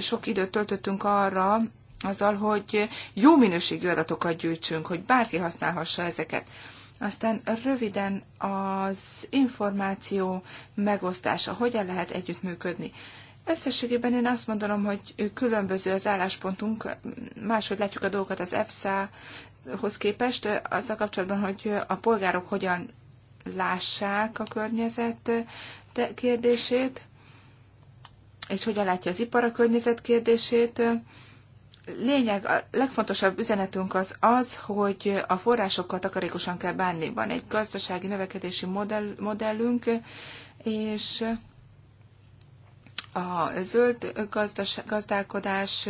sok időt töltöttünk arra, azzal, hogy jó minőségű adatokat gyűjtsünk, hogy bárki használhassa ezeket. Aztán röviden az információ megosztása, hogyan lehet együttműködni. Összességében én azt mondom hogy különböző az álláspontunk, máshogy látjuk a dolgokat az EFSA-hoz képest, azzal kapcsolatban, hogy a polgárok hogyan lássák a környezet kérdését, és hogyan látja az ipar a környezet kérdését, lényeg, a legfontosabb üzenetünk az az, hogy a forrásokkal takarékosan kell bánni. Van egy gazdasági növekedési modell, modellünk, és a zöld gazdas, gazdálkodás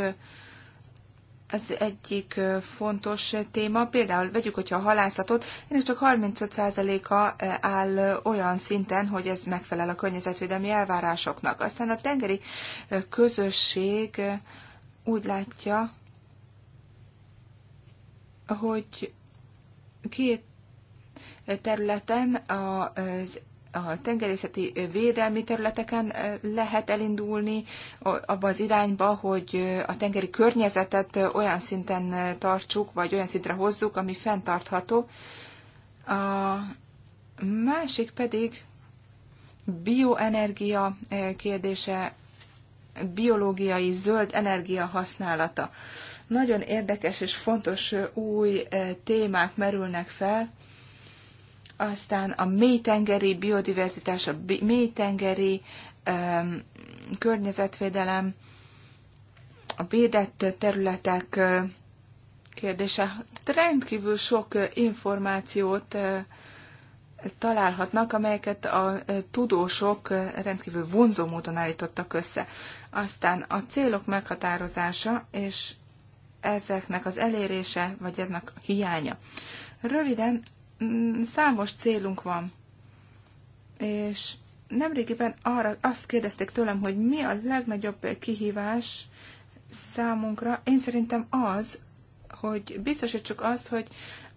ez egyik fontos téma. Például vegyük, hogyha a halászatot, ennek csak 35%-a e, áll olyan szinten, hogy ez megfelel a környezetvédelmi elvárásoknak. Aztán a tengeri e, közösség úgy látja, hogy két területen az a tengerészeti védelmi területeken lehet elindulni abba az irányba, hogy a tengeri környezetet olyan szinten tartsuk, vagy olyan szintre hozzuk, ami fenntartható. A másik pedig bioenergia kérdése, biológiai zöld energia használata. Nagyon érdekes és fontos új témák merülnek fel, aztán a mélytengeri biodiverzitás, a mélytengeri um, környezetvédelem, a védett területek kérdése. Hát rendkívül sok információt találhatnak, amelyeket a tudósok rendkívül vonzó módon állítottak össze. Aztán a célok meghatározása és ezeknek az elérése, vagy ennek hiánya. Röviden, mm, számos célunk van, és nemrégiben arra azt kérdezték tőlem, hogy mi a legnagyobb kihívás számunkra. Én szerintem az, hogy biztosítsuk azt, hogy,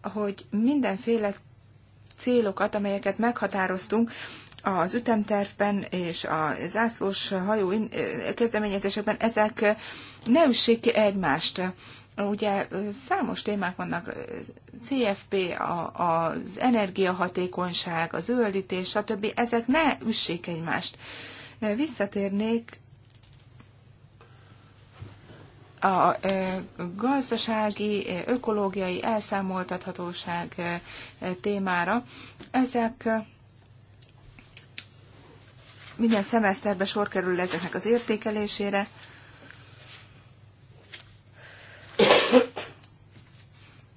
hogy mindenféle célokat, amelyeket meghatároztunk az ütemtervben és a zászlós hajó kezdeményezésekben, ezek ne üssék ki egymást. Ugye számos témák vannak, CFP, a, az energiahatékonyság, a zöldítés, stb. Ezek ne üssék egymást. Visszatérnék a gazdasági, ökológiai elszámoltathatóság témára. Ezek minden szemeszterben sor kerül ezeknek az értékelésére.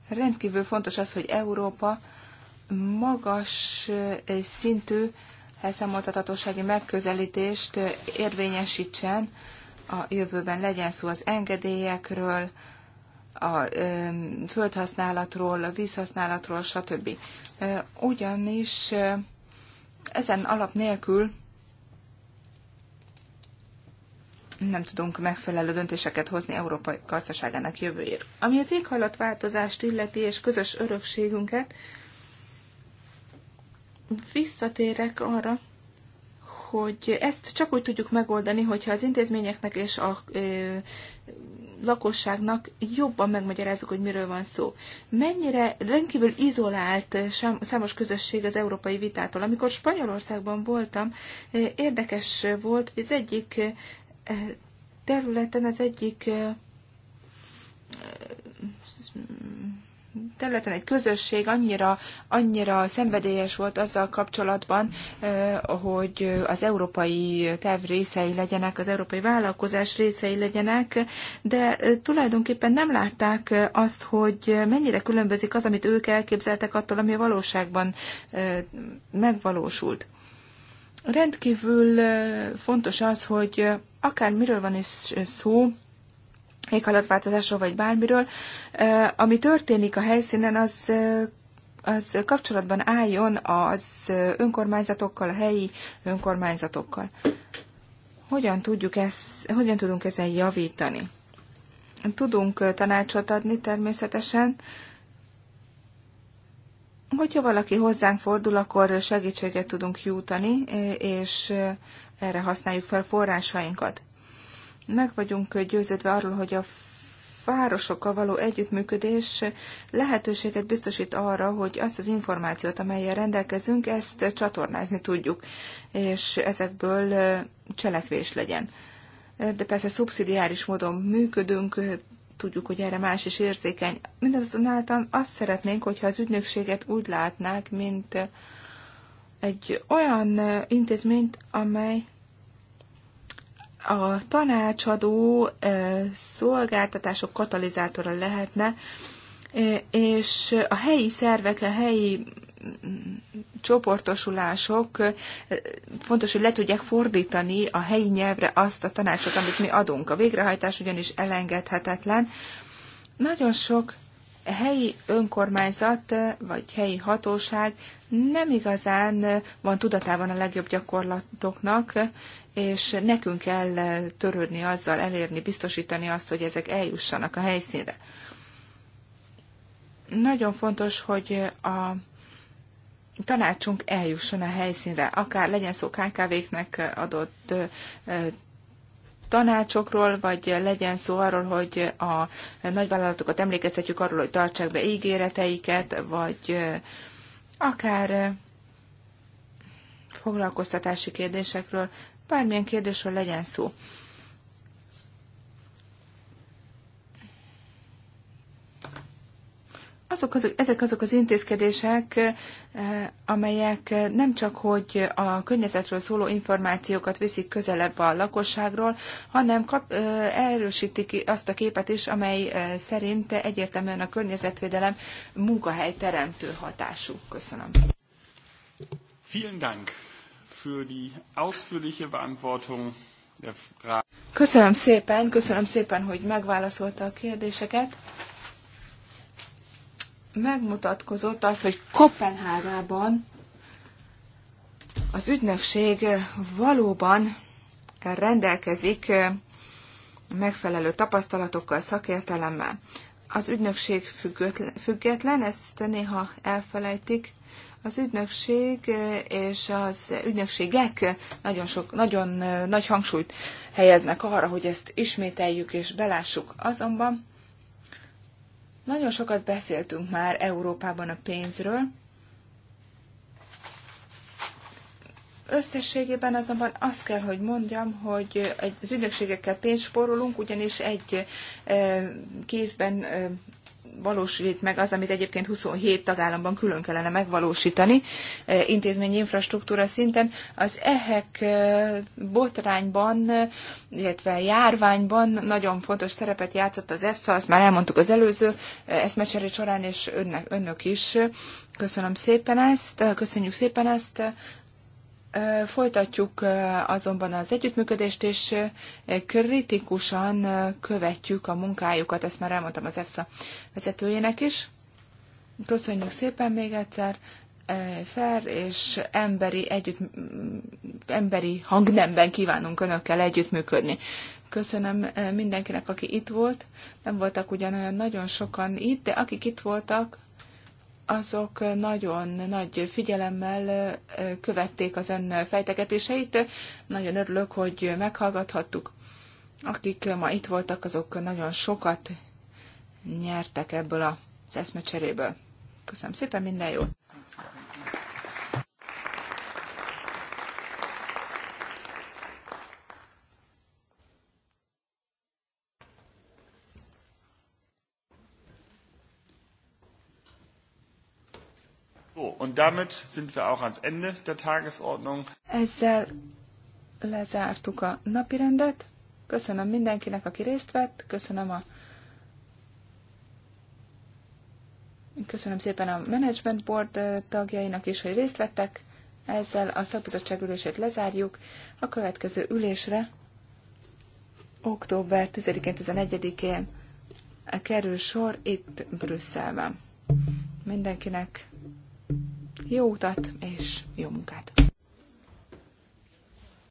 Rendkívül fontos az, hogy Európa magas szintű elszámoltathatósági megközelítést érvényesítsen a jövőben legyen szó az engedélyekről, a földhasználatról, a vízhasználatról, stb. Ugyanis ezen alap nélkül nem tudunk megfelelő döntéseket hozni Európai gazdaságának jövőjére. Ami az éghajlatváltozást illeti és közös örökségünket, visszatérek arra, hogy ezt csak úgy tudjuk megoldani, hogyha az intézményeknek és a ö, lakosságnak jobban megmagyarázzuk, hogy miről van szó. Mennyire rendkívül izolált számos közösség az európai vitától. Amikor Spanyolországban voltam, érdekes volt, hogy az egyik területen, az egyik területen egy közösség annyira, annyira szenvedélyes volt azzal kapcsolatban, hogy az európai terv részei legyenek, az európai vállalkozás részei legyenek, de tulajdonképpen nem látták azt, hogy mennyire különbözik az, amit ők elképzeltek attól, ami a valóságban megvalósult. Rendkívül fontos az, hogy akár miről van is szó, éghajlatváltozásról vagy bármiről, ami történik a helyszínen, az az kapcsolatban álljon az önkormányzatokkal, a helyi önkormányzatokkal. Hogyan, tudjuk ezt, hogyan tudunk ezen javítani? Tudunk tanácsot adni természetesen. Hogyha valaki hozzánk fordul, akkor segítséget tudunk jutani, és erre használjuk fel forrásainkat. Meg vagyunk győződve arról, hogy a városokkal való együttműködés lehetőséget biztosít arra, hogy azt az információt, amelyen rendelkezünk, ezt csatornázni tudjuk, és ezekből cselekvés legyen. De persze szubszidiáris módon működünk, tudjuk, hogy erre más is érzékeny. Mindazonáltal azt szeretnénk, hogyha az ügynökséget úgy látnák, mint egy olyan intézményt, amely a tanácsadó szolgáltatások katalizátora lehetne, és a helyi szervek, a helyi mm, csoportosulások fontos, hogy le tudják fordítani a helyi nyelvre azt a tanácsot, amit mi adunk. A végrehajtás ugyanis elengedhetetlen. Nagyon sok helyi önkormányzat eh, vagy helyi hatóság nem igazán eh, van tudatában a legjobb gyakorlatoknak, eh, és nekünk kell törődni azzal, elérni, biztosítani azt, hogy ezek eljussanak a helyszínre. Nagyon fontos, hogy a tanácsunk eljusson a helyszínre, akár legyen szó KKV-knek adott tanácsokról, vagy legyen szó arról, hogy a nagyvállalatokat emlékeztetjük arról, hogy tartsák be ígéreteiket, vagy akár foglalkoztatási kérdésekről, bármilyen kérdésről legyen szó. azok, azok, ezek azok az intézkedések, eh, amelyek nem csak, hogy a környezetről szóló információkat viszik közelebb a lakosságról, hanem kap, eh, erősítik azt a képet is, amely eh, szerint egyértelműen a környezetvédelem munkahely teremtő hatású. Köszönöm. Vielen Dank für die ausführliche Beantwortung der Köszönöm szépen, köszönöm szépen, hogy megválaszolta a kérdéseket megmutatkozott az, hogy Kopenhágában az ügynökség valóban rendelkezik megfelelő tapasztalatokkal, szakértelemmel. Az ügynökség független, ezt néha elfelejtik. Az ügynökség és az ügynökségek nagyon, sok, nagyon nagy hangsúlyt helyeznek arra, hogy ezt ismételjük és belássuk. Azonban nagyon sokat beszéltünk már Európában a pénzről, Összességében azonban azt kell, hogy mondjam, hogy az ügynökségekkel pénzt sporolunk, ugyanis egy eh, kézben eh, valósít meg az, amit egyébként 27 tagállamban külön kellene megvalósítani eh, intézményi infrastruktúra szinten. Az ehek eh, botrányban, eh, illetve járványban nagyon fontos szerepet játszott az EFSA, azt már elmondtuk az előző eszmecseré során, és önnek, önök is. Köszönöm szépen ezt, köszönjük szépen ezt Folytatjuk azonban az együttműködést, és kritikusan követjük a munkájukat, ezt már elmondtam az EFSA vezetőjének is. Köszönjük szépen még egyszer, fair és emberi, együtt, emberi hangnemben kívánunk Önökkel együttműködni. Köszönöm mindenkinek, aki itt volt. Nem voltak ugyanolyan nagyon sokan itt, de akik itt voltak, azok nagyon nagy figyelemmel követték az ön fejtegetéseit. Nagyon örülök, hogy meghallgathattuk. Akik ma itt voltak, azok nagyon sokat nyertek ebből az eszmecseréből. Köszönöm szépen, minden jót! und damit sind wir auch ans Ende der Tagesordnung. Ezzel lezártuk a napirendet. Köszönöm mindenkinek, aki részt vett. Köszönöm a Köszönöm szépen a Management Board tagjainak is, hogy részt vettek. Ezzel a szakbizottság ülését lezárjuk. A következő ülésre október 10-én, 11-én kerül sor itt Brüsszelben. Mindenkinek jó utat és jó munkát!